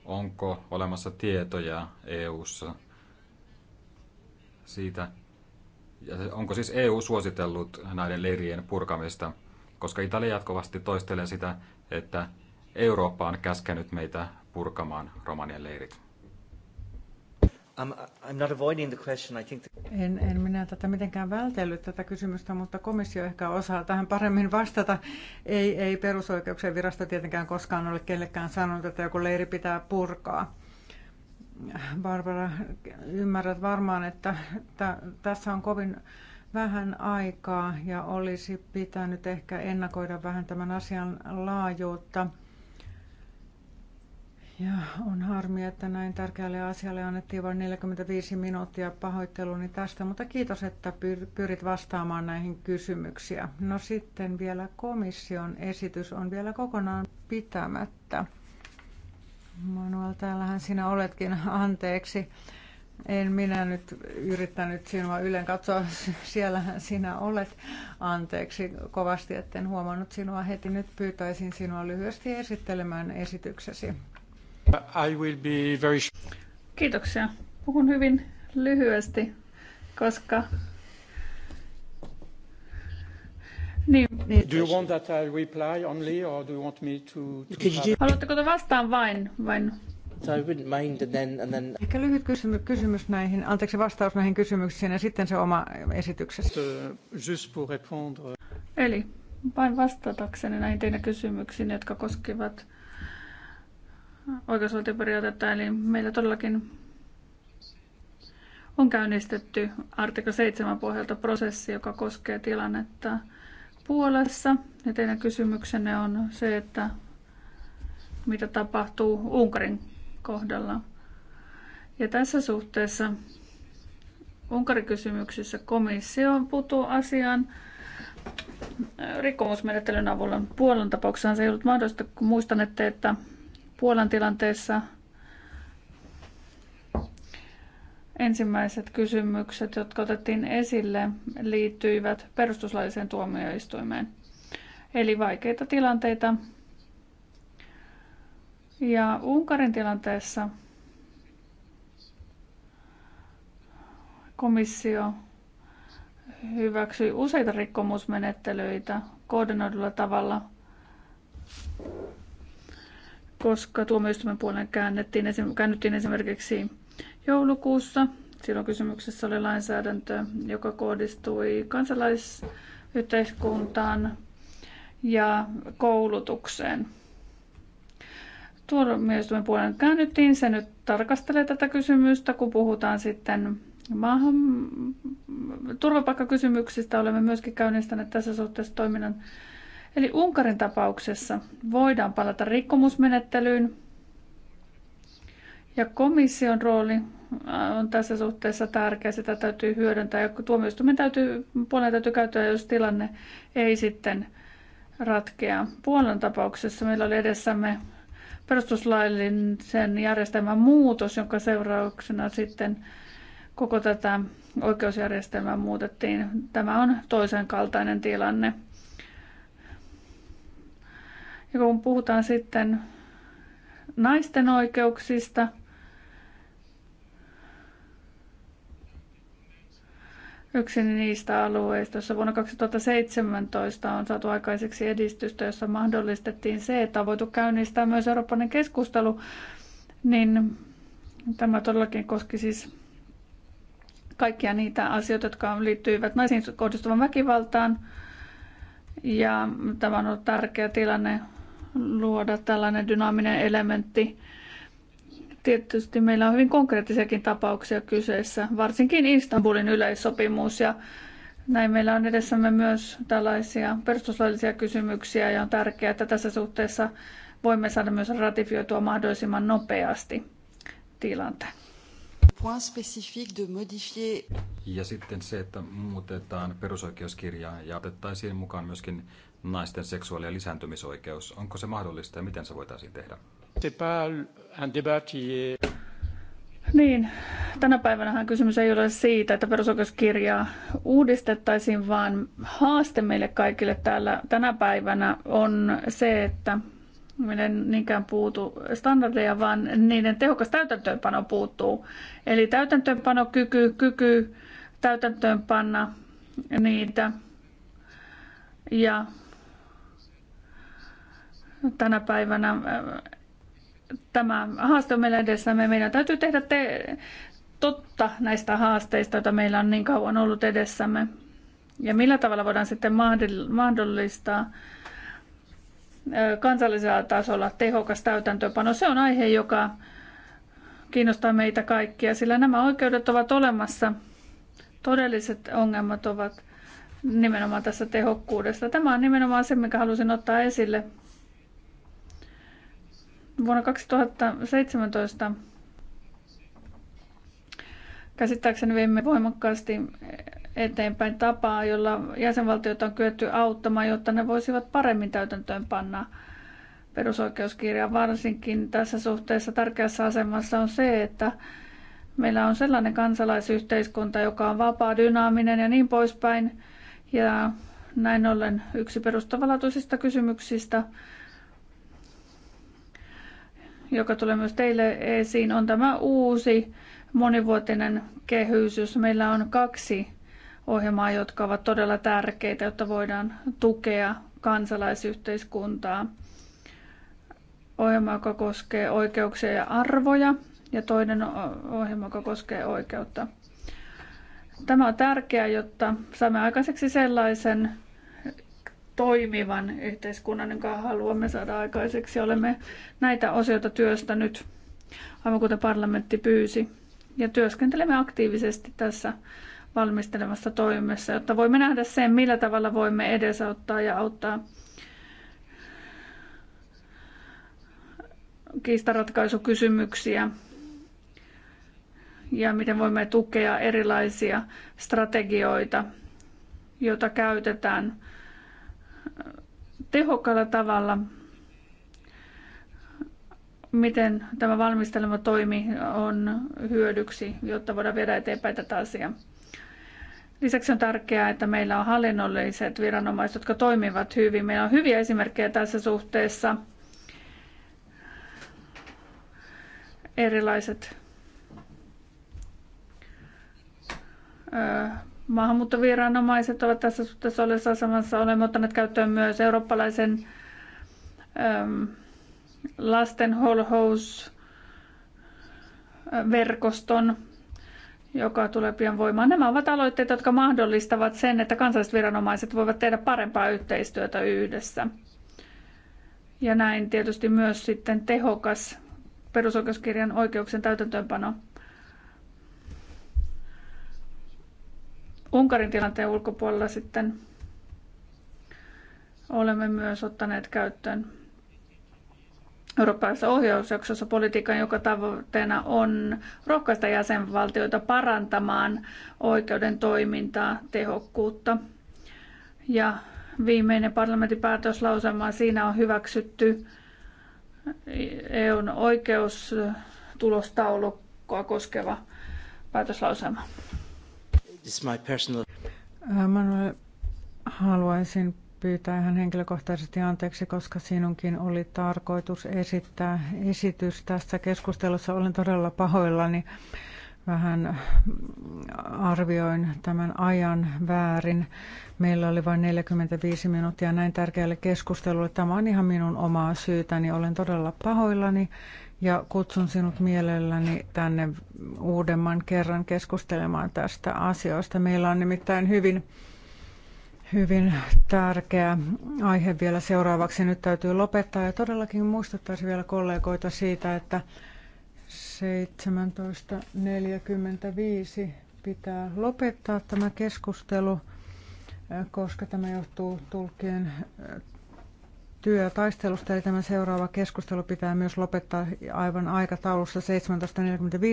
onko olemassa tietoja EU:ssa siitä, ja onko siis EU suositellut näiden leirien purkamista, koska Italia jatkuvasti toistelee sitä, että Eurooppa on käskenyt meitä purkamaan romanien leirit. I'm not avoiding the question. I think en, en minä tätä mitenkään vältellyt tätä kysymystä, mutta komissio ehkä osaa tähän paremmin vastata. Ei, ei perusoikeuksien virasto tietenkään koskaan ole kellekään sanonut, että joku leiri pitää purkaa. Barbara, ymmärrät varmaan, että tässä on kovin vähän aikaa ja olisi pitänyt ehkä ennakoida vähän tämän asian laajuutta. Ja on harmi, että näin tärkeälle asialle annettiin vain 45 minuuttia pahoitteluni tästä, mutta kiitos, että pyrit vastaamaan näihin kysymyksiä. No sitten vielä komission esitys on vielä kokonaan pitämättä. Manuel, täällähän sinä oletkin, anteeksi. En minä nyt yrittänyt sinua ylen katsoa, siellähän sinä olet. Anteeksi kovasti, etten huomannut sinua heti. Nyt pyytäisin sinua lyhyesti esittelemään esityksesi. I will be very... Kiitoksia. Puhun hyvin lyhyesti, koska... Niin. Do you want that I reply only or do you want me to... to have... Haluatteko te vastaan vain? vain? So I wouldn't mind and then, and then... Ehkä lyhyt kysymys, kysymys näihin, anteeksi vastaus näihin kysymyksiin ja sitten se oma esityksessä. Just pour répondre. Eli vain vastatakseni näihin teidän kysymyksiin, jotka koskivat oikeusvaltioperiaatetta, eli meillä todellakin on käynnistetty artikla 7 pohjalta prosessi, joka koskee tilannetta Puolassa. Ja teidän kysymyksenne on se, että mitä tapahtuu Unkarin kohdalla. Ja tässä suhteessa Unkarin kysymyksissä komissio puuttuu asiaan rikkomusmenettelyn avulla. Puolan tapauksessa se ei ollut mahdollista, kun muistan, että, että Puolan tilanteessa ensimmäiset kysymykset, jotka otettiin esille, liittyivät perustuslailliseen tuomioistuimeen. Eli vaikeita tilanteita. Ja Unkarin tilanteessa komissio hyväksyi useita rikkomusmenettelyitä koordinoidulla tavalla koska tuomioistuimen puoleen käännettiin, käännyttiin esimerkiksi joulukuussa. Silloin kysymyksessä oli lainsäädäntö, joka kohdistui kansalaisyhteiskuntaan ja koulutukseen. Tuomioistuimen puolen käännyttiin. Se nyt tarkastelee tätä kysymystä, kun puhutaan sitten maahan turvapaikkakysymyksistä. Olemme myöskin käynnistäneet tässä suhteessa toiminnan Eli Unkarin tapauksessa voidaan palata rikkomusmenettelyyn ja komission rooli äh, on tässä suhteessa tärkeä, sitä täytyy hyödyntää ja tuomioistuimen täytyy, puolen täytyy käyttää, jos tilanne ei sitten ratkea. Puolan tapauksessa meillä oli edessämme perustuslaillisen järjestelmän muutos, jonka seurauksena sitten koko tätä oikeusjärjestelmää muutettiin. Tämä on toisen kaltainen tilanne. Ja kun puhutaan sitten naisten oikeuksista, yksi niistä alueista, jossa vuonna 2017 on saatu aikaiseksi edistystä, jossa mahdollistettiin se, että on voitu käynnistää myös eurooppalainen keskustelu, niin tämä todellakin koski siis kaikkia niitä asioita, jotka liittyivät naisiin kohdistuvan väkivaltaan. Ja tämä on ollut tärkeä tilanne luoda tällainen dynaaminen elementti. Tietysti meillä on hyvin konkreettisiakin tapauksia kyseessä, varsinkin Istanbulin yleissopimus ja näin meillä on edessämme myös tällaisia perustuslaillisia kysymyksiä ja on tärkeää, että tässä suhteessa voimme saada myös ratifioitua mahdollisimman nopeasti tilanteen. Ja sitten se, että muutetaan perusoikeuskirjaa ja otettaisiin mukaan myöskin naisten seksuaali- ja lisääntymisoikeus. Onko se mahdollista ja miten se voitaisiin tehdä? Niin, tänä päivänä kysymys ei ole siitä, että perusoikeuskirjaa uudistettaisiin, vaan haaste meille kaikille täällä tänä päivänä on se, että meidän niinkään puutu standardeja, vaan niiden tehokas täytäntöönpano puuttuu. Eli täytäntöönpano kyky, kyky täytäntöönpanna niitä ja tänä päivänä. Tämä haaste on meillä edessämme. Meidän täytyy tehdä te- totta näistä haasteista, joita meillä on niin kauan ollut edessämme. Ja millä tavalla voidaan sitten mahdollistaa kansallisella tasolla tehokas täytäntöpano. Se on aihe, joka kiinnostaa meitä kaikkia, sillä nämä oikeudet ovat olemassa. Todelliset ongelmat ovat nimenomaan tässä tehokkuudessa. Tämä on nimenomaan se, mikä halusin ottaa esille Vuonna 2017 käsittääkseni viemme voimakkaasti eteenpäin tapaa, jolla jäsenvaltioita on kyetty auttamaan, jotta ne voisivat paremmin täytäntöön panna perusoikeuskirjaa. Varsinkin tässä suhteessa tärkeässä asemassa on se, että meillä on sellainen kansalaisyhteiskunta, joka on vapaa, dynaaminen ja niin poispäin. Ja näin ollen yksi perustavanlaatuisista kysymyksistä joka tulee myös teille esiin, on tämä uusi monivuotinen kehys, jossa meillä on kaksi ohjelmaa, jotka ovat todella tärkeitä, jotta voidaan tukea kansalaisyhteiskuntaa. Ohjelma, joka koskee oikeuksia ja arvoja, ja toinen ohjelma, joka koskee oikeutta. Tämä on tärkeää, jotta saamme aikaiseksi sellaisen toimivan yhteiskunnan, jonka haluamme saada aikaiseksi. Olemme näitä osioita työstä nyt, aivan kuten parlamentti pyysi. Ja työskentelemme aktiivisesti tässä valmistelemassa toimessa, jotta voimme nähdä sen, millä tavalla voimme edesauttaa ja auttaa kiistaratkaisukysymyksiä ja miten voimme tukea erilaisia strategioita, joita käytetään – tehokkaalla tavalla, miten tämä valmistelema toimi on hyödyksi, jotta voidaan viedä eteenpäin tätä asiaa. Lisäksi on tärkeää, että meillä on hallinnolliset viranomaiset, jotka toimivat hyvin. Meillä on hyviä esimerkkejä tässä suhteessa. Erilaiset Maahanmuuttoviranomaiset ovat tässä suhteessa olleessa asemassa. Olemme ottaneet käyttöön myös eurooppalaisen ähm, lasten verkoston joka tulee pian voimaan. Nämä ovat aloitteet, jotka mahdollistavat sen, että kansalliset viranomaiset voivat tehdä parempaa yhteistyötä yhdessä. Ja näin tietysti myös sitten tehokas perusoikeuskirjan oikeuksien täytäntöönpano Unkarin tilanteen ulkopuolella sitten olemme myös ottaneet käyttöön eurooppalaisessa ohjausjaksossa politiikan, joka tavoitteena on rohkaista jäsenvaltioita parantamaan oikeuden toimintaa, tehokkuutta. Ja viimeinen parlamentin päätöslauselma siinä on hyväksytty EUn oikeustulostaulukkoa koskeva päätöslauselma. This is my personal... Äh, Manuel, haluaisin pyytää ihan henkilökohtaisesti anteeksi, koska sinunkin oli tarkoitus esittää esitys tässä keskustelussa. Olen todella pahoillani. Vähän mm, arvioin tämän ajan väärin. Meillä oli vain 45 minuuttia näin tärkeälle keskustelulle. Tämä on ihan minun omaa syytäni. Olen todella pahoillani ja kutsun sinut mielelläni tänne uudemman kerran keskustelemaan tästä asioista. Meillä on nimittäin hyvin, hyvin tärkeä aihe vielä seuraavaksi. Nyt täytyy lopettaa ja todellakin muistuttaisin vielä kollegoita siitä, että 17.45 pitää lopettaa tämä keskustelu, koska tämä johtuu tulkien työ taistelusta, eli tämä seuraava keskustelu pitää myös lopettaa aivan aikataulussa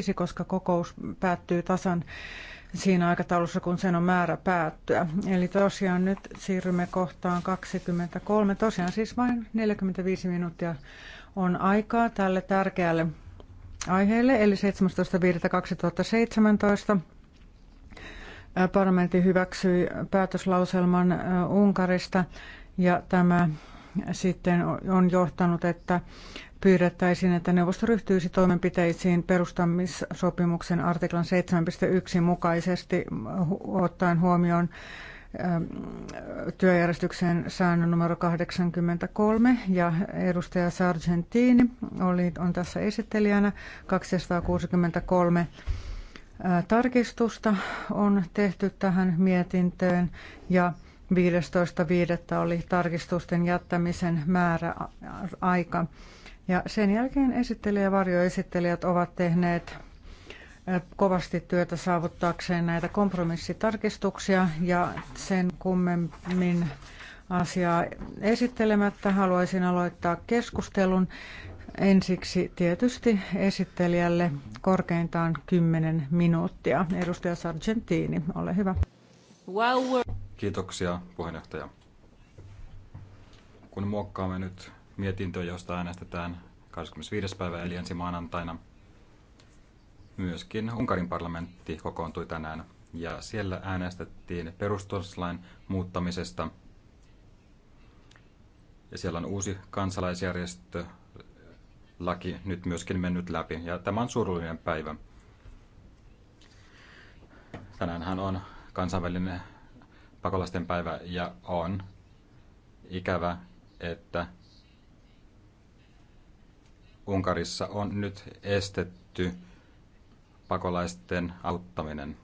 17.45, koska kokous päättyy tasan siinä aikataulussa, kun sen on määrä päättyä. Eli tosiaan nyt siirrymme kohtaan 23. Tosiaan siis vain 45 minuuttia on aikaa tälle tärkeälle aiheelle, eli 17.5.2017 parlamentti hyväksyi päätöslauselman äh, Unkarista ja tämä sitten on johtanut, että pyydettäisiin, että neuvosto ryhtyisi toimenpiteisiin perustamissopimuksen artiklan 7.1 mukaisesti ottaen huomioon työjärjestyksen säännön numero 83 ja edustaja Sargentini oli, on tässä esittelijänä 263 tarkistusta on tehty tähän mietintöön ja 15.5. oli tarkistusten jättämisen määräaika. Ja sen jälkeen esittelijä ja varjoesittelijät ovat tehneet kovasti työtä saavuttaakseen näitä kompromissitarkistuksia ja sen kummemmin asiaa esittelemättä haluaisin aloittaa keskustelun ensiksi tietysti esittelijälle korkeintaan 10 minuuttia. Edustaja Sargentini, ole hyvä. Kiitoksia, puheenjohtaja. Kun muokkaamme nyt mietintöä, josta äänestetään 25. päivä eli ensi maanantaina, myöskin Unkarin parlamentti kokoontui tänään ja siellä äänestettiin perustuslain muuttamisesta. Ja siellä on uusi kansalaisjärjestölaki nyt myöskin mennyt läpi ja tämä on surullinen päivä. Tänäänhän on kansainvälinen pakolaisten päivä ja on ikävä, että Unkarissa on nyt estetty pakolaisten auttaminen.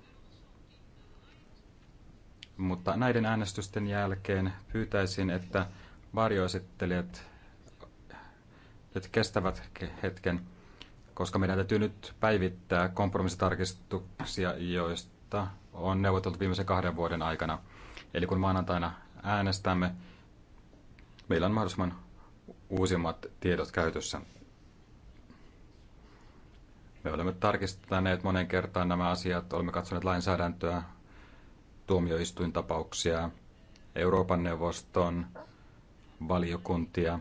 Mutta näiden äänestysten jälkeen pyytäisin, että varjoesittelijät nyt kestävät hetken, koska meidän täytyy nyt päivittää kompromissitarkistuksia, joista on neuvoteltu viimeisen kahden vuoden aikana. Eli kun maanantaina äänestämme, meillä on mahdollisimman uusimmat tiedot käytössä. Me olemme tarkistaneet monen kertaan nämä asiat, olemme katsoneet lainsäädäntöä, tuomioistuintapauksia, Euroopan neuvoston valiokuntia.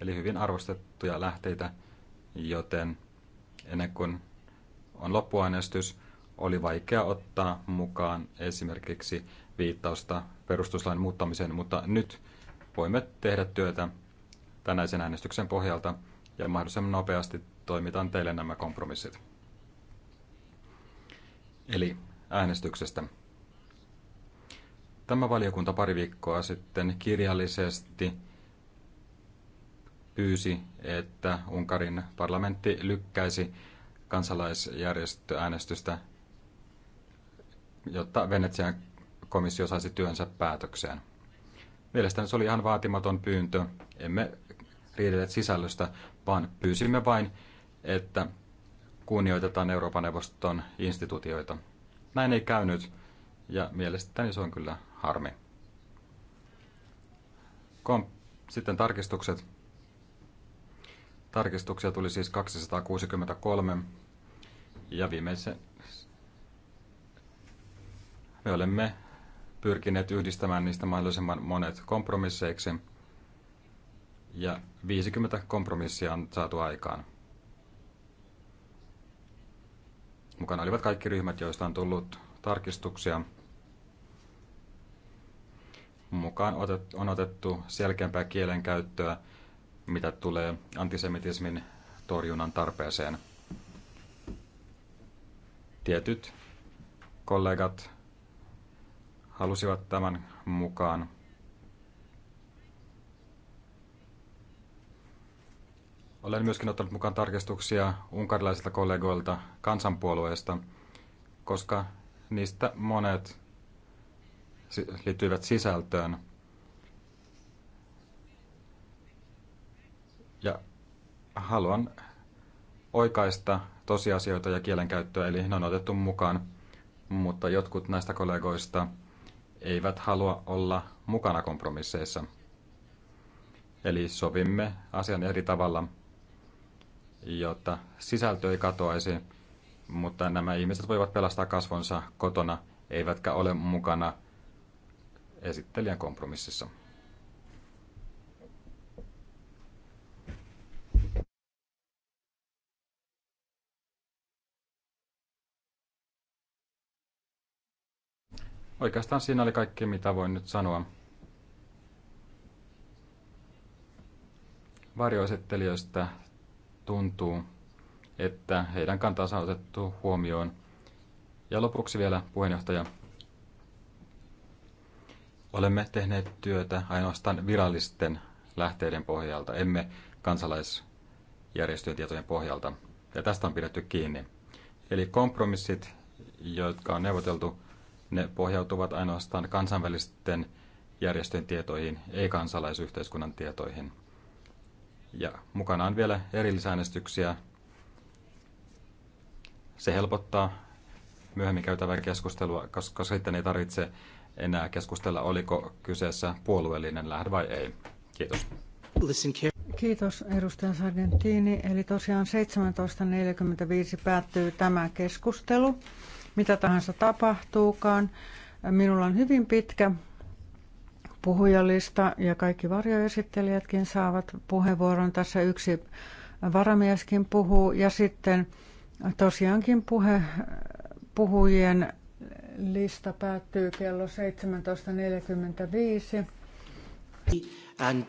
Eli hyvin arvostettuja lähteitä, joten ennen kuin on loppuäänestys, oli vaikea ottaa mukaan esimerkiksi viittausta perustuslain muuttamiseen, mutta nyt voimme tehdä työtä tänäisen äänestyksen pohjalta ja mahdollisimman nopeasti toimitan teille nämä kompromissit. Eli äänestyksestä. Tämä valiokunta pari viikkoa sitten kirjallisesti pyysi, että Unkarin parlamentti lykkäisi kansalaisjärjestöäänestystä, jotta Venetsian komissio saisi työnsä päätökseen. Mielestäni se oli ihan vaatimaton pyyntö. Emme riidelleet sisällöstä, vaan pyysimme vain, että kunnioitetaan Euroopan neuvoston instituutioita. Näin ei käynyt, ja mielestäni se on kyllä harmi. Kom- Sitten tarkistukset. Tarkistuksia tuli siis 263 ja viimeisen me olemme pyrkineet yhdistämään niistä mahdollisimman monet kompromisseiksi ja 50 kompromissia on saatu aikaan. Mukana olivat kaikki ryhmät, joista on tullut tarkistuksia. Mukaan on otettu selkeämpää kielenkäyttöä käyttöä mitä tulee antisemitismin torjunnan tarpeeseen. Tietyt kollegat halusivat tämän mukaan. Olen myöskin ottanut mukaan tarkistuksia unkarilaisilta kollegoilta kansanpuolueesta, koska niistä monet liittyivät sisältöön – haluan oikaista tosiasioita ja kielenkäyttöä, eli ne on otettu mukaan, mutta jotkut näistä kollegoista eivät halua olla mukana kompromisseissa. Eli sovimme asian eri tavalla, jotta sisältö ei katoaisi, mutta nämä ihmiset voivat pelastaa kasvonsa kotona, eivätkä ole mukana esittelijän kompromississa. Oikeastaan siinä oli kaikki, mitä voin nyt sanoa. Varjoesittelijöistä tuntuu, että heidän kantansa on otettu huomioon. Ja lopuksi vielä puheenjohtaja. Olemme tehneet työtä ainoastaan virallisten lähteiden pohjalta, emme kansalaisjärjestöjen tietojen pohjalta. Ja tästä on pidetty kiinni. Eli kompromissit, jotka on neuvoteltu, ne pohjautuvat ainoastaan kansainvälisten järjestöjen tietoihin, ei kansalaisyhteiskunnan tietoihin. Ja mukana on vielä erillisäänestyksiä. Se helpottaa myöhemmin käytävää keskustelua, koska sitten ei tarvitse enää keskustella, oliko kyseessä puolueellinen lähde vai ei. Kiitos. Kiitos edustaja Sargentini. Eli tosiaan 17.45 päättyy tämä keskustelu mitä tahansa tapahtuukaan. Minulla on hyvin pitkä puhujalista ja kaikki varjoesittelijätkin saavat puheenvuoron. Tässä yksi varamieskin puhuu ja sitten tosiaankin puhe, puhujien lista päättyy kello 17.45. And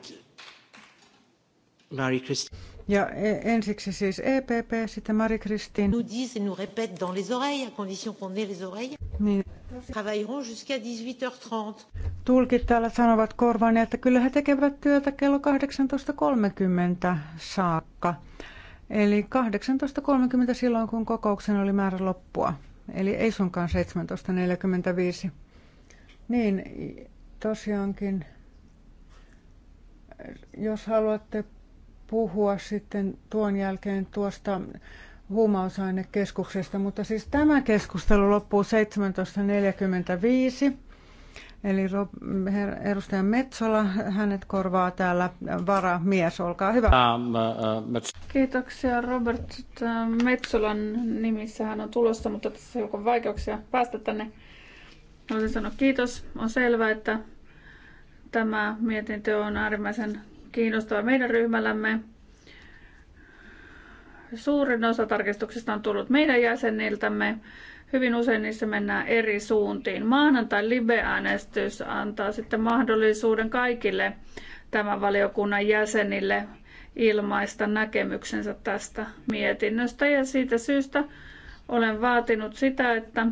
ja e, ensiksi siis EPP, sitten Mari-Kristin. Nous et nous dans les oreilles, à condition qu'on ait les oreilles. Niin. Travailleront jusqu'à 18h30. Tulkit täällä sanovat korvaani, että kyllä he tekevät työtä kello 18.30 saakka. Eli 18.30 silloin, kun kokouksen oli määrä loppua. Eli ei sunkaan 17.45. Niin, tosiaankin, jos haluatte puhua sitten tuon jälkeen tuosta huumausainekeskuksesta, mutta siis tämä keskustelu loppuu 17.45. Eli edustaja Metsola, hänet korvaa täällä varamies, olkaa hyvä. Ähm, äh, Kiitoksia Robert ähm, Metsolan nimissä, hän on tulossa, mutta tässä on vaikeuksia päästä tänne. Haluaisin sanoa kiitos. On selvää, että tämä mietintö on äärimmäisen kiinnostava meidän ryhmällämme. Suurin osa tarkistuksista on tullut meidän jäseniltämme. Hyvin usein niissä mennään eri suuntiin. Maanantai live-äänestys antaa sitten mahdollisuuden kaikille tämän valiokunnan jäsenille ilmaista näkemyksensä tästä mietinnöstä ja siitä syystä olen vaatinut sitä, että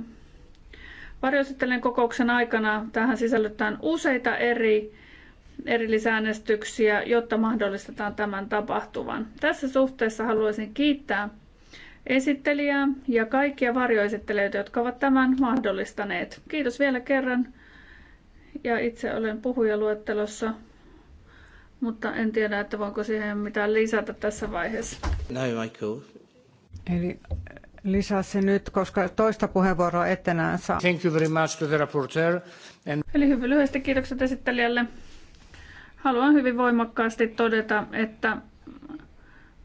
varjoesittelen kokouksen aikana tähän sisällytetään useita eri erillisäänestyksiä, jotta mahdollistetaan tämän tapahtuvan. Tässä suhteessa haluaisin kiittää esittelijää ja kaikkia varjoesittelijöitä, jotka ovat tämän mahdollistaneet. Kiitos vielä kerran. Ja itse olen puhujaluettelossa, mutta en tiedä, että voinko siihen mitään lisätä tässä vaiheessa. No, Michael. Eli lisää se nyt, koska toista puheenvuoroa etenään saa. Thank you very much to the rapporteur. And... Eli hyvin lyhyesti kiitokset esittelijälle. Haluan hyvin voimakkaasti todeta, että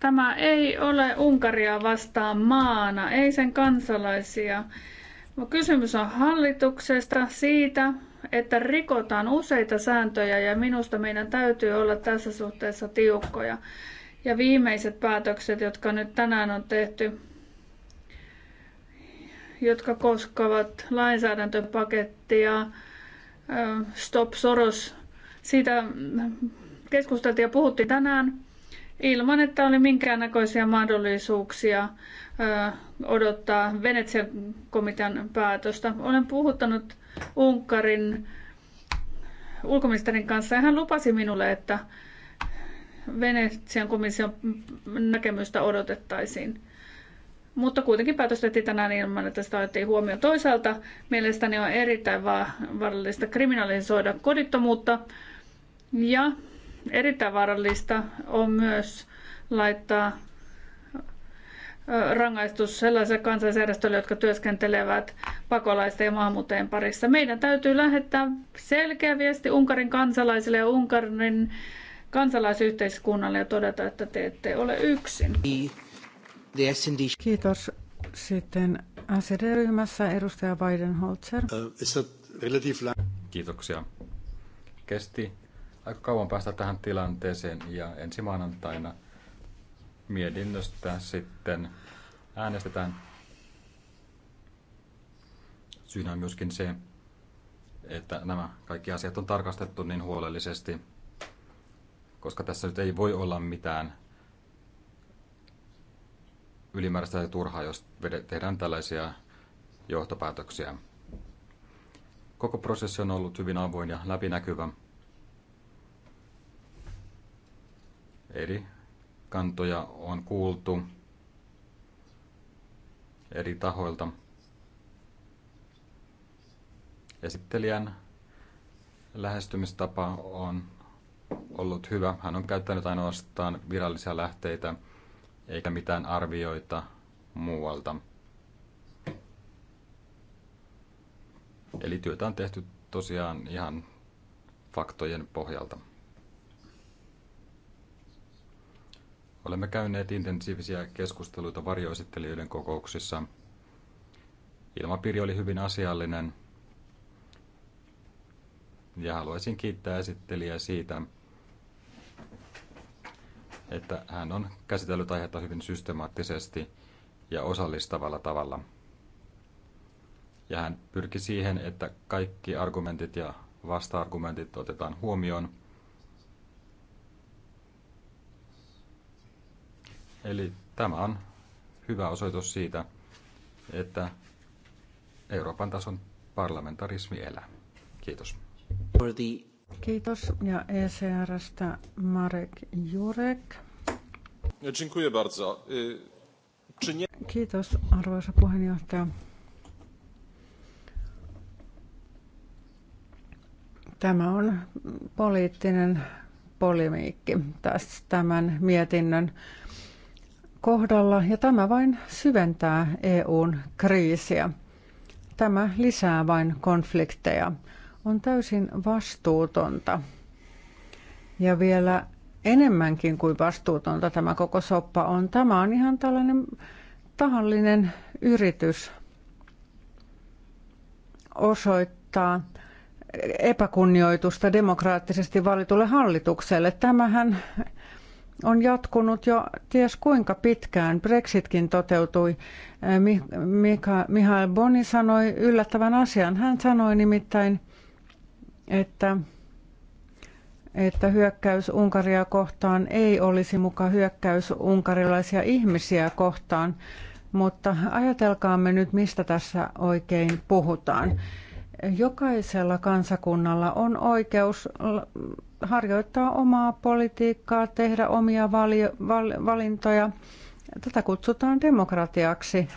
tämä ei ole Unkaria vastaan maana, ei sen kansalaisia. Kysymys on hallituksesta siitä, että rikotaan useita sääntöjä ja minusta meidän täytyy olla tässä suhteessa tiukkoja. Ja viimeiset päätökset, jotka nyt tänään on tehty, jotka koskevat lainsäädäntöpakettia, Stop Soros siitä keskusteltiin ja puhuttiin tänään ilman, että oli minkäännäköisiä mahdollisuuksia odottaa Venetsian komitean päätöstä. Olen puhuttanut Unkarin ulkoministerin kanssa ja hän lupasi minulle, että Venetsian komission näkemystä odotettaisiin. Mutta kuitenkin päätös tehtiin tänään ilman, että sitä otettiin huomioon. Toisaalta mielestäni on erittäin vaarallista kriminalisoida kodittomuutta. Ja erittäin vaarallista on myös laittaa rangaistus sellaiselle kansalaisjärjestölle, jotka työskentelevät pakolaisten ja maahanmuuttajien parissa. Meidän täytyy lähettää selkeä viesti Unkarin kansalaisille ja Unkarin kansalaisyhteiskunnalle ja todeta, että te ette ole yksin. Kiitos. Sitten SED-ryhmässä edustaja Weidenholzer. Kiitoksia. Kesti aika kauan päästä tähän tilanteeseen ja ensi maanantaina mietinnöstä sitten äänestetään. Syynä on myöskin se, että nämä kaikki asiat on tarkastettu niin huolellisesti, koska tässä nyt ei voi olla mitään ylimääräistä ja turhaa, jos tehdään tällaisia johtopäätöksiä. Koko prosessi on ollut hyvin avoin ja läpinäkyvä. Eri kantoja on kuultu eri tahoilta. Esittelijän lähestymistapa on ollut hyvä. Hän on käyttänyt ainoastaan virallisia lähteitä eikä mitään arvioita muualta. Eli työtä on tehty tosiaan ihan faktojen pohjalta. Olemme käyneet intensiivisiä keskusteluita varjoesittelijöiden kokouksissa. Ilmapiiri oli hyvin asiallinen ja haluaisin kiittää esittelijää siitä, että hän on käsitellyt aihetta hyvin systemaattisesti ja osallistavalla tavalla. Ja hän pyrki siihen, että kaikki argumentit ja vasta-argumentit otetaan huomioon – Eli tämä on hyvä osoitus siitä, että Euroopan tason parlamentarismi elää. Kiitos. Kiitos ja ECRstä Marek Jurek. Dziękuję bardzo. Kiitos arvoisa puheenjohtaja. Tämä on poliittinen polemiikki tämän mietinnön kohdalla ja tämä vain syventää EUn kriisiä. Tämä lisää vain konflikteja. On täysin vastuutonta. Ja vielä enemmänkin kuin vastuutonta tämä koko soppa on. Tämä on ihan tällainen tahallinen yritys osoittaa epäkunnioitusta demokraattisesti valitulle hallitukselle. Tämähän on jatkunut jo ties kuinka pitkään. Brexitkin toteutui. Mika, Mihail Boni sanoi yllättävän asian. Hän sanoi nimittäin, että, että hyökkäys Unkaria kohtaan ei olisi muka hyökkäys unkarilaisia ihmisiä kohtaan. Mutta ajatelkaamme nyt, mistä tässä oikein puhutaan. Jokaisella kansakunnalla on oikeus harjoittaa omaa politiikkaa, tehdä omia vali, val, valintoja. Tätä kutsutaan demokratiaksi.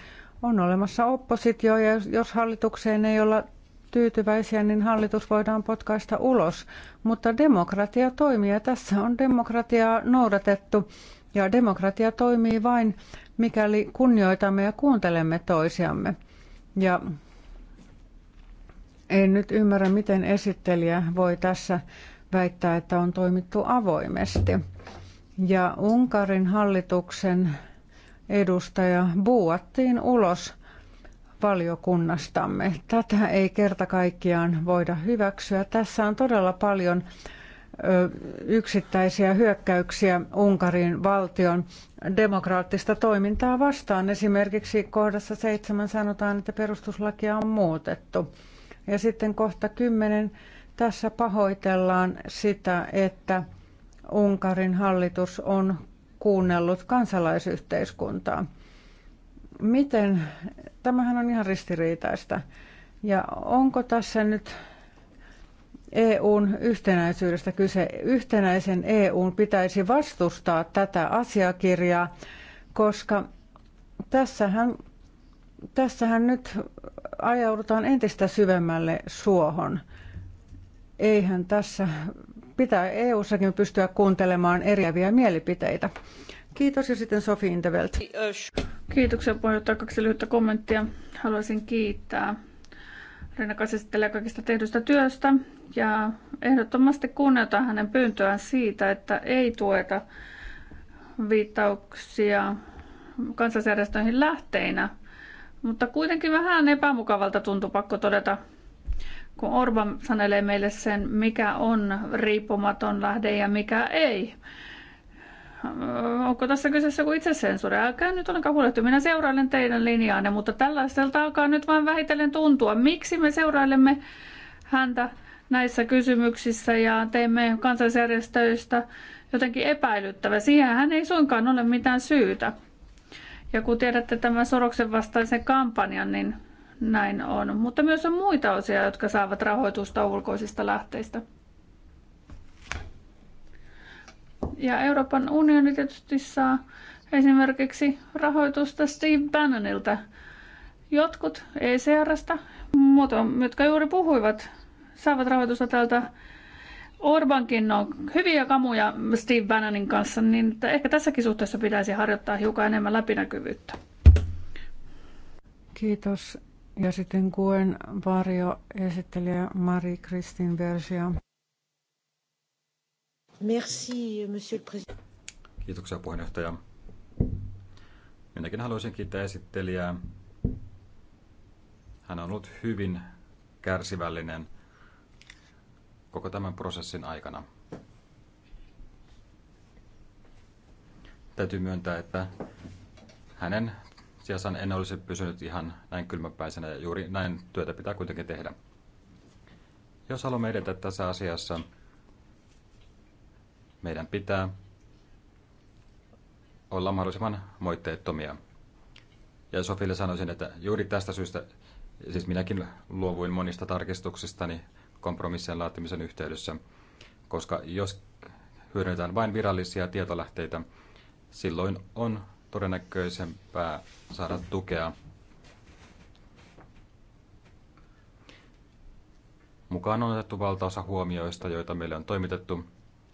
On olemassa oppositio ja jos hallitukseen ei olla tyytyväisiä, niin hallitus voidaan potkaista ulos. Mutta demokratia toimii ja tässä on demokratiaa noudatettu. Ja demokratia toimii vain, mikäli kunnioitamme ja kuuntelemme toisiamme. Ja en nyt ymmärrä, miten esittelijä voi tässä väittää, että on toimittu avoimesti. Ja Unkarin hallituksen edustaja buuattiin ulos valiokunnastamme. Tätä ei kerta kaikkiaan voida hyväksyä. Tässä on todella paljon yksittäisiä hyökkäyksiä Unkarin valtion demokraattista toimintaa vastaan. Esimerkiksi kohdassa seitsemän sanotaan, että perustuslakia on muutettu. Ja sitten kohta kymmenen tässä pahoitellaan sitä, että Unkarin hallitus on kuunnellut kansalaisyhteiskuntaa. Miten? Tämähän on ihan ristiriitaista. Ja onko tässä nyt EUn yhtenäisyydestä kyse? Yhtenäisen EUn pitäisi vastustaa tätä asiakirjaa, koska tässähän, tässähän nyt ajaudutaan entistä syvemmälle suohon – eihän tässä pitää EU-sakin pystyä kuuntelemaan eriäviä mielipiteitä. Kiitos ja sitten Sofi Intevelt. Kiitoksia puheenjohtaja. Kaksi lyhyttä kommenttia. Haluaisin kiittää rinnakas esittelee kaikista tehdystä työstä ja ehdottomasti kuunnelta hänen pyyntöään siitä, että ei tueta viittauksia kansalaisjärjestöihin lähteinä. Mutta kuitenkin vähän epämukavalta tuntui pakko todeta, kun Orban sanelee meille sen, mikä on riippumaton lähde ja mikä ei. Onko tässä kyseessä joku itsesensuuri? Älkää nyt ollenkaan huolehtia, minä seurailen teidän linjaanne, mutta tällaiselta alkaa nyt vain vähitellen tuntua. Miksi me seurailemme häntä näissä kysymyksissä ja teemme kansallisjärjestöistä jotenkin epäilyttävä. Siihen hän ei suinkaan ole mitään syytä. Ja kun tiedätte tämän Soroksen vastaisen kampanjan, niin näin on, mutta myös on muita osia, jotka saavat rahoitusta ulkoisista lähteistä. Ja Euroopan unioni tietysti saa esimerkiksi rahoitusta Steve Bannonilta. Jotkut ECRstä, jotka juuri puhuivat, saavat rahoitusta tältä Orbankin on no, hyviä kamuja Steve Bannonin kanssa, niin että ehkä tässäkin suhteessa pitäisi harjoittaa hiukan enemmän läpinäkyvyyttä. Kiitos ja sitten Kuen varjo esittelijä Mari Kristin versio. Merci, monsieur le président. Kiitoksia puheenjohtaja. Minäkin haluaisin kiittää esittelijää. Hän on ollut hyvin kärsivällinen koko tämän prosessin aikana. Täytyy myöntää, että hänen sijassa en olisi pysynyt ihan näin kylmäpäisenä ja juuri näin työtä pitää kuitenkin tehdä. Jos haluamme edetä tässä asiassa, meidän pitää olla mahdollisimman moitteettomia. Ja Sofille sanoisin, että juuri tästä syystä, siis minäkin luovuin monista tarkistuksistani kompromissien laatimisen yhteydessä, koska jos hyödynnetään vain virallisia tietolähteitä, silloin on todennäköisempää saada tukea Mukaan on otettu valtaosa huomioista, joita meille on toimitettu,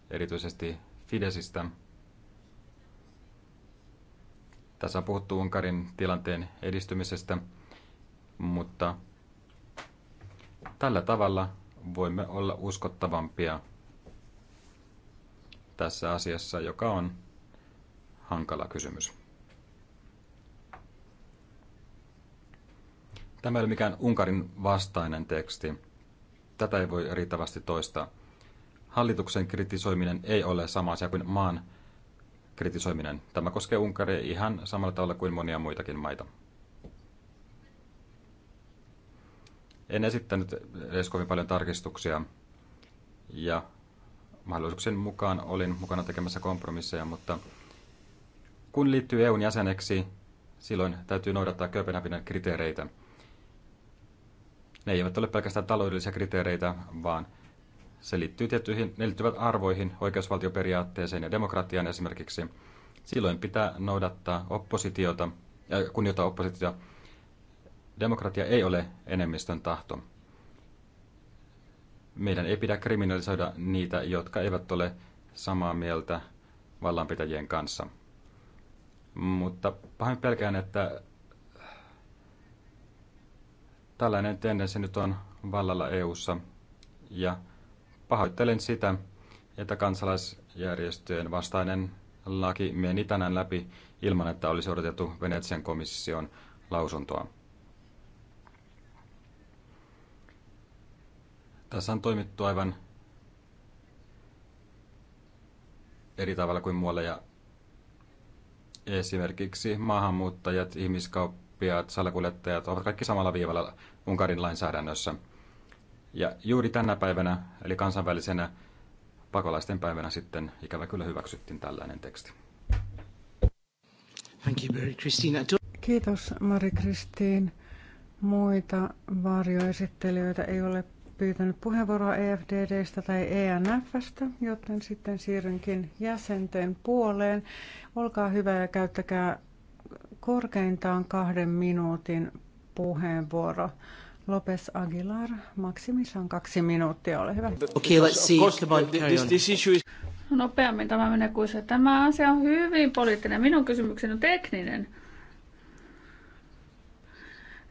erityisesti Fidesistä. Tässä on puhuttu Unkarin tilanteen edistymisestä, mutta tällä tavalla voimme olla uskottavampia tässä asiassa, joka on hankala kysymys. Tämä ei ole mikään Unkarin vastainen teksti. Tätä ei voi riittävästi toistaa. Hallituksen kritisoiminen ei ole sama asia kuin maan kritisoiminen. Tämä koskee Unkaria ihan samalla tavalla kuin monia muitakin maita. En esittänyt edes kovin paljon tarkistuksia ja mahdollisuuksien mukaan olin mukana tekemässä kompromisseja, mutta kun liittyy EUn jäseneksi, silloin täytyy noudattaa Kööpenhaminan kriteereitä – ne eivät ole pelkästään taloudellisia kriteereitä, vaan se liittyy tiettyihin, ne liittyvät arvoihin, oikeusvaltioperiaatteeseen ja demokratiaan esimerkiksi. Silloin pitää noudattaa oppositiota, ja äh, kunnioittaa oppositiota. Demokratia ei ole enemmistön tahto. Meidän ei pidä kriminalisoida niitä, jotka eivät ole samaa mieltä vallanpitäjien kanssa. Mutta pahin pelkään, että Tällainen tendenssi nyt on vallalla EU:ssa ja pahoittelen sitä, että kansalaisjärjestöjen vastainen laki meni tänään läpi ilman, että olisi odotettu Venetsian komission lausuntoa. Tässä on toimittu aivan eri tavalla kuin muualla ja esimerkiksi maahanmuuttajat, ihmiskauppa, kauppiaat, salakuljettajat ovat kaikki samalla viivalla Unkarin lainsäädännössä. Ja juuri tänä päivänä, eli kansainvälisenä pakolaisten päivänä sitten ikävä kyllä hyväksyttiin tällainen teksti. Thank you, Mary Christina. Kiitos, Mari Kristiin. Muita varjoesittelijöitä ei ole pyytänyt puheenvuoroa EFDDstä tai ENFstä, joten sitten siirrynkin jäsenten puoleen. Olkaa hyvä ja käyttäkää korkeintaan kahden minuutin puheenvuoro. Lopes Aguilar, maksimissaan kaksi minuuttia, ole hyvä. Okay, let's see. Come on, carry on. This issue is... No, nopeammin tämä menee kuin se. Tämä asia on hyvin poliittinen. Minun kysymykseni on tekninen.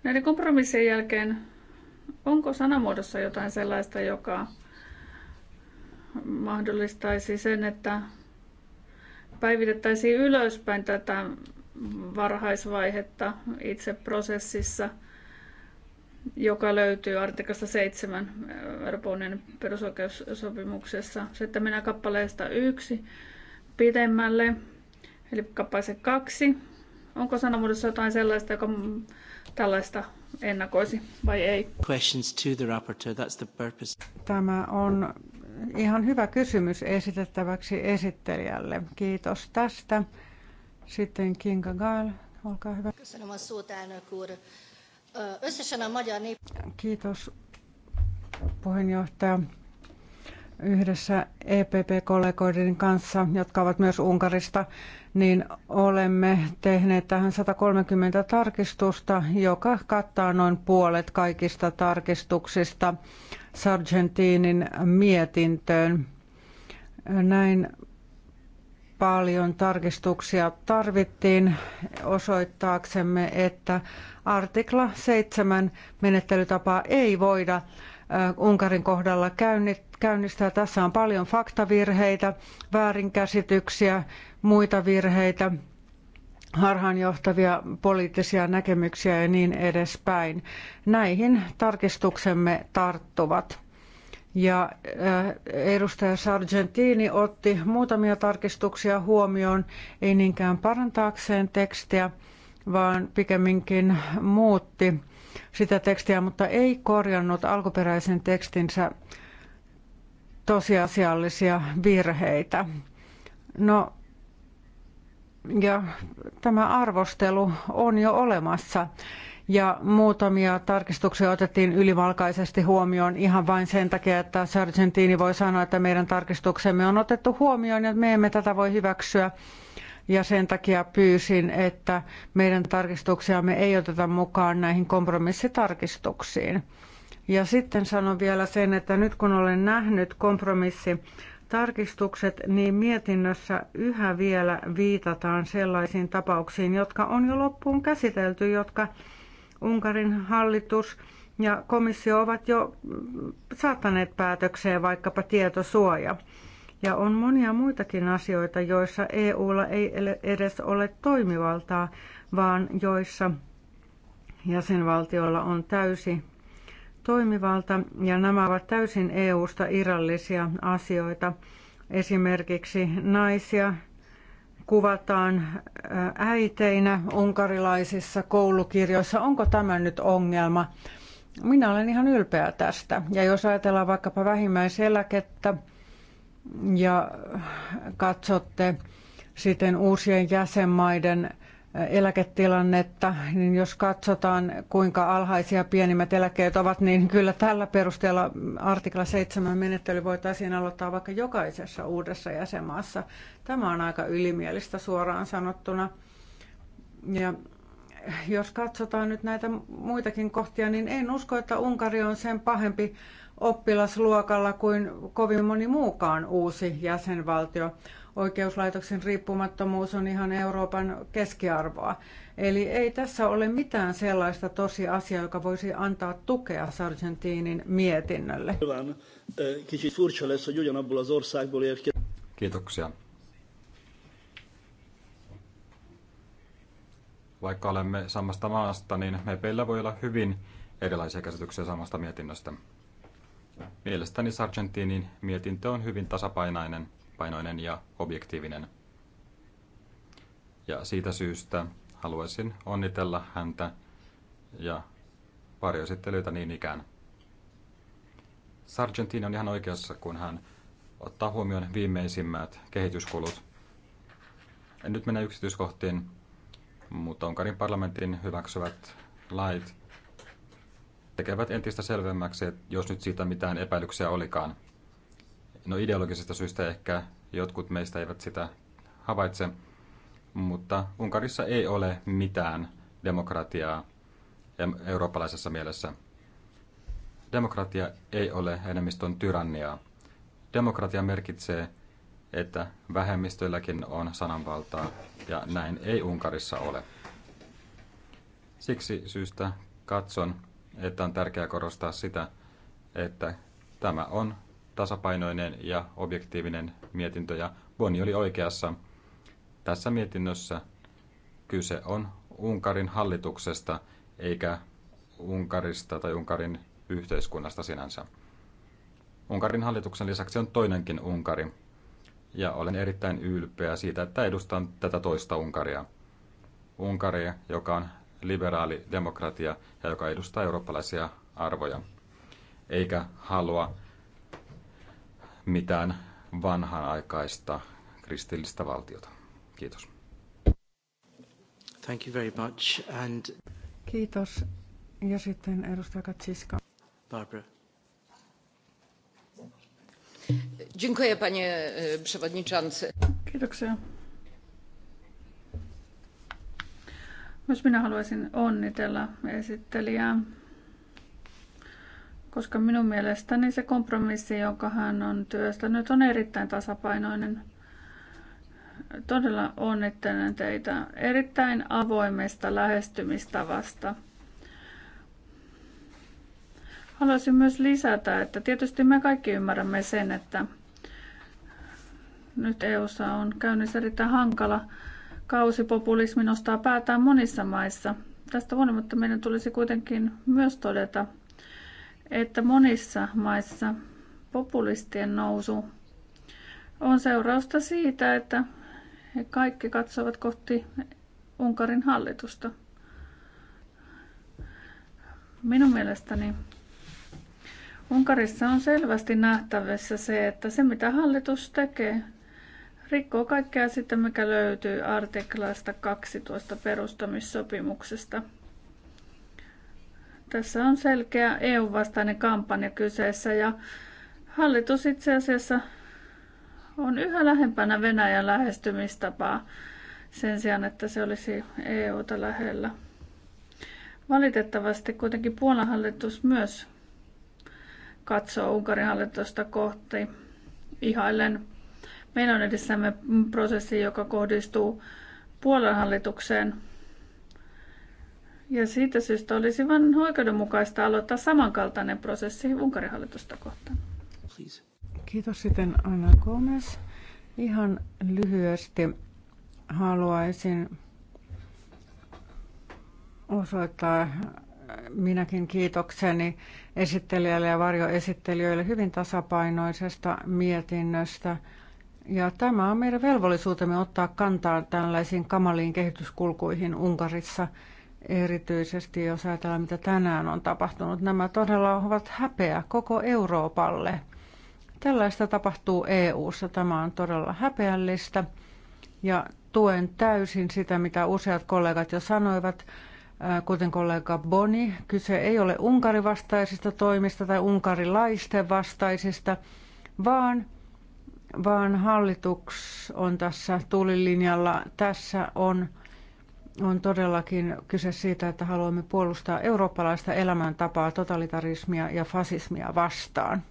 Näiden kompromissien jälkeen, onko sanamuodossa jotain sellaista, joka mahdollistaisi sen, että päivitettäisiin ylöspäin tätä varhaisvaihetta itse prosessissa, joka löytyy artiklasta 7 äh, Euroopan unionin perusoikeussopimuksessa. Sitten mennään kappaleesta 1 pidemmälle, eli kappaleeseen 2. Onko sanamuodossa jotain sellaista, joka tällaista ennakoisi vai ei? Questions to the rapporteur, that's the purpose. Tämä on ihan hyvä kysymys esitettäväksi esittelijälle. Kiitos tästä. Sitten Kinga Gael, olkaa hyvä. Kiitos puheenjohtaja. Yhdessä EPP-kollegoiden kanssa, jotka ovat myös Unkarista, niin olemme tehneet tähän 130 tarkistusta, joka kattaa noin puolet kaikista tarkistuksista Sargentinin mietintöön. Näin paljon tarkistuksia tarvittiin osoittaaksemme, että artikla 7 menettelytapaa ei voida Unkarin kohdalla käynnistää. Tässä on paljon faktavirheitä, väärinkäsityksiä, muita virheitä, harhaanjohtavia poliittisia näkemyksiä ja niin edespäin. Näihin tarkistuksemme tarttuvat. Ja eh, edustaja Sargentini otti muutamia tarkistuksia huomioon, ei niinkään parantaakseen tekstiä, vaan pikemminkin muutti sitä tekstiä, mutta ei korjannut alkuperäisen tekstinsä tosiasiallisia virheitä. No, ja tämä arvostelu on jo olemassa ja muutamia tarkistuksia otettiin ylivalkaisesti huomioon ihan vain sen takia, että Sargentini voi sanoa, että meidän tarkistuksemme on otettu huomioon ja me emme tätä voi hyväksyä ja sen takia pyysin, että meidän tarkistuksiamme ei oteta mukaan näihin kompromissitarkistuksiin. Ja sitten sanon vielä sen, että nyt kun olen nähnyt kompromissitarkistukset, niin mietinnössä yhä vielä viitataan sellaisiin tapauksiin, jotka on jo loppuun käsitelty, jotka Unkarin hallitus ja komissio ovat jo saattaneet päätökseen vaikkapa tietosuoja. Ja on monia muitakin asioita, joissa EUlla ei edes ole toimivaltaa, vaan joissa jäsenvaltiolla on täysi toimivalta ja nämä ovat täysin EUsta irrallisia asioita, esimerkiksi naisia kuvataan äh, äiteinä unkarilaisissa koulukirjoissa. Onko tämä nyt ongelma? Minä olen ihan ylpeä tästä. Ja jos ajatellaan vaikkapa vähimmäiseläkettä ja katsotte sitten uusien jäsenmaiden eläketilannetta, niin jos katsotaan kuinka alhaisia pienimmät eläkkeet ovat, niin kyllä tällä perusteella artikla 7 menettely voitaisiin aloittaa vaikka jokaisessa uudessa jäsenmaassa. Tämä on aika ylimielistä suoraan sanottuna. Ja jos katsotaan nyt näitä muitakin kohtia, niin en usko, että Unkari on sen pahempi oppilasluokalla kuin kovin moni muukaan uusi jäsenvaltio oikeuslaitoksen riippumattomuus on ihan Euroopan keskiarvoa. Eli ei tässä ole mitään sellaista tosiasiaa, joka voisi antaa tukea Sargentinin mietinnölle. Kiitoksia. Vaikka olemme samasta maasta, niin meillä voi olla hyvin erilaisia käsityksiä samasta mietinnöstä. Mielestäni Sargentinin mietintö on hyvin tasapainainen – tasapainoinen ja objektiivinen. Ja siitä syystä haluaisin onnitella häntä ja varjoesittelyitä niin ikään. Sargentin on ihan oikeassa, kun hän ottaa huomioon viimeisimmät kehityskulut. En nyt mennä yksityiskohtiin, mutta Unkarin parlamentin hyväksyvät lait tekevät entistä selvemmäksi, että jos nyt siitä mitään epäilyksiä olikaan. No ideologisista syistä ehkä jotkut meistä eivät sitä havaitse, mutta Unkarissa ei ole mitään demokratiaa eurooppalaisessa mielessä. Demokratia ei ole enemmistön tyranniaa. Demokratia merkitsee, että vähemmistöilläkin on sananvaltaa, ja näin ei Unkarissa ole. Siksi syystä katson, että on tärkeää korostaa sitä, että tämä on tasapainoinen ja objektiivinen mietintö ja Boni oli oikeassa. Tässä mietinnössä kyse on Unkarin hallituksesta eikä Unkarista tai Unkarin yhteiskunnasta sinänsä. Unkarin hallituksen lisäksi on toinenkin Unkari. Ja olen erittäin ylpeä siitä, että edustan tätä toista Unkaria. Unkaria, joka on liberaali demokratia ja joka edustaa eurooppalaisia arvoja. Eikä halua mitään vanhanaikaista kristillistä valtiota. Kiitos. Thank you very much. And... Kiitos. Ja sitten edustaja Katsiska. Barbara. Dziękuję, panie e, przewodniczący. Kiitoksia. Myös minä haluaisin onnitella esittelijää koska minun mielestäni se kompromissi, jonka hän on työstänyt, on erittäin tasapainoinen. Todella onnittelen teitä erittäin avoimesta lähestymistavasta. Haluaisin myös lisätä, että tietysti me kaikki ymmärrämme sen, että nyt EU:ssa on käynnissä erittäin hankala kausi. Populismi nostaa päätään monissa maissa. Tästä huolimatta meidän tulisi kuitenkin myös todeta, että monissa maissa populistien nousu on seurausta siitä, että he kaikki katsovat kohti Unkarin hallitusta. Minun mielestäni Unkarissa on selvästi nähtävissä se, että se mitä hallitus tekee, rikkoo kaikkea sitä, mikä löytyy artiklasta 12 perustamissopimuksesta – tässä on selkeä EU-vastainen kampanja kyseessä ja hallitus itse asiassa on yhä lähempänä Venäjän lähestymistapaa sen sijaan, että se olisi EUta lähellä. Valitettavasti kuitenkin Puolan hallitus myös katsoo Unkarin hallitusta kohti ihaillen. Meillä on edessämme prosessi, joka kohdistuu Puolan hallitukseen ja siitä syystä olisi vain oikeudenmukaista aloittaa samankaltainen prosessi Unkarin hallitusta kohtaan. Kiitos sitten Anna Gomez. Ihan lyhyesti haluaisin osoittaa minäkin kiitokseni esittelijälle ja varjoesittelijöille hyvin tasapainoisesta mietinnöstä. Ja tämä on meidän velvollisuutemme ottaa kantaa tällaisiin kamaliin kehityskulkuihin Unkarissa – erityisesti jos ajatellaan, mitä tänään on tapahtunut. Nämä todella ovat häpeä koko Euroopalle. Tällaista tapahtuu EU:ssa. Tämä on todella häpeällistä ja tuen täysin sitä, mitä useat kollegat jo sanoivat. Kuten kollega Boni, kyse ei ole unkarivastaisista toimista tai unkarilaisten vastaisista, vaan vaan hallituks on tässä tulilinjalla. Tässä on on todellakin kyse siitä, että haluamme puolustaa eurooppalaista elämäntapaa totalitarismia ja fasismia vastaan.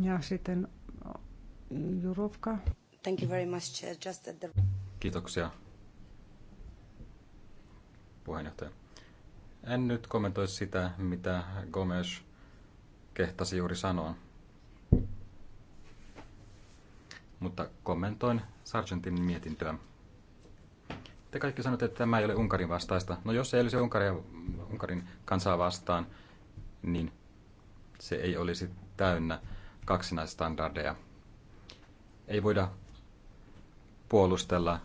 Ja sitten Jurovka. Thank you very much, Chair. Just at the... Kiitoksia, puheenjohtaja. En nyt kommentoi sitä, mitä Gomes kehtasi juuri sanoa. Mutta kommentoin Sargentin mietintöä. Te kaikki sanotte, että tämä ei ole Unkarin vastaista. No jos ei olisi Unkaria, Unkarin kansaa vastaan, niin se ei olisi täynnä kaksinaistandardeja. Ei voida puolustella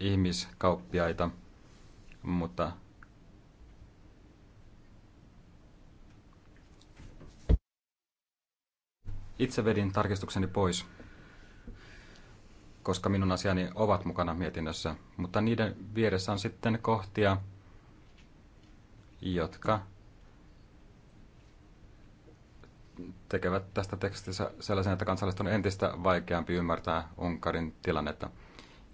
ihmiskauppiaita, mutta itse vedin tarkistukseni pois koska minun asiani ovat mukana mietinnössä, mutta niiden vieressä on sitten kohtia, jotka tekevät tästä tekstistä sellaisen, että kansalaiset on entistä vaikeampi ymmärtää Unkarin tilannetta.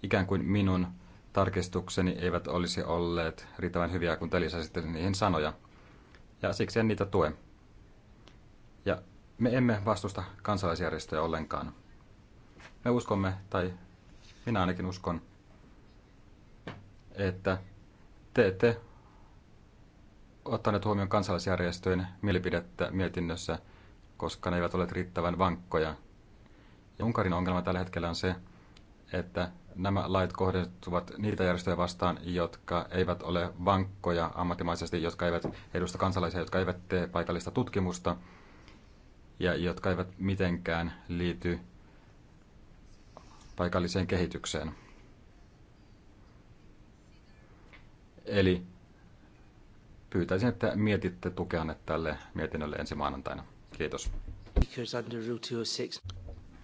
Ikään kuin minun tarkistukseni eivät olisi olleet riittävän hyviä, kun te lisäsitte niihin sanoja. Ja siksi en niitä tue. Ja me emme vastusta kansalaisjärjestöjä ollenkaan. Me uskomme, tai minä ainakin uskon, että te ette ottaneet huomioon kansalaisjärjestöjen mielipidettä mietinnössä, koska ne eivät ole riittävän vankkoja. Ja Unkarin ongelma tällä hetkellä on se, että nämä lait kohdentuvat niitä järjestöjä vastaan, jotka eivät ole vankkoja ammattimaisesti, jotka eivät edusta kansalaisia, jotka eivät tee paikallista tutkimusta ja jotka eivät mitenkään liity paikalliseen kehitykseen. Eli pyytäisin, että mietitte tukeanne tälle mietinnölle ensi maanantaina. Kiitos. Oh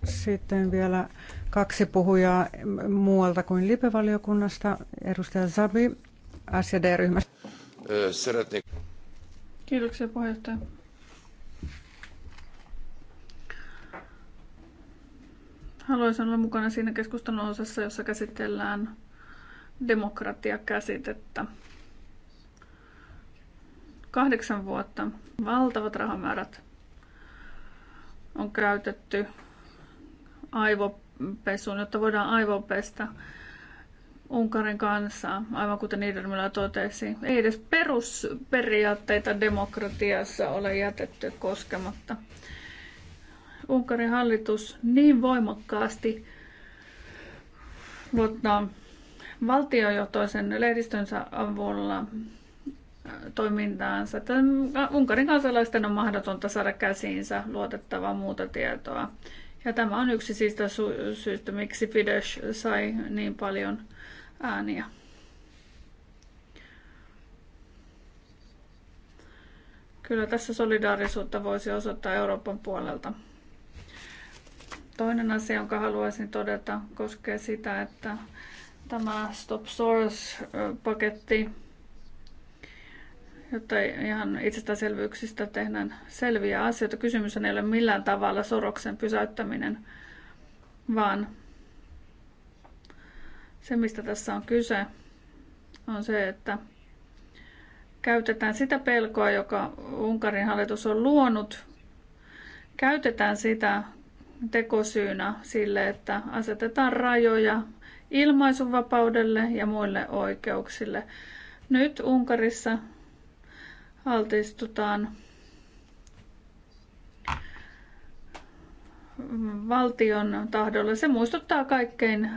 Sitten vielä kaksi puhujaa muualta kuin lipevaliokunnasta. Edustaja Zabi, SD-ryhmä. Kiitoksia puheenjohtaja. Haluaisin olla mukana siinä keskustelun osassa, jossa käsitellään demokratiakäsitettä. Kahdeksan vuotta valtavat rahamäärät on käytetty aivopesuun, jotta voidaan aivopestä Unkarin kanssa, aivan kuten Niedermüller totesi. Ei edes perusperiaatteita demokratiassa ole jätetty koskematta. Unkarin hallitus niin voimakkaasti luottaa valtiojohtoisen lehdistönsä avulla äh, toimintaansa. Unkarin kansalaisten on mahdotonta saada käsiinsä luotettavaa muuta tietoa. Ja tämä on yksi siitä sy- syystä, miksi Fidesz sai niin paljon ääniä. Kyllä tässä solidaarisuutta voisi osoittaa Euroopan puolelta. Toinen asia, jonka haluaisin todeta, koskee sitä, että tämä Stop Source-paketti, jotta ihan itsestäänselvyyksistä tehdään selviä asioita. Kysymys ei ole millään tavalla soroksen pysäyttäminen, vaan se, mistä tässä on kyse, on se, että käytetään sitä pelkoa, joka Unkarin hallitus on luonut, käytetään sitä tekosyynä sille, että asetetaan rajoja ilmaisuvapaudelle ja muille oikeuksille. Nyt Unkarissa altistutaan valtion tahdolle, Se muistuttaa kaikkein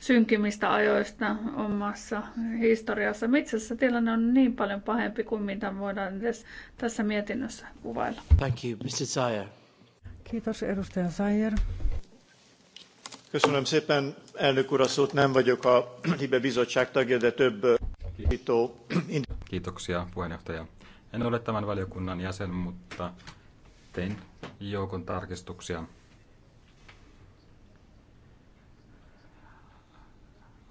synkimistä ajoista omassa historiassa. asiassa tilanne on niin paljon pahempi kuin mitä voidaan edes tässä mietinnössä kuvailla. Thank you, Mr. Kiitos edustaja Sayer. Köszönöm szépen, elnök úr, a szót nem vagyok a Libe bizottság tagja, de több Kiitoksia puheenjohtaja. En ole tämän valiokunnan jäsen, mutta tein joukon tarkistuksia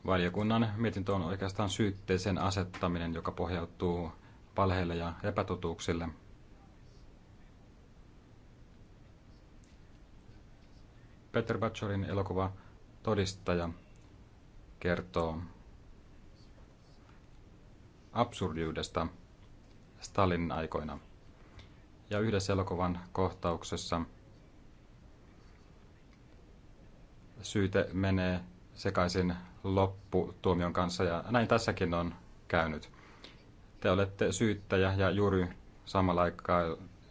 Valiokunnan mietintö on oikeastaan syytteisen asettaminen, joka pohjautuu valheille ja epätotuuksille – Peter Batchorin elokuva Todistaja kertoo absurdiudesta Stalinin aikoina. Ja yhdessä elokuvan kohtauksessa syyte menee sekaisin lopputuomion kanssa ja näin tässäkin on käynyt. Te olette syyttäjä ja juuri samalla aikaa,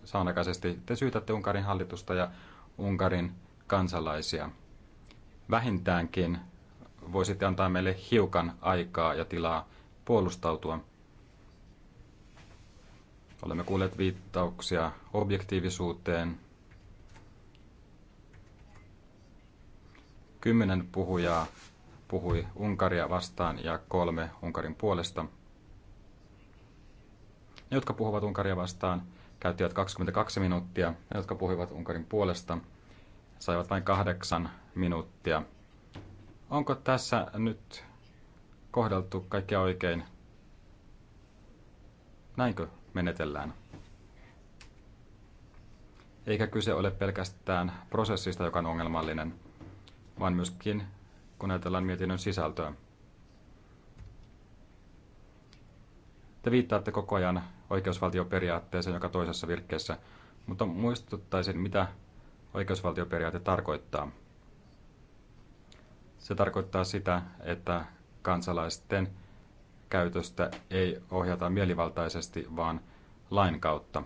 samanaikaisesti te syytätte Unkarin hallitusta ja Unkarin kansalaisia. Vähintäänkin voisitte antaa meille hiukan aikaa ja tilaa puolustautua. Olemme kuulleet viittauksia objektiivisuuteen. Kymmenen puhujaa puhui Unkaria vastaan ja kolme Unkarin puolesta. Ne, jotka puhuvat Unkaria vastaan, käyttivät 22 minuuttia. Ne, jotka puhuivat Unkarin puolesta, saivat vain kahdeksan minuuttia. Onko tässä nyt kohdeltu kaikki oikein? Näinkö menetellään? Eikä kyse ole pelkästään prosessista, joka on ongelmallinen, vaan myöskin kun ajatellaan mietinnön sisältöä. Te viittaatte koko ajan oikeusvaltioperiaatteeseen joka toisessa virkkeessä, mutta muistuttaisin, mitä oikeusvaltioperiaate tarkoittaa. Se tarkoittaa sitä, että kansalaisten käytöstä ei ohjata mielivaltaisesti, vaan lain kautta.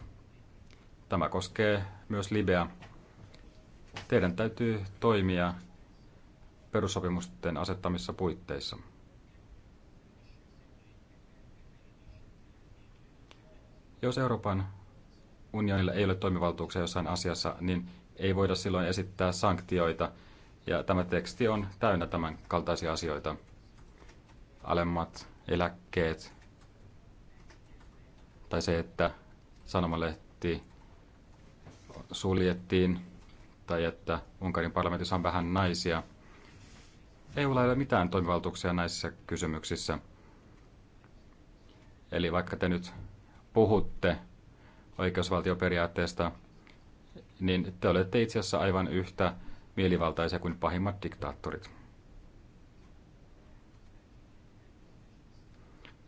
Tämä koskee myös Libeaa. Teidän täytyy toimia perussopimusten asettamissa puitteissa. Jos Euroopan unionilla ei ole toimivaltuuksia jossain asiassa, niin ei voida silloin esittää sanktioita, ja tämä teksti on täynnä tämän kaltaisia asioita. Alemmat eläkkeet, tai se, että sanomalehti suljettiin, tai että Unkarin parlamentissa on vähän naisia. E ei ole mitään toimivaltuuksia näissä kysymyksissä. Eli vaikka te nyt puhutte oikeusvaltioperiaatteesta, niin te olette itse asiassa aivan yhtä mielivaltaisia kuin pahimmat diktaattorit.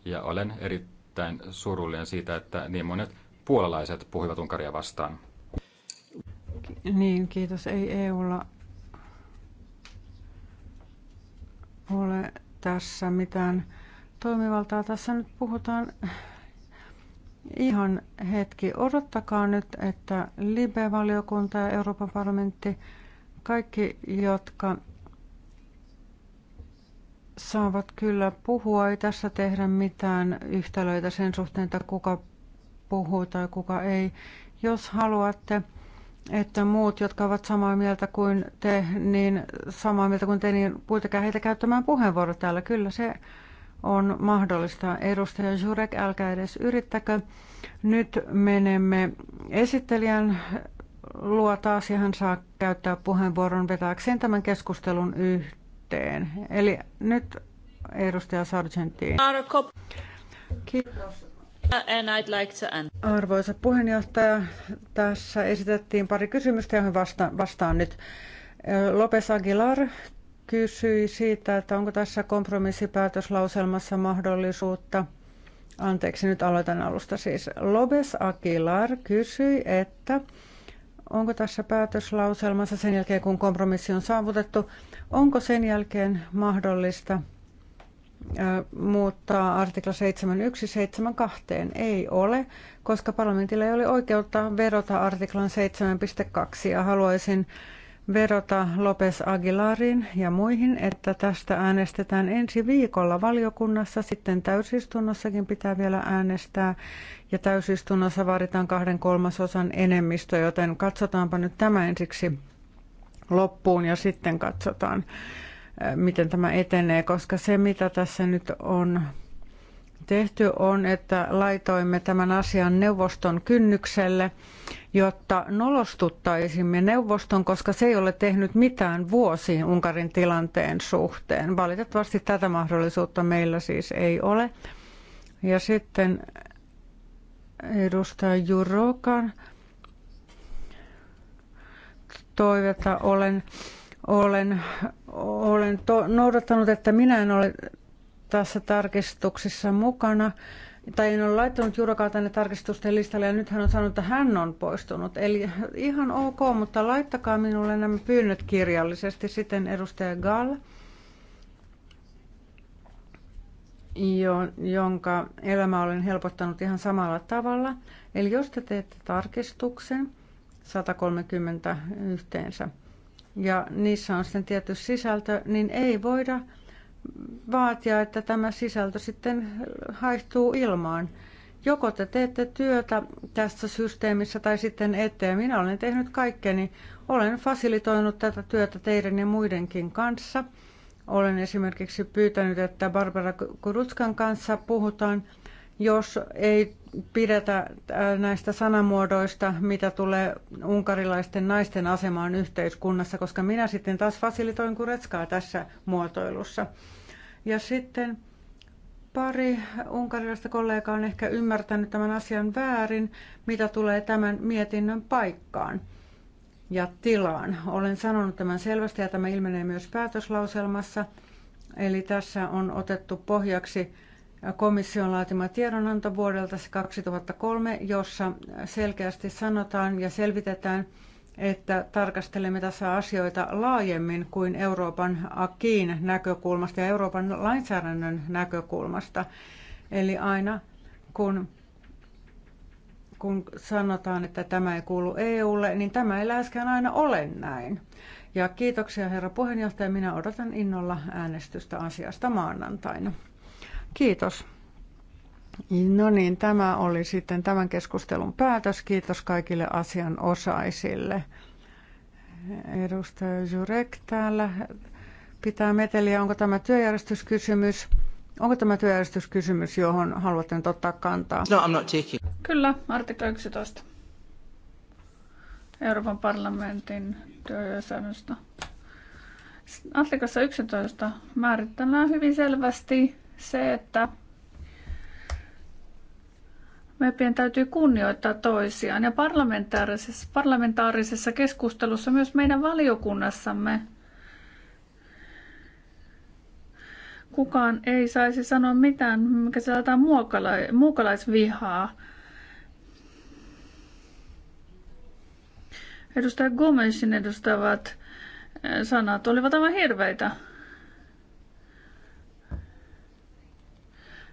Ja olen erittäin surullinen siitä, että niin monet puolalaiset puhuivat Unkaria vastaan. Niin, kiitos. Ei EUlla ole tässä mitään toimivaltaa. Tässä nyt puhutaan Ihan hetki, odottakaa nyt, että Libe-valiokunta ja Euroopan parlamentti, kaikki, jotka saavat kyllä puhua, ei tässä tehdä mitään yhtälöitä sen suhteen, että kuka puhuu tai kuka ei. Jos haluatte, että muut, jotka ovat samaa mieltä kuin te, niin samaa mieltä kuin te, niin puitakaa heitä käyttämään puheenvuoro täällä. Kyllä se on mahdollista. Edustaja Jurek, älkää edes yrittäkö. Nyt menemme esittelijän luo taas ja hän saa käyttää puheenvuoron vetääkseen tämän keskustelun yhteen. Eli nyt edustaja Sargentin. Kiitos. And I'd like to end. Arvoisa puheenjohtaja, tässä esitettiin pari kysymystä, joihin vasta- vastaan nyt. Lopes Aguilar kysyi siitä, että onko tässä kompromissipäätöslauselmassa mahdollisuutta. Anteeksi, nyt aloitan alusta siis. Lobes Aguilar kysyi, että onko tässä päätöslauselmassa sen jälkeen, kun kompromissi on saavutettu, onko sen jälkeen mahdollista muuttaa artikla 7.1.7.2. Ei ole, koska parlamentilla ei ole oikeutta vedota artiklan 7.2 ja haluaisin vedota Lopes Aguilarin ja muihin, että tästä äänestetään ensi viikolla valiokunnassa, sitten täysistunnossakin pitää vielä äänestää ja täysistunnossa vaaditaan kahden kolmasosan enemmistö, joten katsotaanpa nyt tämä ensiksi loppuun ja sitten katsotaan, eh, miten tämä etenee, koska se mitä tässä nyt on tehty on, että laitoimme tämän asian neuvoston kynnykselle, jotta nolostuttaisimme neuvoston, koska se ei ole tehnyt mitään vuosiin Unkarin tilanteen suhteen. Valitettavasti tätä mahdollisuutta meillä siis ei ole. Ja sitten edustaja Jurokan toivetta olen, olen, olen to, noudattanut, että minä en ole tässä tarkistuksissa mukana. Tai en ole laittanut juurakaan tänne tarkistusten listalle ja nyt hän on sanonut, että hän on poistunut. Eli ihan ok, mutta laittakaa minulle nämä pyynnöt kirjallisesti. Sitten edustaja Gall, jo, jonka elämä olen helpottanut ihan samalla tavalla. Eli jos te teette tarkistuksen, 130 yhteensä, ja niissä on sitten tietty sisältö, niin ei voida vaatia, että tämä sisältö sitten haihtuu ilmaan. Joko te teette työtä tässä systeemissä tai sitten ette. Minä olen tehnyt kaikkeni. Olen fasilitoinut tätä työtä teidän ja muidenkin kanssa. Olen esimerkiksi pyytänyt, että Barbara Kurutskan kanssa puhutaan – jos ei pidetä äh, näistä sanamuodoista, mitä tulee unkarilaisten naisten asemaan yhteiskunnassa, koska minä sitten taas fasilitoin kuretskaa tässä muotoilussa. Ja sitten pari unkarilaista kollegaa on ehkä ymmärtänyt tämän asian väärin, mitä tulee tämän mietinnön paikkaan ja tilaan. Olen sanonut tämän selvästi ja tämä ilmenee myös päätöslauselmassa. Eli tässä on otettu pohjaksi komission laatima tiedonanto vuodelta 2003, jossa selkeästi sanotaan ja selvitetään, että tarkastelemme tässä asioita laajemmin kuin Euroopan akiin näkökulmasta ja Euroopan lainsäädännön näkökulmasta. Eli aina kun, kun sanotaan, että tämä ei kuulu EUlle, niin tämä ei läheskään aina ole näin. Ja kiitoksia herra puheenjohtaja, minä odotan innolla äänestystä asiasta maanantaina. Kiitos. No niin, tämä oli sitten tämän keskustelun päätös. Kiitos kaikille asianosaisille. Edustaja Jurek täällä pitää meteliä. Onko tämä työjärjestyskysymys? Onko tämä työjärjestyskysymys, johon haluatte nyt ottaa kantaa? No, I'm not taking. Kyllä, artikla 11. Euroopan parlamentin työjärjestelmästä. Artiklassa 11 määritellään hyvin selvästi se, että meidän täytyy kunnioittaa toisiaan ja parlamentaarisessa, parlamentaarisessa keskustelussa myös meidän valiokunnassamme kukaan ei saisi sanoa mitään, mikä saattaa muukala- muukalaisvihaa. Edustaja Gomesin edustavat eh, sanat olivat aivan hirveitä.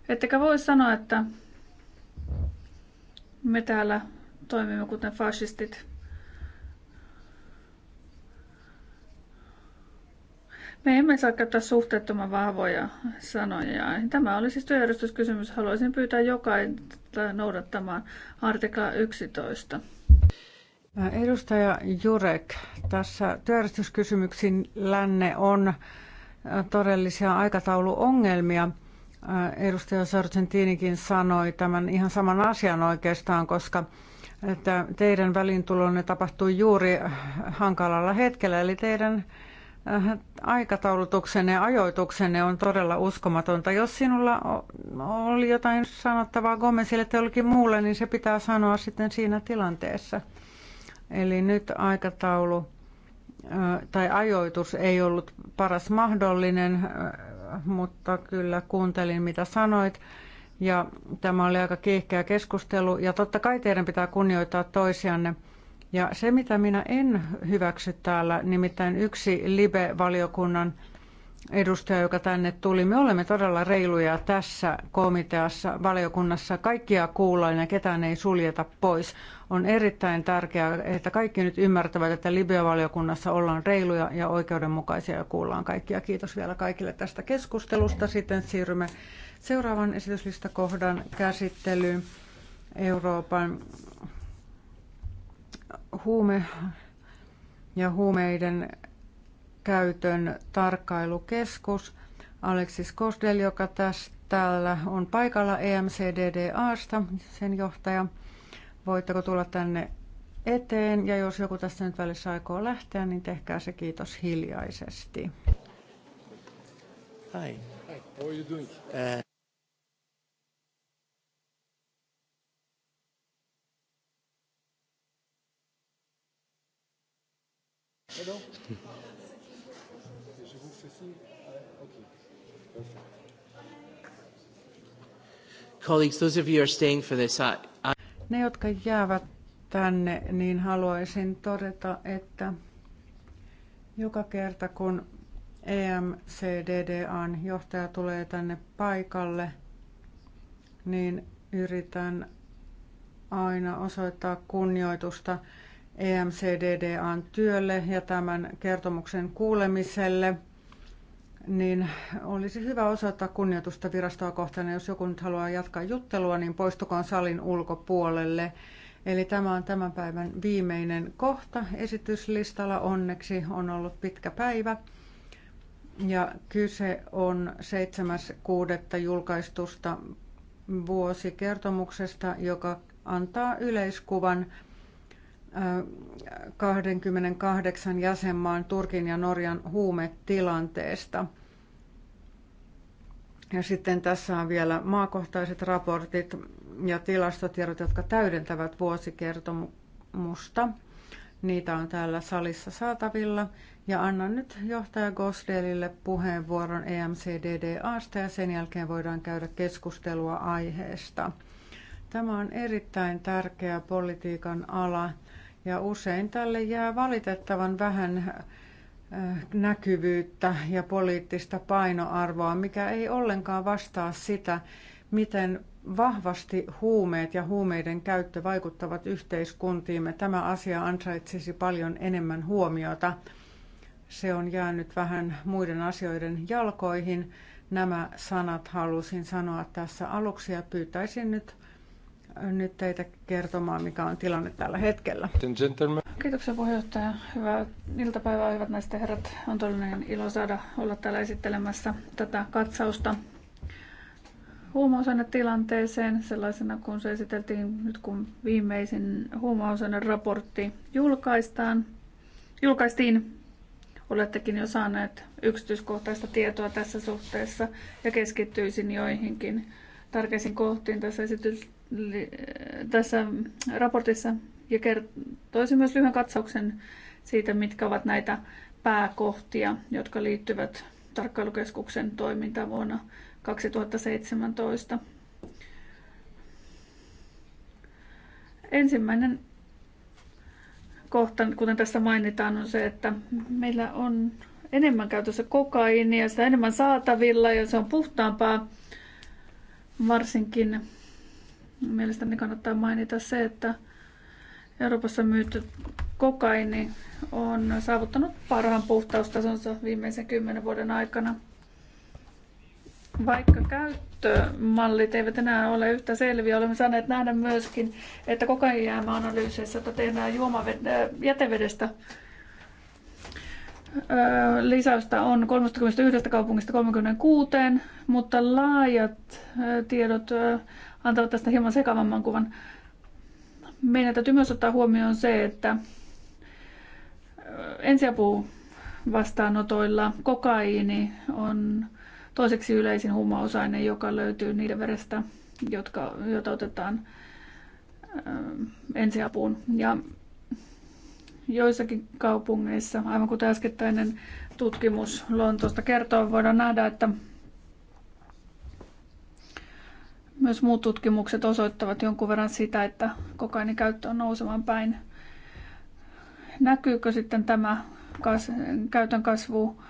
Ettekä voi sanoa, että me täällä toimimme kuten fasistit. Me emme saa käyttää suhteettoman vahvoja sanoja. Tämä oli siis työjärjestyskysymys. Haluaisin pyytää jokaista noudattamaan artikla 11. Edustaja Jurek, tässä työjärjestyskysymyksin länne on todellisia aikatauluongelmia. Äh, edustaja Sargentinikin sanoi tämän ihan saman asian oikeastaan, koska että teidän välintulonne tapahtui juuri äh, hankalalla hetkellä, eli teidän äh, aikataulutuksenne ja ajoituksenne on todella uskomatonta. Jos sinulla oli jotain sanottavaa Gomezille tai jollekin muulle, niin se pitää sanoa sitten siinä tilanteessa. Eli nyt aikataulu tai ajoitus ei ollut paras mahdollinen mutta kyllä kuuntelin mitä sanoit. Ja tämä oli aika kiihkeä keskustelu ja totta kai teidän pitää kunnioittaa toisianne. Ja se, mitä minä en hyväksy täällä, nimittäin yksi Libe-valiokunnan edustaja, joka tänne tuli. Me olemme todella reiluja tässä komiteassa, valiokunnassa. Kaikkia kuullaan ja ketään ei suljeta pois. On erittäin tärkeää, että kaikki nyt ymmärtävät, että Libya-valiokunnassa ollaan reiluja ja oikeudenmukaisia ja kuullaan kaikkia. Kiitos vielä kaikille tästä keskustelusta. Sitten siirrymme seuraavan esityslistakohdan käsittelyyn. Euroopan huume ja huumeiden käytön tarkkailukeskus. Alexis Kosdel, joka tässä täällä on paikalla EMCDDAsta, sen johtaja. Voitteko tulla tänne eteen ja jos joku tässä nyt välissä aikoo lähteä, niin tehkää se kiitos hiljaisesti. Hi. Hi. How are you doing? Uh... Hello. Colleagues, those of you who are staying for this, I, ne, jotka jäävät tänne, niin haluaisin todeta, että joka kerta kun EMCDDAn johtaja tulee tänne paikalle, niin yritän aina osoittaa kunnioitusta EMCDDAn työlle ja tämän kertomuksen kuulemiselle – niin olisi hyvä osoittaa kunnioitusta virastoa kohtaan. Jos joku nyt haluaa jatkaa juttelua, niin poistukaa salin ulkopuolelle. Eli tämä on tämän päivän viimeinen kohta esityslistalla. Onneksi on ollut pitkä päivä. Ja kyse on 7.6. julkaistusta vuosikertomuksesta, joka antaa yleiskuvan 28 jäsenmaan Turkin ja Norjan huumetilanteesta. Ja sitten tässä on vielä maakohtaiset raportit ja tilastotiedot, jotka täydentävät vuosikertomusta. Niitä on täällä salissa saatavilla. Ja annan nyt johtaja Gosdelille puheenvuoron EMCDDAsta ja sen jälkeen voidaan käydä keskustelua aiheesta. Tämä on erittäin tärkeä politiikan ala ja usein tälle jää valitettavan vähän äh, näkyvyyttä ja poliittista painoarvoa, mikä ei ollenkaan vastaa sitä, miten vahvasti huumeet ja huumeiden käyttö vaikuttavat yhteiskuntiimme. Tämä asia ansaitsisi paljon enemmän huomiota. Se on jäänyt vähän muiden asioiden jalkoihin. Nämä sanat halusin sanoa tässä aluksi ja pyytäisin nyt nyt teitä kertomaan, mikä on tilanne tällä hetkellä. Kiitoksia puheenjohtaja. Hyvää iltapäivää, hyvät naiset ja herrat. On todellinen ilo saada olla täällä esittelemässä tätä katsausta tilanteeseen sellaisena, kun se esiteltiin nyt kun viimeisin raportti julkaistaan. Julkaistiin olettekin jo saaneet yksityiskohtaista tietoa tässä suhteessa ja keskittyisin joihinkin tärkeisiin kohtiin tässä esitys tässä raportissa ja kertoisin myös lyhyen katsauksen siitä, mitkä ovat näitä pääkohtia, jotka liittyvät tarkkailukeskuksen toimintaan vuonna 2017. Ensimmäinen kohta, kuten tässä mainitaan, on se, että meillä on enemmän käytössä kokaiinia, sitä enemmän saatavilla ja se on puhtaampaa, varsinkin Mielestäni kannattaa mainita se, että Euroopassa myyty kokaini on saavuttanut parhaan puhtaustasonsa viimeisen kymmenen vuoden aikana. Vaikka käyttömallit eivät enää ole yhtä selviä, olemme saaneet nähdä myöskin, että kokainijäämäanalyyseissä, joita tehdään äh, jätevedestä, äh, lisäystä on 31 kaupungista 36, mutta laajat äh, tiedot antavat tästä hieman sekavamman kuvan. Meidän täytyy myös ottaa huomioon se, että ensiapu vastaanotoilla kokaiini on toiseksi yleisin huumausaine, joka löytyy niiden verestä, jotka, jota otetaan ensiapuun. Ja joissakin kaupungeissa, aivan kuten äskettäinen tutkimus Lontoosta kertoo, voidaan nähdä, että Myös muut tutkimukset osoittavat jonkun verran sitä, että kokainin käyttö on nousemaan päin. Näkyykö sitten tämä kas- käytön kasvu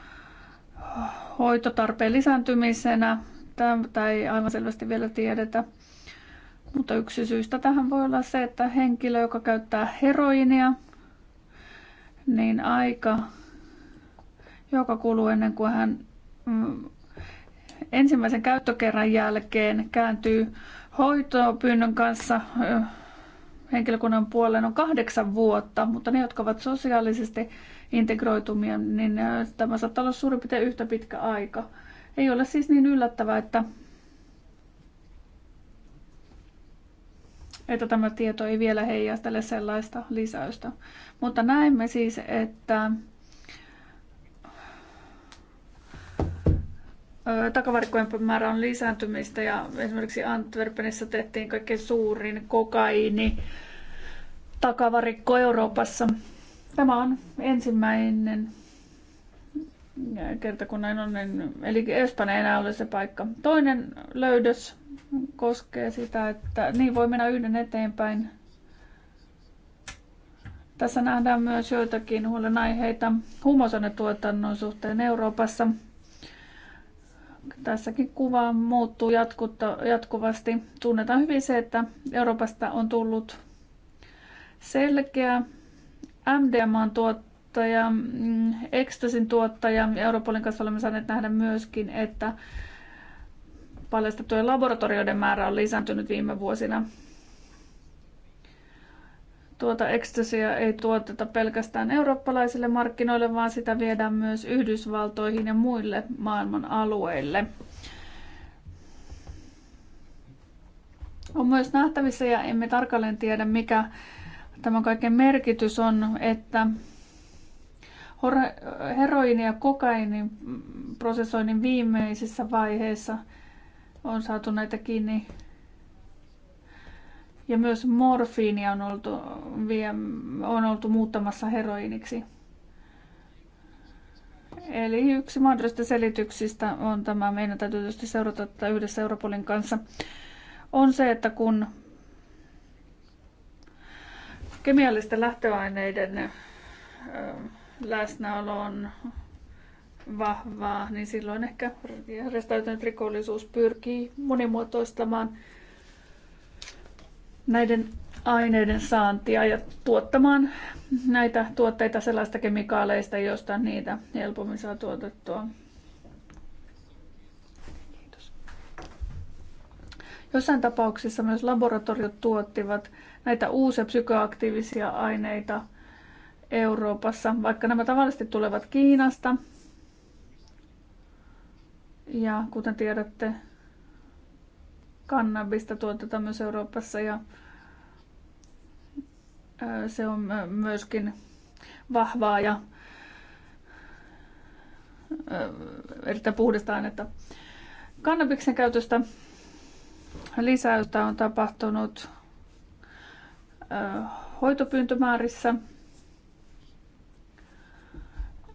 hoitotarpeen lisääntymisenä? Tämä ei aivan selvästi vielä tiedetä. Mutta yksi syystä tähän voi olla se, että henkilö, joka käyttää heroinia, niin aika, joka kuluu ennen kuin hän mm, ensimmäisen käyttökerran jälkeen kääntyy hoitopyynnön kanssa henkilökunnan puoleen on kahdeksan vuotta, mutta ne, jotka ovat sosiaalisesti integroitumia, niin tämä saattaa olla suurin piirtein yhtä pitkä aika. Ei ole siis niin yllättävää, että, että tämä tieto ei vielä heijastele sellaista lisäystä. Mutta näemme siis, että takavarikkojen määrä on lisääntymistä ja esimerkiksi Antwerpenissä tehtiin kaikkein suurin kokaini takavarikko Euroopassa. Tämä on ensimmäinen kerta kun näin on, niin- eli Espanja enää ole se paikka. Toinen löydös koskee sitä, että niin voi mennä yhden eteenpäin. Tässä nähdään myös joitakin huolenaiheita huumausainetuotannon suhteen Euroopassa – tässäkin kuva muuttuu jatkuvasti. Tunnetaan hyvin se, että Euroopasta on tullut selkeä MDMAn tuottaja, mm, ekstasin tuottaja. Europolin kanssa olemme saaneet nähdä myöskin, että paljastettujen laboratorioiden määrä on lisääntynyt viime vuosina. Tuota ekstasia ei tuoteta pelkästään eurooppalaisille markkinoille, vaan sitä viedään myös Yhdysvaltoihin ja muille maailman alueille. On myös nähtävissä, ja emme tarkalleen tiedä mikä tämän kaiken merkitys on, että heroini ja kokainin prosessoinnin viimeisessä vaiheessa on saatu näitä kiinni ja myös morfiinia on oltu, on oltu muuttamassa heroiniksi. Eli yksi mahdollisista selityksistä on tämä, meidän täytyy tietysti seurata tätä yhdessä Europolin kanssa, on se, että kun kemiallisten lähtöaineiden läsnäolo on vahvaa, niin silloin ehkä järjestäytynyt rikollisuus pyrkii monimuotoistamaan näiden aineiden saantia ja tuottamaan näitä tuotteita sellaista kemikaaleista, joista niitä helpommin saa tuotettua. Kiitos. Jossain tapauksissa myös laboratoriot tuottivat näitä uusia psykoaktiivisia aineita Euroopassa, vaikka nämä tavallisesti tulevat Kiinasta. Ja kuten tiedätte, kannabista tuotetaan myös Euroopassa ja se on myöskin vahvaa ja erittäin puhdasta ainetta. Kannabiksen käytöstä lisäystä on tapahtunut hoitopyyntömäärissä.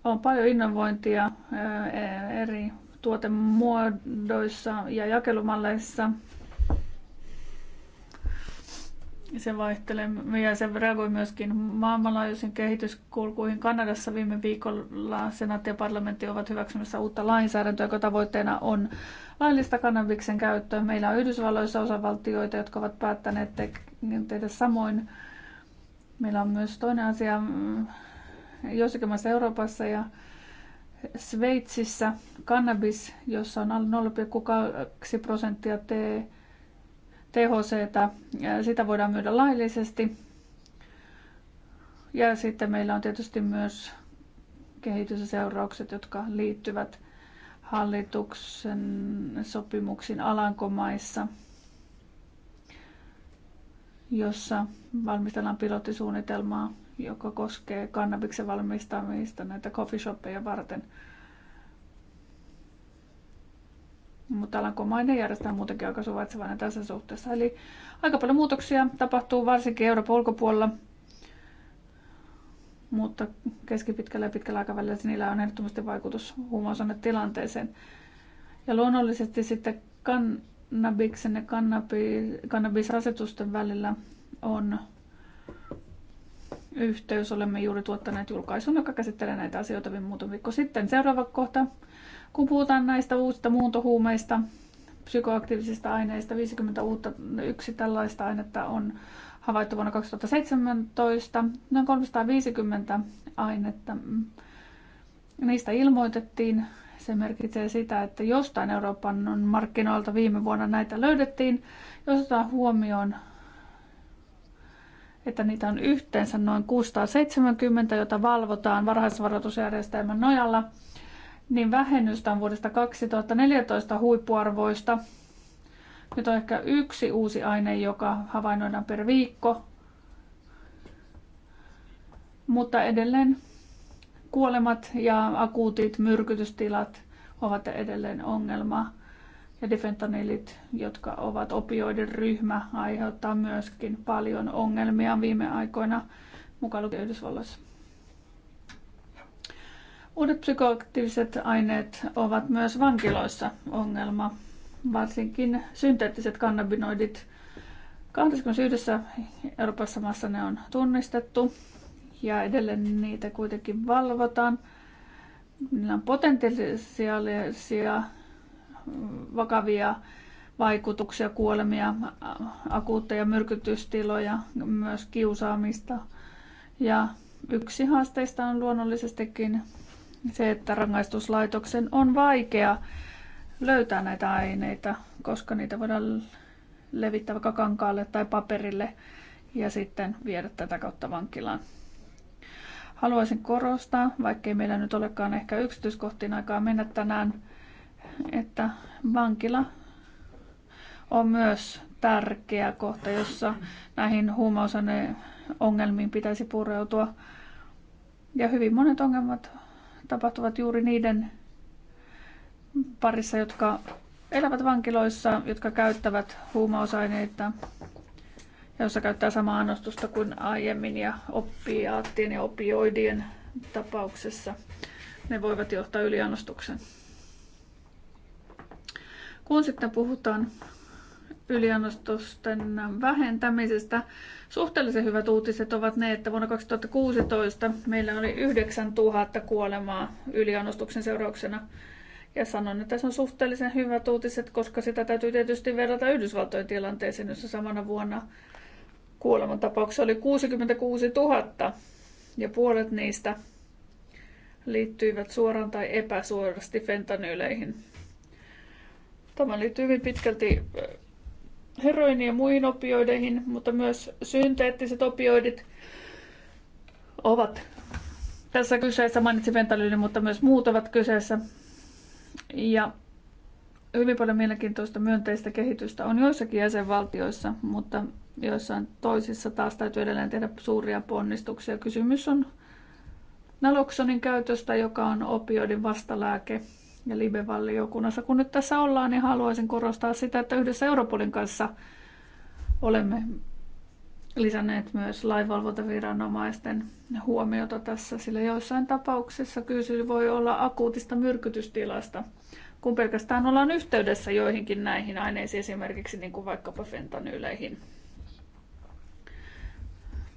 On paljon innovointia e, eri tuotemuodoissa ja jakelumalleissa – se vaihtelee ja se reagoi myöskin maailmanlaajuisiin kehityskulkuihin. Kanadassa viime viikolla senaatti ja parlamentti ovat hyväksymässä uutta lainsäädäntöä, joka tavoitteena on laillista kannabiksen käyttöä. Meillä on Yhdysvalloissa osavaltioita, jotka ovat päättäneet te- tehdä samoin. Meillä on myös toinen asia mm, jossakin maassa Euroopassa ja Sveitsissä kannabis, jossa on alle 0,2 prosenttia tee THC Sitä voidaan myydä laillisesti. Ja sitten meillä on tietysti myös kehitys- ja seuraukset, jotka liittyvät hallituksen sopimuksiin Alankomaissa, jossa valmistellaan pilottisuunnitelmaa, joka koskee kannabiksen valmistamista näitä coffee varten – mutta Alankomainen järjestää muutenkin aika suvaitsevainen tässä suhteessa. Eli aika paljon muutoksia tapahtuu varsinkin Euroopan ulkopuolella, mutta keskipitkällä ja pitkällä aikavälillä niillä on ehdottomasti vaikutus tilanteeseen. Ja luonnollisesti sitten kannabiksen ja kannabi, kannabisasetusten välillä on yhteys. Olemme juuri tuottaneet julkaisun, joka käsittelee näitä asioita vielä muutama viikko sitten. Seuraava kohta kun puhutaan näistä uusista muuntohuumeista, psykoaktiivisista aineista, 50 uutta yksi tällaista ainetta on havaittu vuonna 2017, noin 350 ainetta. Mm, niistä ilmoitettiin. Se merkitsee sitä, että jostain Euroopan markkinoilta viime vuonna näitä löydettiin. Jos otetaan huomioon, että niitä on yhteensä noin 670, jota valvotaan varhaisvaroitusjärjestelmän nojalla – niin vähennystä on vuodesta 2014 huippuarvoista. Nyt on ehkä yksi uusi aine, joka havainnoidaan per viikko. Mutta edelleen kuolemat ja akuutit myrkytystilat ovat edelleen ongelma. Ja difentanilit, jotka ovat opioiden ryhmä, aiheuttaa myöskin paljon ongelmia viime aikoina, mukaan lukien Yhdysvalloissa. Uudet psykoaktiiviset aineet ovat myös vankiloissa ongelma, varsinkin synteettiset kannabinoidit. 21 Euroopassa maassa ne on tunnistettu ja edelleen niitä kuitenkin valvotaan. Niillä on potentiaalisia vakavia vaikutuksia, kuolemia, akuutteja myrkytystiloja, myös kiusaamista. Ja yksi haasteista on luonnollisestikin se, että rangaistuslaitoksen on vaikea löytää näitä aineita, koska niitä voidaan levittää vaikka kankaalle tai paperille ja sitten viedä tätä kautta vankilaan. Haluaisin korostaa, vaikkei meillä nyt olekaan ehkä yksityiskohtiin aikaa mennä tänään, että vankila on myös tärkeä kohta, jossa näihin huumausaineongelmiin pitäisi pureutua. Ja hyvin monet ongelmat tapahtuvat juuri niiden parissa, jotka elävät vankiloissa, jotka käyttävät huumausaineita, jossa käyttää samaa annostusta kuin aiemmin ja oppiaattien ja opioidien tapauksessa. Ne voivat johtaa yliannostuksen. Kun sitten puhutaan yliannostusten vähentämisestä, Suhteellisen hyvät uutiset ovat ne, että vuonna 2016 meillä oli 9000 kuolemaa yliannostuksen seurauksena. Ja sanon, että se on suhteellisen hyvät uutiset, koska sitä täytyy tietysti verrata Yhdysvaltojen tilanteeseen, jossa samana vuonna kuolemantapauksessa oli 66 000 ja puolet niistä liittyivät suoraan tai epäsuorasti fentanyyleihin. Tämä liittyy hyvin pitkälti heroiniin ja muihin opioideihin, mutta myös synteettiset opioidit ovat tässä kyseessä. Mainitsin fentanylin, mutta myös muut ovat kyseessä. Ja hyvin paljon mielenkiintoista myönteistä kehitystä on joissakin jäsenvaltioissa, mutta joissain toisissa taas täytyy edelleen tehdä suuria ponnistuksia. Kysymys on naloksonin käytöstä, joka on opioidin vastalääke ja Libe-valiokunnassa. Kun nyt tässä ollaan, niin haluaisin korostaa sitä, että yhdessä Europolin kanssa olemme lisänneet myös laivalvontaviranomaisten huomiota tässä, sillä joissain tapauksissa kyse voi olla akuutista myrkytystilasta, kun pelkästään ollaan yhteydessä joihinkin näihin aineisiin, esimerkiksi niin kuin vaikkapa fentanyyleihin.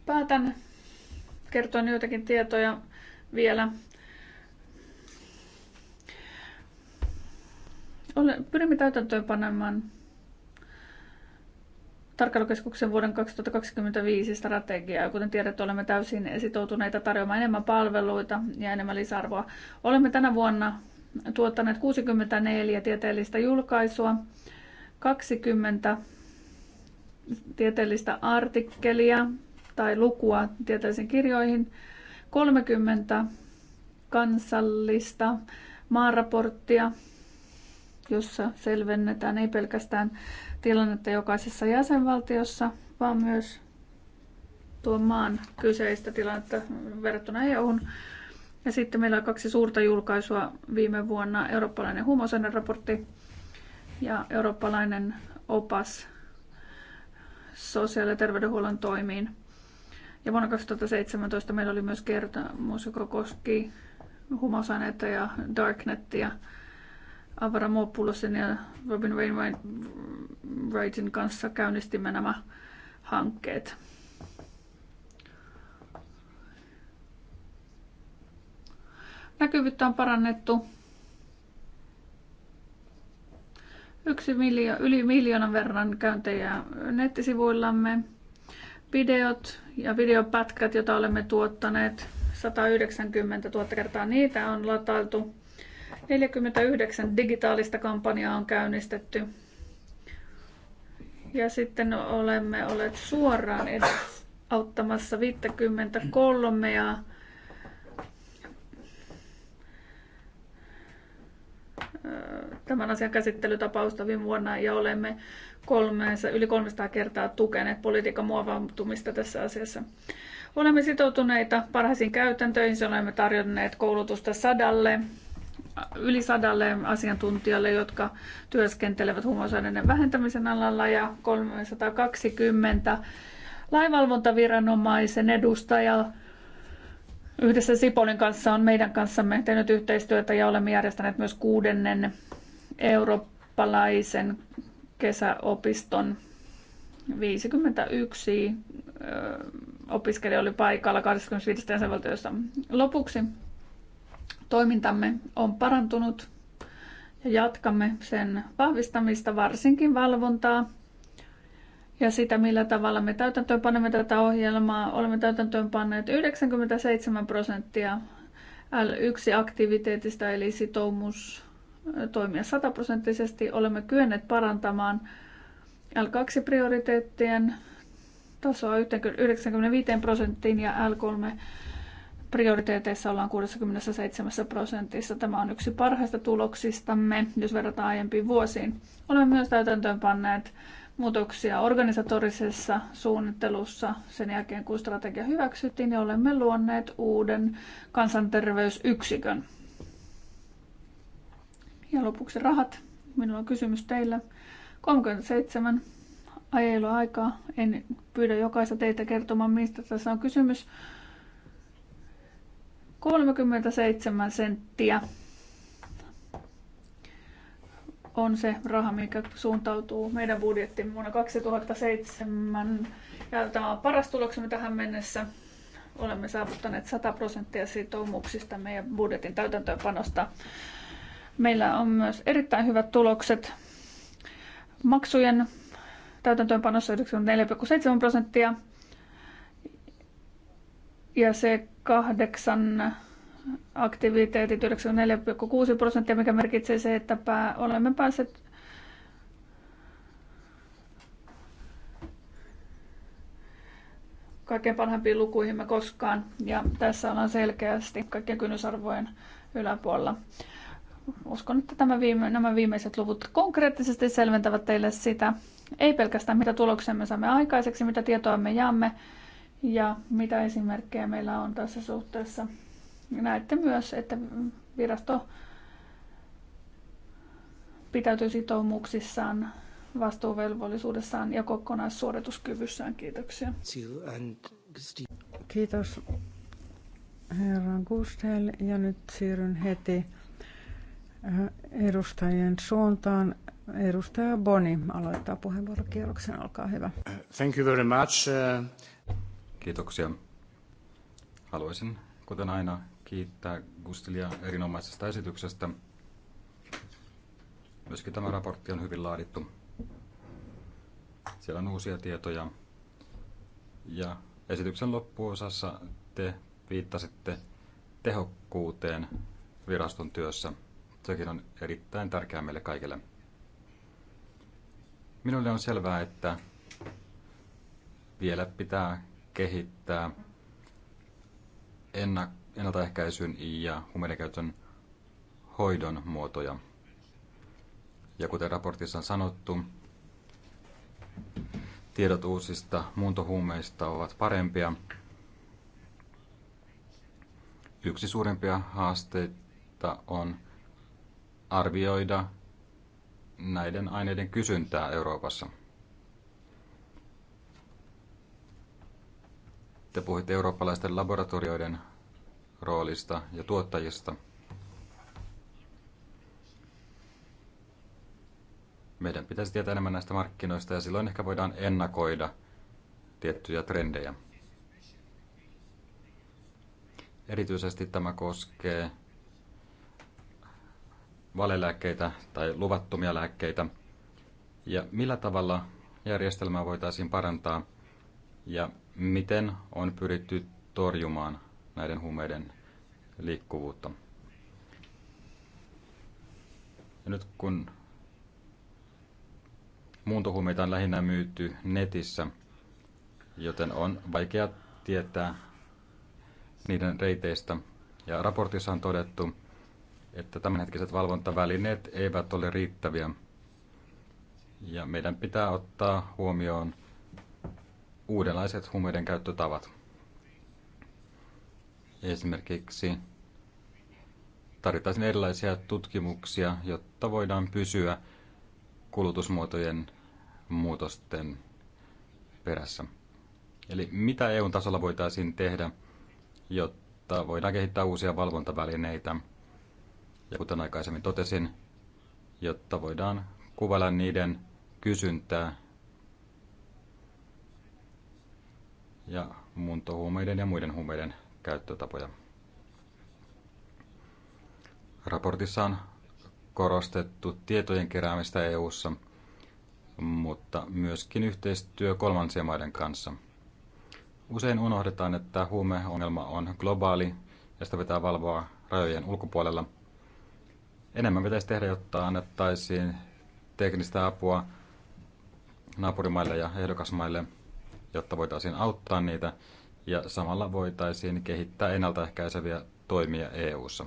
Päätän kertoa joitakin tietoja vielä pyrimme täytäntöön panemaan tarkkailukeskuksen vuoden 2025 strategiaa. Kuten tiedät, olemme täysin sitoutuneita tarjoamaan enemmän palveluita ja enemmän lisäarvoa. Olemme tänä vuonna tuottaneet 64 tieteellistä julkaisua, 20 tieteellistä artikkelia tai lukua tieteellisiin kirjoihin, 30 kansallista maaraporttia, jossa selvennetään ei pelkästään tilannetta jokaisessa jäsenvaltiossa, vaan myös tuon maan kyseistä tilannetta verrattuna EUn. Ja sitten meillä on kaksi suurta julkaisua viime vuonna, eurooppalainen huumausaine raportti ja eurooppalainen opas sosiaali- ja terveydenhuollon toimiin. Ja vuonna 2017 meillä oli myös kertomus, joka koski huumausaineita ja darknettia. Avara ja Robin Wainwrightin kanssa käynnistimme nämä hankkeet. Näkyvyyttä on parannettu yksi miljo- yli miljoonan verran käyntejä nettisivuillamme. Videot ja videopätkät, joita olemme tuottaneet, 190 000 kertaa niitä on latailtu. 49 digitaalista kampanjaa on käynnistetty. Ja sitten olemme olleet suoraan edes auttamassa 53 ja tämän asian käsittelytapausta viime vuonna ja olemme kolmeensa, yli 300 kertaa tukeneet politiikan muovautumista tässä asiassa. Olemme sitoutuneita parhaisiin käytäntöihin, olemme tarjonneet koulutusta sadalle yli sadalle asiantuntijalle, jotka työskentelevät huumausaineiden vähentämisen alalla ja 320 laivalvontaviranomaisen edustaja yhdessä Sipolin kanssa on meidän kanssamme tehnyt yhteistyötä ja olemme järjestäneet myös kuudennen eurooppalaisen kesäopiston 51 opiskelija oli paikalla 25 jäsenvaltiossa. Lopuksi Toimintamme on parantunut ja jatkamme sen vahvistamista, varsinkin valvontaa ja sitä, millä tavalla me täytäntöönpanemme tätä ohjelmaa. Olemme täytäntöönpanneet 97 prosenttia L1-aktiviteetista, eli sitoumus toimia sataprosenttisesti. Olemme kyenneet parantamaan L2-prioriteettien tasoa 95 prosenttiin ja L3 prioriteeteissa ollaan 67 prosentissa. Tämä on yksi parhaista tuloksistamme, jos verrataan aiempiin vuosiin. Olemme myös täytäntöönpanneet muutoksia organisatorisessa suunnittelussa sen jälkeen, kun strategia hyväksyttiin, ja olemme luonneet uuden kansanterveysyksikön. Ja lopuksi rahat. Minulla on kysymys teille. 37 ajelua aikaa. En pyydä jokaista teitä kertomaan, mistä tässä on kysymys 37 senttiä on se raha, mikä suuntautuu meidän budjettiin vuonna 2007. Ja tämä on paras tuloksemme tähän mennessä. Olemme saavuttaneet 100 prosenttia sitoumuksista meidän budjetin täytäntöönpanosta. Meillä on myös erittäin hyvät tulokset maksujen täytäntöönpanossa 94,7 prosenttia ja se kahdeksan aktiviteetit 94,6 prosenttia, mikä merkitsee se, että pää, olemme päässeet kaikkein parhaimpiin lukuihin me koskaan. Ja tässä ollaan selkeästi kaikkien kynnysarvojen yläpuolella. Uskon, että tämä viime, nämä viimeiset luvut konkreettisesti selventävät teille sitä, ei pelkästään mitä tuloksia me saamme aikaiseksi, mitä tietoa me jaamme, ja mitä esimerkkejä meillä on tässä suhteessa. Näette myös, että virasto pitäytyy sitoumuksissaan, vastuuvelvollisuudessaan ja kokonaissuorituskyvyssään. Kiitoksia. Kiitos herran Gustel ja nyt siirryn heti eh, edustajien suuntaan. Edustaja Boni aloittaa puheenvuorokierroksen, olkaa hyvä. Thank you very much. Eh, Kiitoksia. Haluaisin, kuten aina, kiittää Gustilia erinomaisesta esityksestä. Myöskin tämä raportti on hyvin laadittu. Siellä on uusia tietoja. Ja esityksen loppuosassa te viittasitte tehokkuuteen viraston työssä. Sekin on erittäin tärkeää meille kaikille. Minulle on selvää, että vielä pitää kehittää ennaltaehkäisyn ja humeidenkäytön hoidon muotoja. Ja kuten raportissa on sanottu, tiedot uusista muuntohuumeista ovat parempia. Yksi suurimpia haasteita on arvioida näiden aineiden kysyntää Euroopassa. Te puhuitte eurooppalaisten laboratorioiden roolista ja tuottajista. Meidän pitäisi tietää enemmän näistä markkinoista ja silloin ehkä voidaan ennakoida tiettyjä trendejä. Erityisesti tämä koskee valelääkkeitä tai luvattomia lääkkeitä. Ja millä tavalla järjestelmää voitaisiin parantaa – ja miten on pyritty torjumaan näiden huumeiden liikkuvuutta. Ja nyt kun muuntohuumeita on lähinnä myyty netissä, joten on vaikea tietää niiden reiteistä. Ja raportissa on todettu, että tämänhetkiset valvontavälineet eivät ole riittäviä. Ja meidän pitää ottaa huomioon uudenlaiset huumeiden käyttötavat. Esimerkiksi tarvittaisiin erilaisia tutkimuksia, jotta voidaan pysyä kulutusmuotojen muutosten perässä. Eli mitä eu tasolla voitaisiin tehdä, jotta voidaan kehittää uusia valvontavälineitä, ja kuten aikaisemmin totesin, jotta voidaan kuvailla niiden kysyntää ja muuntohuumeiden ja muiden huumeiden käyttötapoja. Raportissa on korostettu tietojen keräämistä EU:ssa, mutta myöskin yhteistyö kolmansien maiden kanssa. Usein unohdetaan, että huumeongelma on globaali ja sitä pitää valvoa rajojen ulkopuolella. Enemmän pitäisi tehdä, jotta annettaisiin teknistä apua naapurimaille ja ehdokasmaille – jotta voitaisiin auttaa niitä ja samalla voitaisiin kehittää ennaltaehkäiseviä toimia EU:ssa.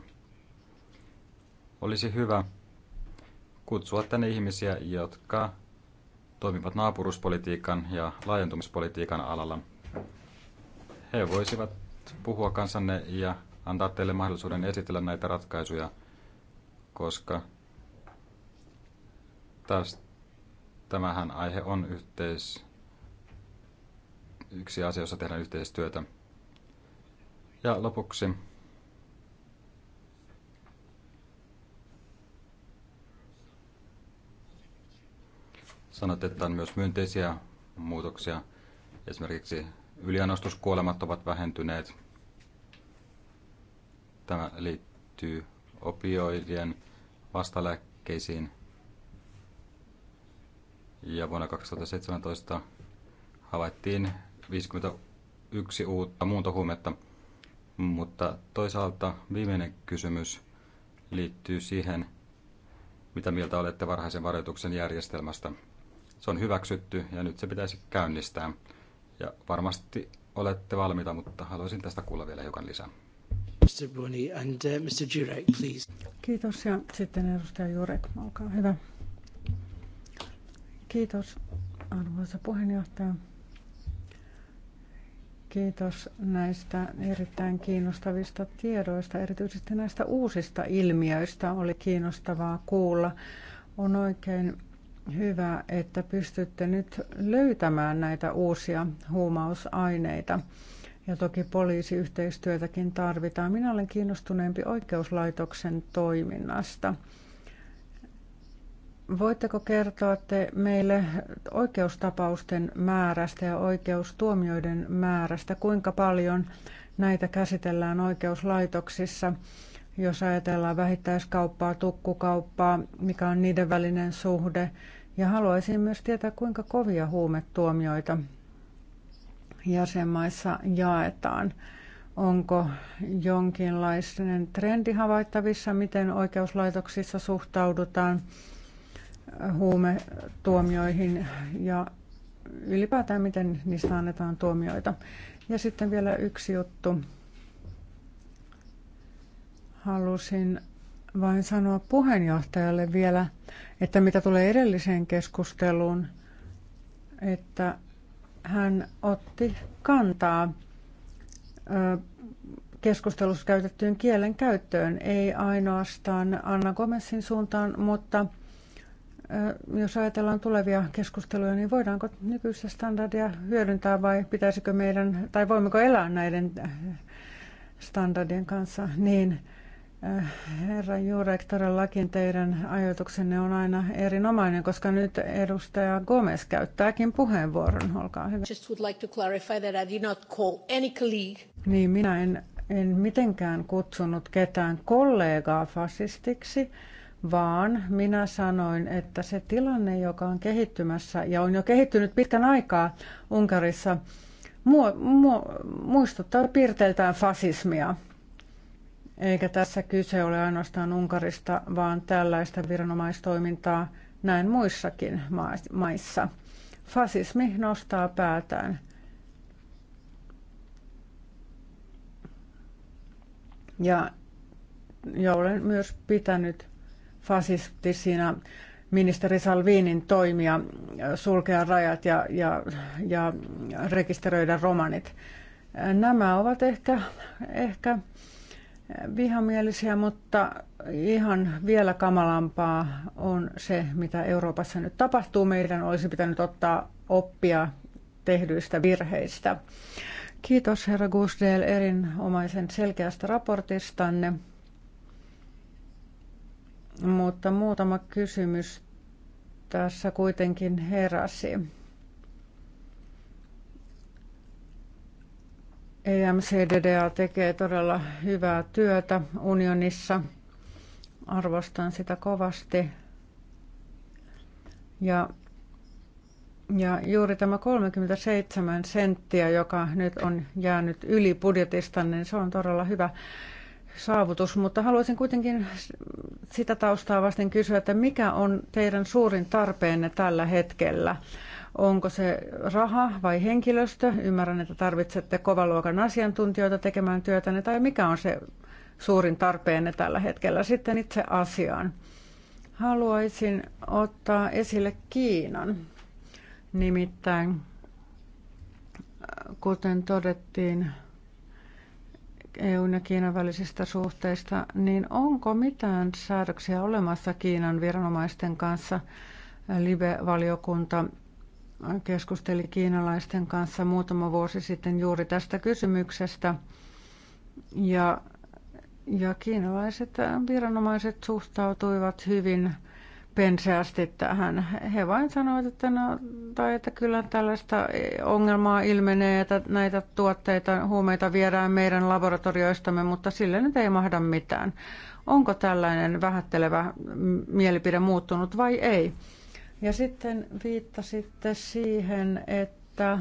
Olisi hyvä kutsua tänne ihmisiä, jotka toimivat naapuruspolitiikan ja laajentumispolitiikan alalla. He voisivat puhua kanssanne ja antaa teille mahdollisuuden esitellä näitä ratkaisuja, koska tämähän aihe on yhteis- yksi asia, jossa tehdään yhteistyötä. Ja lopuksi sanot, että on myös myönteisiä muutoksia. Esimerkiksi yliannostuskuolemat ovat vähentyneet. Tämä liittyy opioidien vastalääkkeisiin. Ja vuonna 2017 havaittiin 51 uutta muuntohuumetta. Mutta toisaalta viimeinen kysymys liittyy siihen, mitä mieltä olette varhaisen varoituksen järjestelmästä. Se on hyväksytty ja nyt se pitäisi käynnistää. Ja varmasti olette valmiita, mutta haluaisin tästä kuulla vielä hiukan lisää. Mr. Bruni and uh, Mr. Jurek, please. Kiitos ja sitten edustaja Jurek, olkaa hyvä. Kiitos arvoisa puheenjohtaja. Kiitos näistä erittäin kiinnostavista tiedoista, erityisesti näistä uusista ilmiöistä oli kiinnostavaa kuulla. On oikein hyvä, että pystytte nyt löytämään näitä uusia huumausaineita. Ja toki poliisiyhteistyötäkin tarvitaan. Minä olen kiinnostuneempi oikeuslaitoksen toiminnasta. Voitteko kertoa te meille oikeustapausten määrästä ja oikeustuomioiden määrästä? Kuinka paljon näitä käsitellään oikeuslaitoksissa, jos ajatellaan vähittäiskauppaa, tukkukauppaa, mikä on niiden välinen suhde? Ja haluaisin myös tietää, kuinka kovia huumetuomioita jäsenmaissa jaetaan. Onko jonkinlainen trendi havaittavissa, miten oikeuslaitoksissa suhtaudutaan huumetuomioihin ja ylipäätään miten niistä annetaan tuomioita. Ja sitten vielä yksi juttu. Halusin vain sanoa puheenjohtajalle vielä, että mitä tulee edelliseen keskusteluun, että hän otti kantaa keskustelussa käytettyyn kielen käyttöön, ei ainoastaan Anna Gomesin suuntaan, mutta – jos ajatellaan tulevia keskusteluja, niin voidaanko nykyistä standardia hyödyntää vai pitäisikö meidän, tai voimmeko elää näiden standardien kanssa niin, Herra Jurek, todellakin teidän ajatuksenne on aina erinomainen, koska nyt edustaja Gomez käyttääkin puheenvuoron. Olkaa hyvä. Just would like to clarify that I did not call any colleague. Niin, minä en, en mitenkään kutsunut ketään kollegaa fasistiksi vaan minä sanoin, että se tilanne, joka on kehittymässä ja on jo kehittynyt pitkän aikaa Unkarissa, muo, muo, muistuttaa piirteiltään fasismia. Eikä tässä kyse ole ainoastaan Unkarista, vaan tällaista viranomaistoimintaa näin muissakin maissa. Fasismi nostaa päätään. Ja ja olen myös pitänyt fasistisina ministeri Salvinin toimia sulkea rajat ja, ja, ja rekisteröidä romanit. Nämä ovat ehkä, ehkä vihamielisiä, mutta ihan vielä kamalampaa on se, mitä Euroopassa nyt tapahtuu. Meidän olisi pitänyt ottaa oppia tehdyistä virheistä. Kiitos herra Gusdel erinomaisen selkeästä raportistanne mutta muutama kysymys tässä kuitenkin heräsi. EMCDDA tekee todella hyvää työtä unionissa. Arvostan sitä kovasti. Ja, ja juuri tämä 37 senttiä, joka nyt on jäänyt yli budjetista, niin se on todella hyvä saavutus, mutta haluaisin kuitenkin sitä taustaa vasten kysyä, että mikä on teidän suurin tarpeenne tällä hetkellä? Onko se raha vai henkilöstö? Ymmärrän, että tarvitsette kovaluokan asiantuntijoita tekemään työtänne, niin- tai mikä on se suurin tarpeenne tällä hetkellä? Sitten itse asiaan. Haluaisin ottaa esille Kiinan. Nimittäin, kuten todettiin, EUn ja Kiinan välisistä suhteista, niin onko mitään säädöksiä olemassa Kiinan viranomaisten kanssa? Live-valiokunta keskusteli kiinalaisten kanssa muutama vuosi sitten juuri tästä kysymyksestä. Ja, ja kiinalaiset viranomaiset suhtautuivat hyvin penseästi hän He vain sanoivat, että, no, tai että kyllä tällaista ongelmaa ilmenee, että näitä tuotteita, huumeita viedään meidän laboratorioistamme, mutta sille nyt ei mahda mitään. Onko tällainen vähättelevä mielipide muuttunut vai ei? Ja sitten viittasitte siihen, että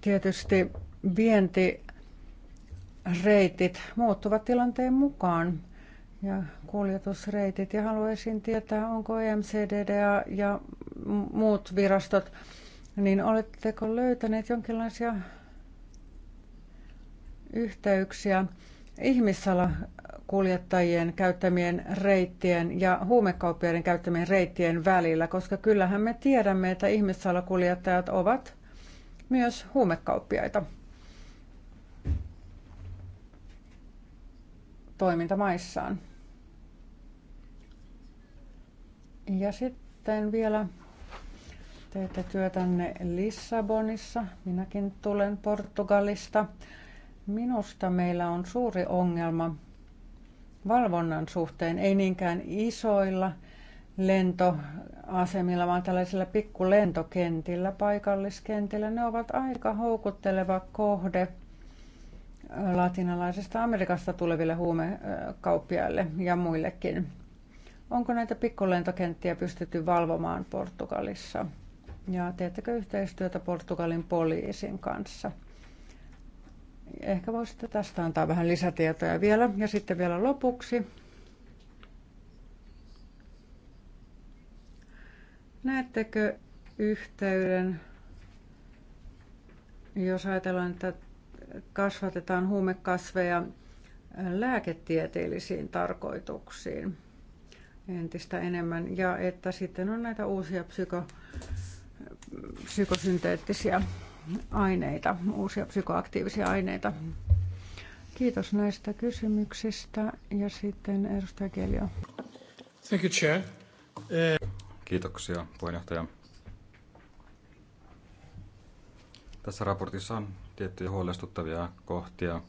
tietysti vientireitit muuttuvat tilanteen mukaan ja kuljetusreitit. Ja haluaisin tietää, onko EMCDDA ja muut virastot, niin oletteko löytäneet jonkinlaisia yhteyksiä ihmissalakuljettajien käyttämien reittien ja huumekauppiaiden käyttämien reittien välillä, koska kyllähän me tiedämme, että ihmissalakuljettajat ovat myös huumekauppiaita toimintamaissaan. Ja sitten vielä teette työtänne Lissabonissa. Minäkin tulen Portugalista. Minusta meillä on suuri ongelma valvonnan suhteen, ei niinkään isoilla lentoasemilla, vaan tällaisilla pikkulentokentillä, paikalliskentillä. Ne ovat aika houkutteleva kohde latinalaisesta Amerikasta tuleville huumekauppiaille ja muillekin. Onko näitä pikkulentokenttiä pystytty valvomaan Portugalissa? Ja teettekö yhteistyötä Portugalin poliisin kanssa? Ehkä voisitte tästä antaa vähän lisätietoja vielä. Ja sitten vielä lopuksi. Näettekö yhteyden, jos ajatellaan, että kasvatetaan huumekasveja lääketieteellisiin tarkoituksiin? entistä enemmän ja että sitten on näitä uusia psyko, psykosynteettisiä aineita, uusia psykoaktiivisia aineita. Kiitos näistä kysymyksistä ja sitten edustaja Kelio. Thank you, Chair. Eh, Kiitoksia puheenjohtaja. Tässä raportissa on tiettyjä huolestuttavia kohtia.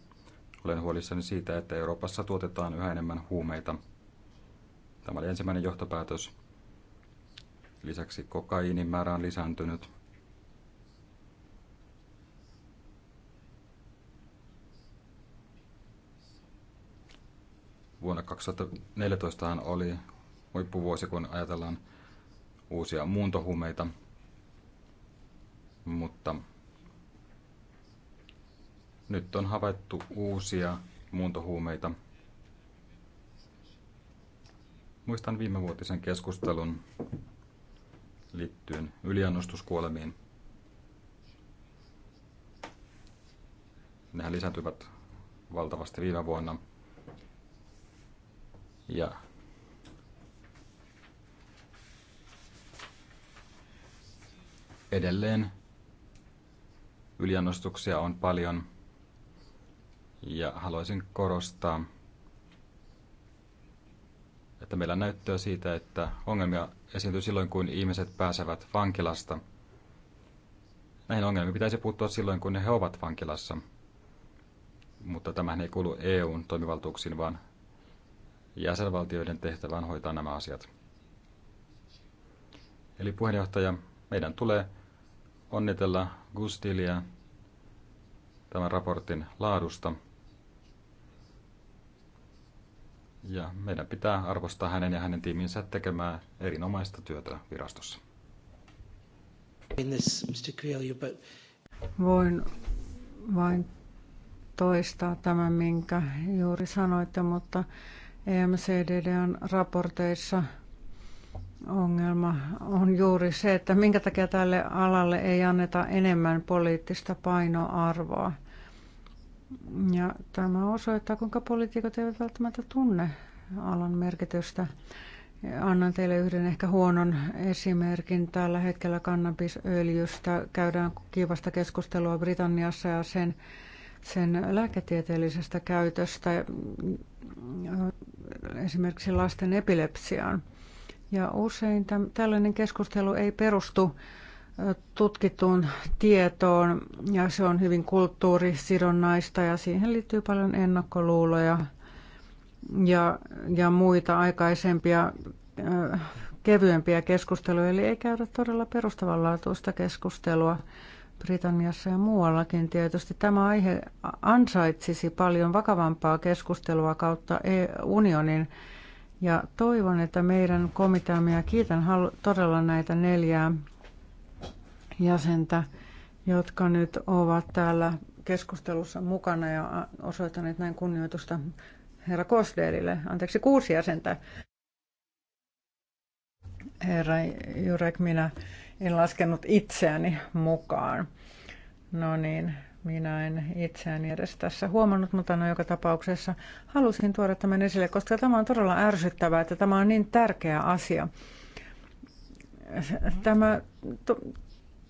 Olen huolissani siitä, että Euroopassa tuotetaan yhä enemmän huumeita – Tämä oli ensimmäinen johtopäätös. Lisäksi kokaiinin määrä on lisääntynyt. Vuonna 2014 oli huippuvuosi, kun ajatellaan uusia muuntohuumeita, mutta nyt on havaittu uusia muuntohuumeita – Muistan viimevuotisen keskustelun liittyen yliannostuskuolemiin. Nehän lisääntyvät valtavasti viime vuonna. Ja edelleen yliannostuksia on paljon ja haluaisin korostaa, että meillä on näyttöä siitä, että ongelmia esiintyy silloin, kun ihmiset pääsevät vankilasta. Näihin ongelmiin pitäisi puuttua silloin, kun he ovat vankilassa. Mutta tämähän ei kuulu EUn toimivaltuuksiin, vaan jäsenvaltioiden tehtävään hoitaa nämä asiat. Eli puheenjohtaja, meidän tulee onnitella Gustilia tämän raportin laadusta. Ja meidän pitää arvostaa hänen ja hänen tiiminsä tekemään erinomaista työtä virastossa. Voin vain toistaa tämän, minkä juuri sanoitte, mutta EMCDDn raporteissa ongelma on juuri se, että minkä takia tälle alalle ei anneta enemmän poliittista painoarvoa. Ja tämä osoittaa, kuinka poliitikot eivät välttämättä tunne alan merkitystä. Annan teille yhden ehkä huonon esimerkin. Tällä hetkellä kannabisöljystä käydään kiivasta keskustelua Britanniassa ja sen, sen lääketieteellisestä käytöstä esimerkiksi lasten epilepsiaan. Ja usein tämän, tällainen keskustelu ei perustu tutkittuun tietoon ja se on hyvin kulttuurisidonnaista ja siihen liittyy paljon ennakkoluuloja ja, ja muita aikaisempia äh, kevyempiä keskusteluja, eli ei käydä todella perustavanlaatuista keskustelua Britanniassa ja muuallakin tietysti. Tämä aihe ansaitsisi paljon vakavampaa keskustelua kautta unionin ja toivon, että meidän komiteamme, ja kiitän todella näitä neljää jäsentä, jotka nyt ovat täällä keskustelussa mukana ja osoittaneet näin kunnioitusta herra Kosdeelille. Anteeksi, kuusi jäsentä. Herra Jurek, minä en laskenut itseäni mukaan. No niin, minä en itseäni edes tässä huomannut, mutta no joka tapauksessa halusin tuoda tämän esille, koska tämä on todella ärsyttävää, että tämä on niin tärkeä asia. Tämä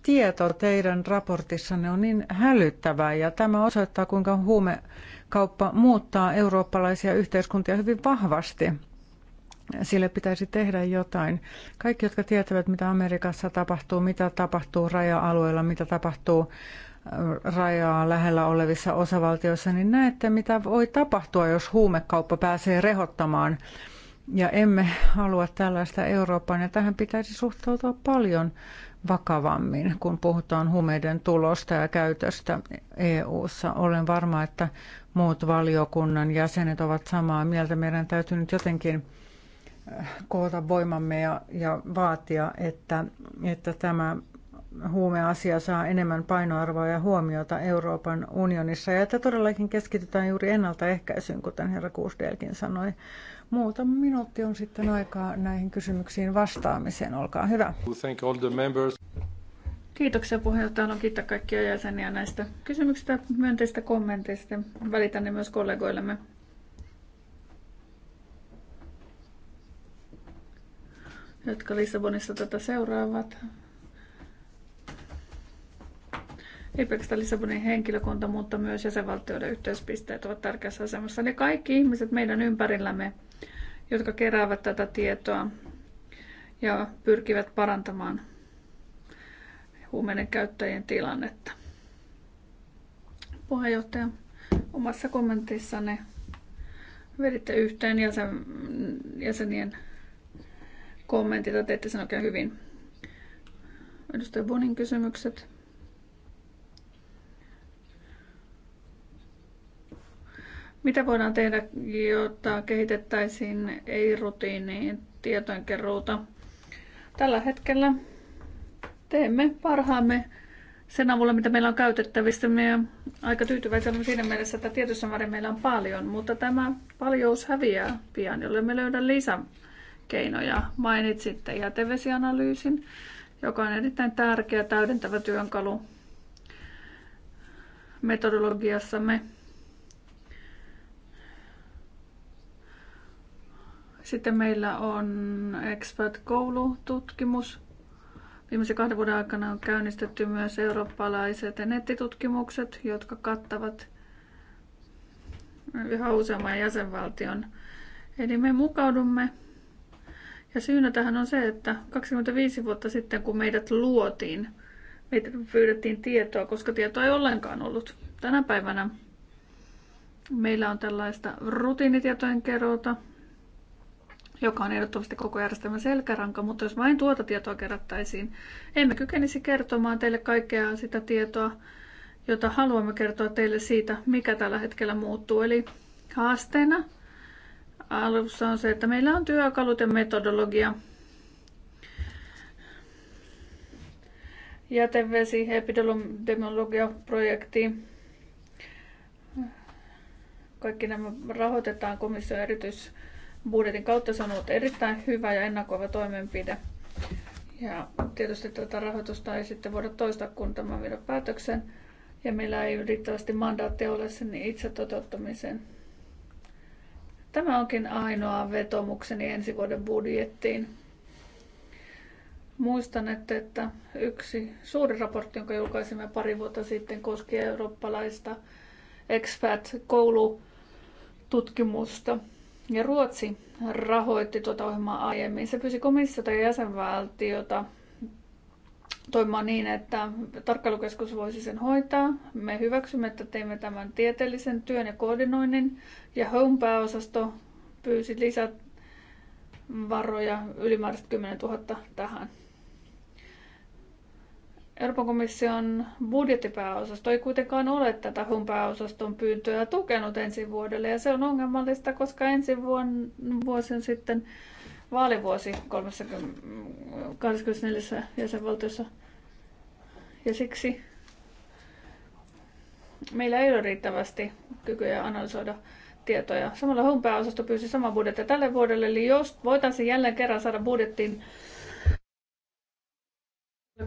tieto teidän raportissanne on niin hälyttävää ja tämä osoittaa, kuinka huumekauppa muuttaa eurooppalaisia yhteiskuntia hyvin vahvasti. Sille pitäisi tehdä jotain. Kaikki, jotka tietävät, mitä Amerikassa tapahtuu, mitä tapahtuu raja-alueilla, mitä tapahtuu äh, rajaa lähellä olevissa osavaltioissa, niin näette, mitä voi tapahtua, jos huumekauppa pääsee rehottamaan. Ja emme halua tällaista Eurooppaan, ja tähän pitäisi suhtautua paljon vakavammin, kun puhutaan humeiden tulosta ja käytöstä EU:ssa. Olen varma, että muut valiokunnan jäsenet ovat samaa mieltä. Meidän täytyy nyt jotenkin äh, koota voimamme ja, ja vaatia, että, että tämä huumeasia saa enemmän painoarvoa ja huomiota Euroopan unionissa ja että todellakin keskitytään juuri ennaltaehkäisyyn, kuten herra Kuusdelkin sanoi. Muutama minuutti on sitten aikaa näihin kysymyksiin vastaamiseen. Olkaa hyvä. Kiitoksia puheenjohtaja. Haluan kiittää kaikkia jäseniä näistä kysymyksistä, myönteistä kommenteista. Välitän ne myös kollegoillemme. jotka Lissabonissa tätä seuraavat. Ei pelkästään Lissabonin henkilökunta, mutta myös jäsenvaltioiden yhteispisteet ovat tärkeässä asemassa. Ne kaikki ihmiset meidän ympärillämme, jotka keräävät tätä tietoa ja pyrkivät parantamaan huumeiden käyttäjien tilannetta. Puheenjohtaja, omassa kommentissanne veditte yhteen jäsen, jäsenien kommentit ja teitte sen oikein hyvin. Edustaja Bonin kysymykset. Mitä voidaan tehdä, jotta kehitettäisiin ei-rutiiniin tietojenkeruuta? Tällä hetkellä teemme parhaamme sen avulla, mitä meillä on käytettävissä. Me aika tyytyväisiä olemme siinä mielessä, että tietyssä määrin meillä on paljon, mutta tämä paljous häviää pian, jolle me löydä lisäkeinoja. Mainitsitte jätevesianalyysin, joka on erittäin tärkeä täydentävä työnkalu metodologiassamme. Sitten meillä on Expert-koulututkimus. Viimeisen kahden vuoden aikana on käynnistetty myös eurooppalaiset nettitutkimukset, jotka kattavat yhä useamman jäsenvaltion. Eli me mukaudumme. Ja syynä tähän on se, että 25 vuotta sitten, kun meidät luotiin, meitä pyydettiin tietoa, koska tietoa ei ollenkaan ollut. Tänä päivänä meillä on tällaista rutiinitietojen keruuta, joka on ehdottomasti koko järjestelmän selkäranka, mutta jos vain tuota tietoa kerättäisiin, emme kykenisi kertomaan teille kaikkea sitä tietoa, jota haluamme kertoa teille siitä, mikä tällä hetkellä muuttuu. Eli haasteena alussa on se, että meillä on työkalut ja metodologia. Jätevesi, epidemiologia, projekti. Kaikki nämä rahoitetaan komission erityis budjetin kautta. Se on ollut erittäin hyvä ja ennakoiva toimenpide. Ja tietysti tätä rahoitusta ei sitten voida toistaa, kun tämä viedä päätöksen. Ja meillä ei riittävästi mandaattia ole sen itse toteuttamiseen. Tämä onkin ainoa vetomukseni ensi vuoden budjettiin. Muistan, että, että yksi suuri raportti, jonka julkaisimme pari vuotta sitten, koski eurooppalaista expat-koulututkimusta – ja Ruotsi rahoitti tuota ohjelmaa aiemmin. Se pyysi komissiota ja jäsenvaltiota toimimaan niin, että tarkkailukeskus voisi sen hoitaa. Me hyväksymme, että teemme tämän tieteellisen työn ja koordinoinnin. Ja Home-pääosasto pyysi lisävaroja ylimääräiset 10 000 tähän Euroopan komission budjettipääosasto ei kuitenkaan ole tätä HUN pääosaston pyyntöä tukenut ensi vuodelle ja se on ongelmallista, koska ensi vuosi on sitten vaalivuosi 30, 24 jäsenvaltiossa ja siksi meillä ei ole riittävästi kykyjä analysoida tietoja. Samalla HUN pääosasto pyysi saman budjetin tälle vuodelle, eli jos voitaisiin jälleen kerran saada budjettiin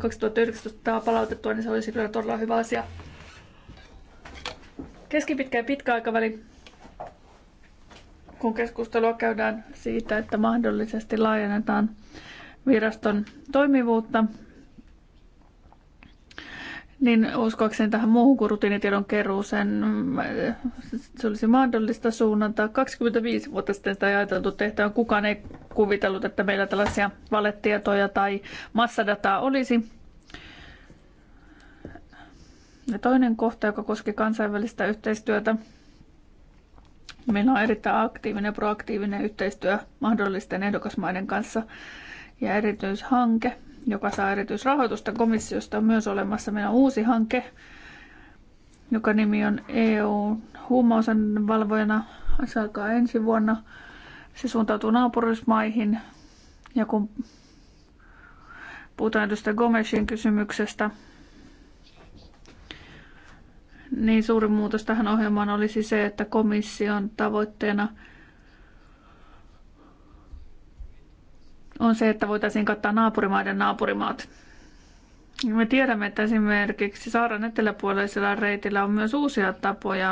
2019 tämä palautettua, niin se olisi kyllä todella hyvä asia. Keskipitkä ja pitkä aikaväli, kun keskustelua käydään siitä, että mahdollisesti laajennetaan viraston toimivuutta, niin uskoakseni tähän muuhun kuin rutiinitiedon keruuseen se olisi mahdollista suunnata. 25 vuotta sitten sitä ei ajateltu tehtävän. Kukaan ei kuvitellut, että meillä tällaisia valetietoja tai massadataa olisi. Ja toinen kohta, joka koski kansainvälistä yhteistyötä. Meillä on erittäin aktiivinen ja proaktiivinen yhteistyö mahdollisten ehdokasmaiden kanssa ja erityishanke – joka saa erityisrahoitusta komissiosta, on myös olemassa. Meillä on uusi hanke, joka nimi on EU huumausainevalvojana. Se alkaa ensi vuonna. Se suuntautuu naapurismaihin. Ja kun puhutaan tästä Gomesin kysymyksestä, niin suuri muutos tähän ohjelmaan olisi se, että komission tavoitteena – on se, että voitaisiin kattaa naapurimaiden naapurimaat. Me tiedämme, että esimerkiksi saaren eteläpuoleisella reitillä on myös uusia tapoja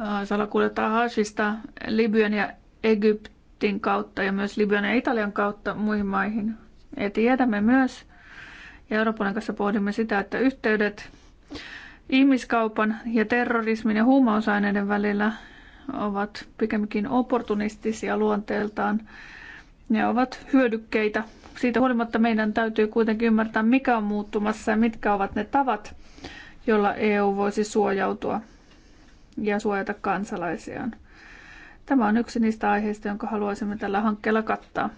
äh, salakuljettaa hashista Libyan ja Egyptin kautta ja myös Libyan ja Italian kautta muihin maihin. Ja tiedämme myös, ja Euroopan kanssa pohdimme sitä, että yhteydet ihmiskaupan ja terrorismin ja huumausaineiden välillä ovat pikemminkin opportunistisia luonteeltaan ne ovat hyödykkeitä. Siitä huolimatta meidän täytyy kuitenkin ymmärtää, mikä on muuttumassa ja mitkä ovat ne tavat, jolla EU voisi suojautua ja suojata kansalaisiaan. Tämä on yksi niistä aiheista, jonka haluaisimme tällä hankkeella kattaa.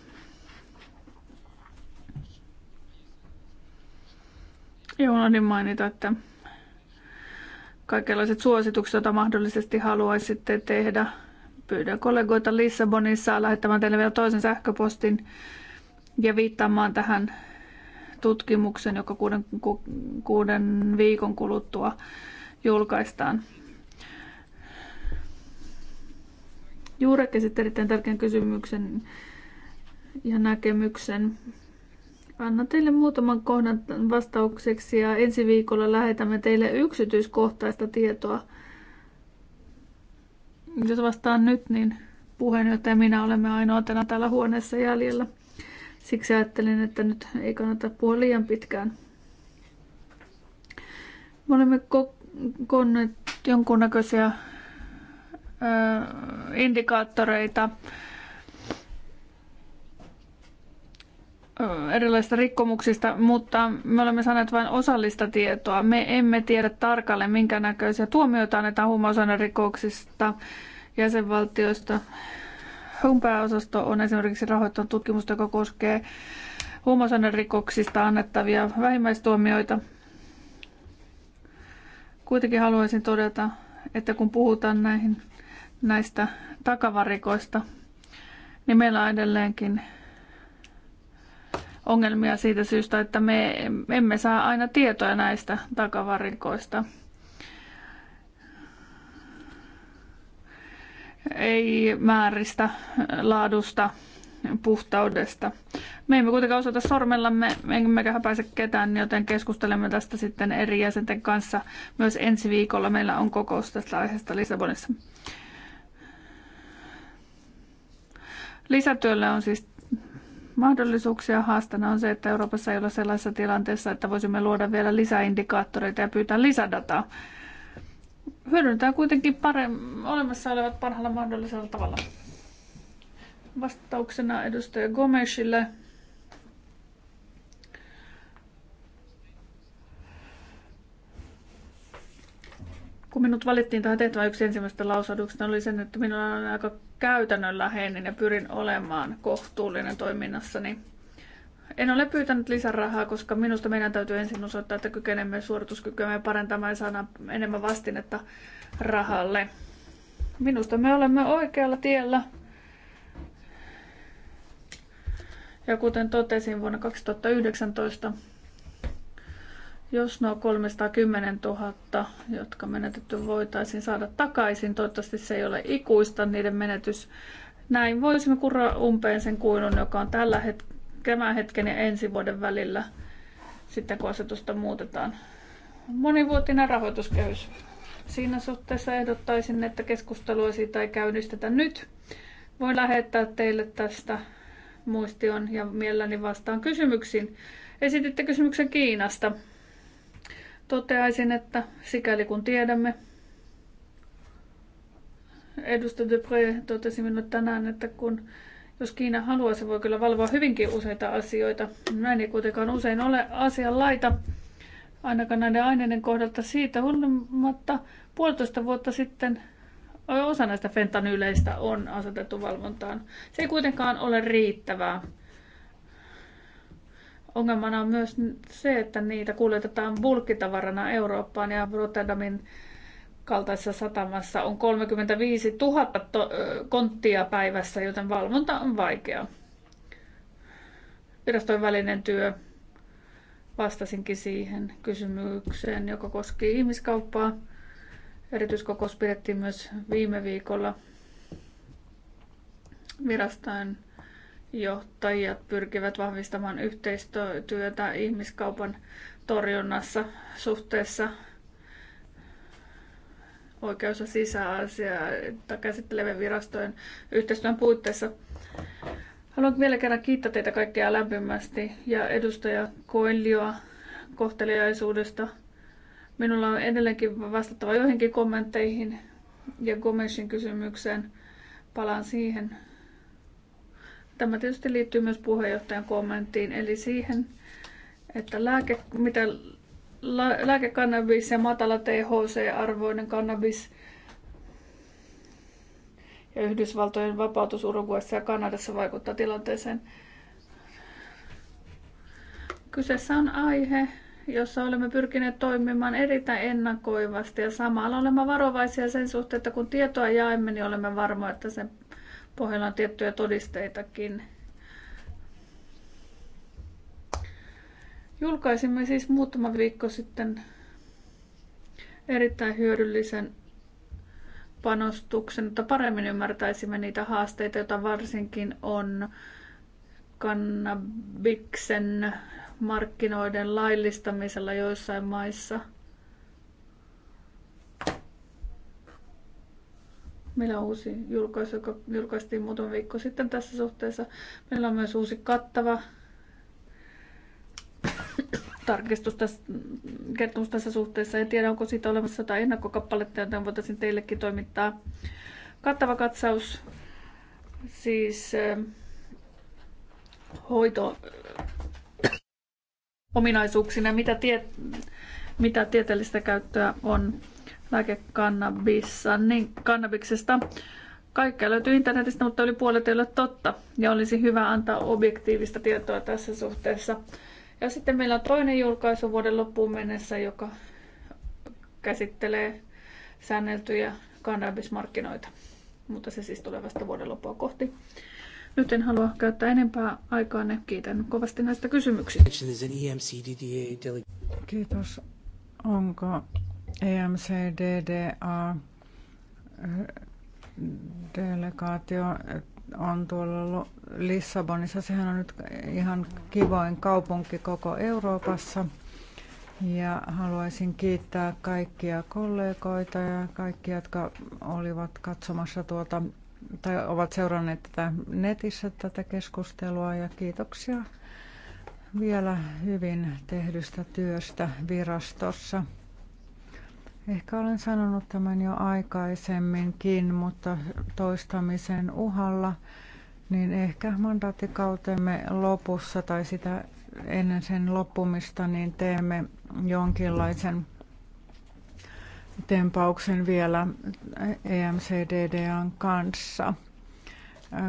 Ja unohdin mainita, että kaikenlaiset suositukset, joita mahdollisesti haluaisitte tehdä Pyydän kollegoita Lissabonissa lähettämään teille vielä toisen sähköpostin ja viittaamaan tähän tutkimukseen, joka kuuden, ku, kuuden viikon kuluttua julkaistaan. Juurek esitti tärkeän kysymyksen ja näkemyksen. Annan teille muutaman kohdan vastaukseksi ja ensi viikolla lähetämme teille yksityiskohtaista tietoa jos vastaan nyt, niin puheenjohtaja minä olemme ainoatena täällä huoneessa jäljellä. Siksi ajattelin, että nyt ei kannata puhua liian pitkään. Me olemme koonneet jonkunnäköisiä ö, indikaattoreita erilaisista rikkomuksista, mutta me olemme saaneet vain osallista tietoa. Me emme tiedä tarkalleen, minkä näköisiä tuomioita annetaan rikoksista jäsenvaltioista. HUM pääosasto on esimerkiksi rahoittanut tutkimusta, joka koskee rikoksista annettavia vähimmäistuomioita. Kuitenkin haluaisin todeta, että kun puhutaan näihin, näistä takavarikoista, niin meillä on edelleenkin ongelmia siitä syystä, että me emme saa aina tietoja näistä takavarikoista. Ei määristä, laadusta, puhtaudesta. Me emme kuitenkaan osata sormellamme, emmekä häpäise ketään, joten keskustelemme tästä sitten eri jäsenten kanssa. Myös ensi viikolla meillä on kokous tästä aiheesta Lisabonissa. Lisätyölle on siis mahdollisuuksia. Haastana on se, että Euroopassa ei ole sellaisessa tilanteessa, että voisimme luoda vielä lisää indikaattoreita ja pyytää lisädataa. Hyödyntää kuitenkin parem- olemassa olevat parhaalla mahdollisella tavalla. Vastauksena edustaja Gomesille. kun minut valittiin tähän tehtävään yksi ensimmäistä lausaduksesta, oli sen, että minulla on aika käytännönläheinen ja pyrin olemaan kohtuullinen toiminnassani. En ole pyytänyt lisärahaa, koska minusta meidän täytyy ensin osoittaa, että kykenemme suorituskykyämme parantamaan ja saada enemmän vastinetta rahalle. Minusta me olemme oikealla tiellä. Ja kuten totesin vuonna 2019, jos nuo 310 000, jotka menetetty voitaisiin saada takaisin, toivottavasti se ei ole ikuista niiden menetys. Näin voisimme kuroa umpeen sen kuilun, joka on tällä hetkellä, hetken ja ensi vuoden välillä, sitten kun asetusta muutetaan. Monivuotinen rahoituskehys. Siinä suhteessa ehdottaisin, että keskustelua siitä ei käynnistetä nyt. Voin lähettää teille tästä muistion ja mielelläni vastaan kysymyksiin. Esititte kysymyksen Kiinasta toteaisin, että sikäli kun tiedämme, edustaja Dupré totesi minulle tänään, että kun jos Kiina haluaa, se voi kyllä valvoa hyvinkin useita asioita. Näin ei kuitenkaan usein ole asian laita, ainakaan näiden aineiden kohdalta siitä huolimatta. Puolitoista vuotta sitten osa näistä fentanyleistä on asetettu valvontaan. Se ei kuitenkaan ole riittävää. Ongelmana on myös se, että niitä kuljetetaan bulkkitavarana Eurooppaan ja Rotterdamin kaltaisessa satamassa on 35 000 to- konttia päivässä, joten valvonta on vaikeaa. Viraston välinen työ. Vastasinkin siihen kysymykseen, joka koski ihmiskauppaa. Erityiskokous pidettiin myös viime viikolla virastojen johtajat pyrkivät vahvistamaan yhteistyötä ihmiskaupan torjunnassa suhteessa oikeus- ja sisäasioita käsittelevien virastojen yhteistyön puitteissa. Haluan vielä kerran kiittää teitä kaikkia lämpimästi ja edustaja Koilioa kohteliaisuudesta. Minulla on edelleenkin vastattava joihinkin kommentteihin ja Gomesin kysymykseen. Palaan siihen Tämä tietysti liittyy myös puheenjohtajan kommenttiin, eli siihen, että lääke, mitä lääkekannabis ja matala THC-arvoinen kannabis ja Yhdysvaltojen vapautus Uruguayssa ja Kanadassa vaikuttaa tilanteeseen. Kyseessä on aihe, jossa olemme pyrkineet toimimaan erittäin ennakoivasti ja samalla olemme varovaisia sen suhteen, että kun tietoa jaemme, niin olemme varmoja, että sen Pohjalla on tiettyjä todisteitakin. Julkaisimme siis muutama viikko sitten erittäin hyödyllisen panostuksen, että paremmin ymmärtäisimme niitä haasteita, joita varsinkin on kannabiksen markkinoiden laillistamisella joissain maissa – Meillä on uusi julkaisu, joka julkaistiin muutama viikko sitten tässä suhteessa. Meillä on myös uusi kattava tarkistus tässä, kertomus tässä suhteessa. En tiedä, onko siitä olemassa jotain ennakkokappaletta, joten voitaisiin teillekin toimittaa. Kattava katsaus siis eh, hoito eh, ominaisuuksina, mitä, tie, mitä tieteellistä käyttöä on lääkekannabissa, niin kannabiksesta. Kaikkea löytyy internetistä, mutta yli puolet ei ole totta. Ja olisi hyvä antaa objektiivista tietoa tässä suhteessa. Ja sitten meillä on toinen julkaisu vuoden loppuun mennessä, joka käsittelee säänneltyjä kannabismarkkinoita. Mutta se siis tulee vasta vuoden loppua kohti. Nyt en halua käyttää enempää aikaa. Ne kiitän kovasti näistä kysymyksistä. E Kiitos. Onko EMCDDA delegaatio on tuolla Lissabonissa. Sehän on nyt ihan kivoin kaupunki koko Euroopassa. Ja haluaisin kiittää kaikkia kollegoita ja kaikkia jotka olivat katsomassa tuota tai ovat seuranneet tätä netissä tätä keskustelua ja kiitoksia vielä hyvin tehdystä työstä virastossa. Ehkä olen sanonut tämän jo aikaisemminkin, mutta toistamisen uhalla, niin ehkä mandaattikautemme lopussa tai sitä ennen sen loppumista, niin teemme jonkinlaisen tempauksen vielä EMCDDAn kanssa,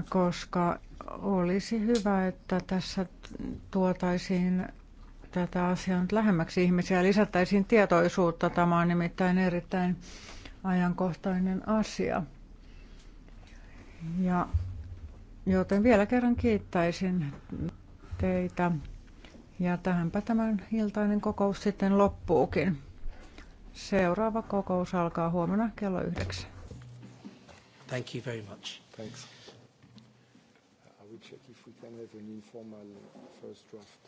koska olisi hyvä, että tässä tuotaisiin tätä asiaa nyt lähemmäksi ihmisiä lisättäisiin tietoisuutta. Tämä on nimittäin erittäin ajankohtainen asia. Ja, joten vielä kerran kiittäisin teitä. Ja tähänpä tämän iltainen kokous sitten loppuukin. Seuraava kokous alkaa huomenna kello yhdeksän. Thank you very much. Thanks. Uh, I will check if we can have an informal first draft.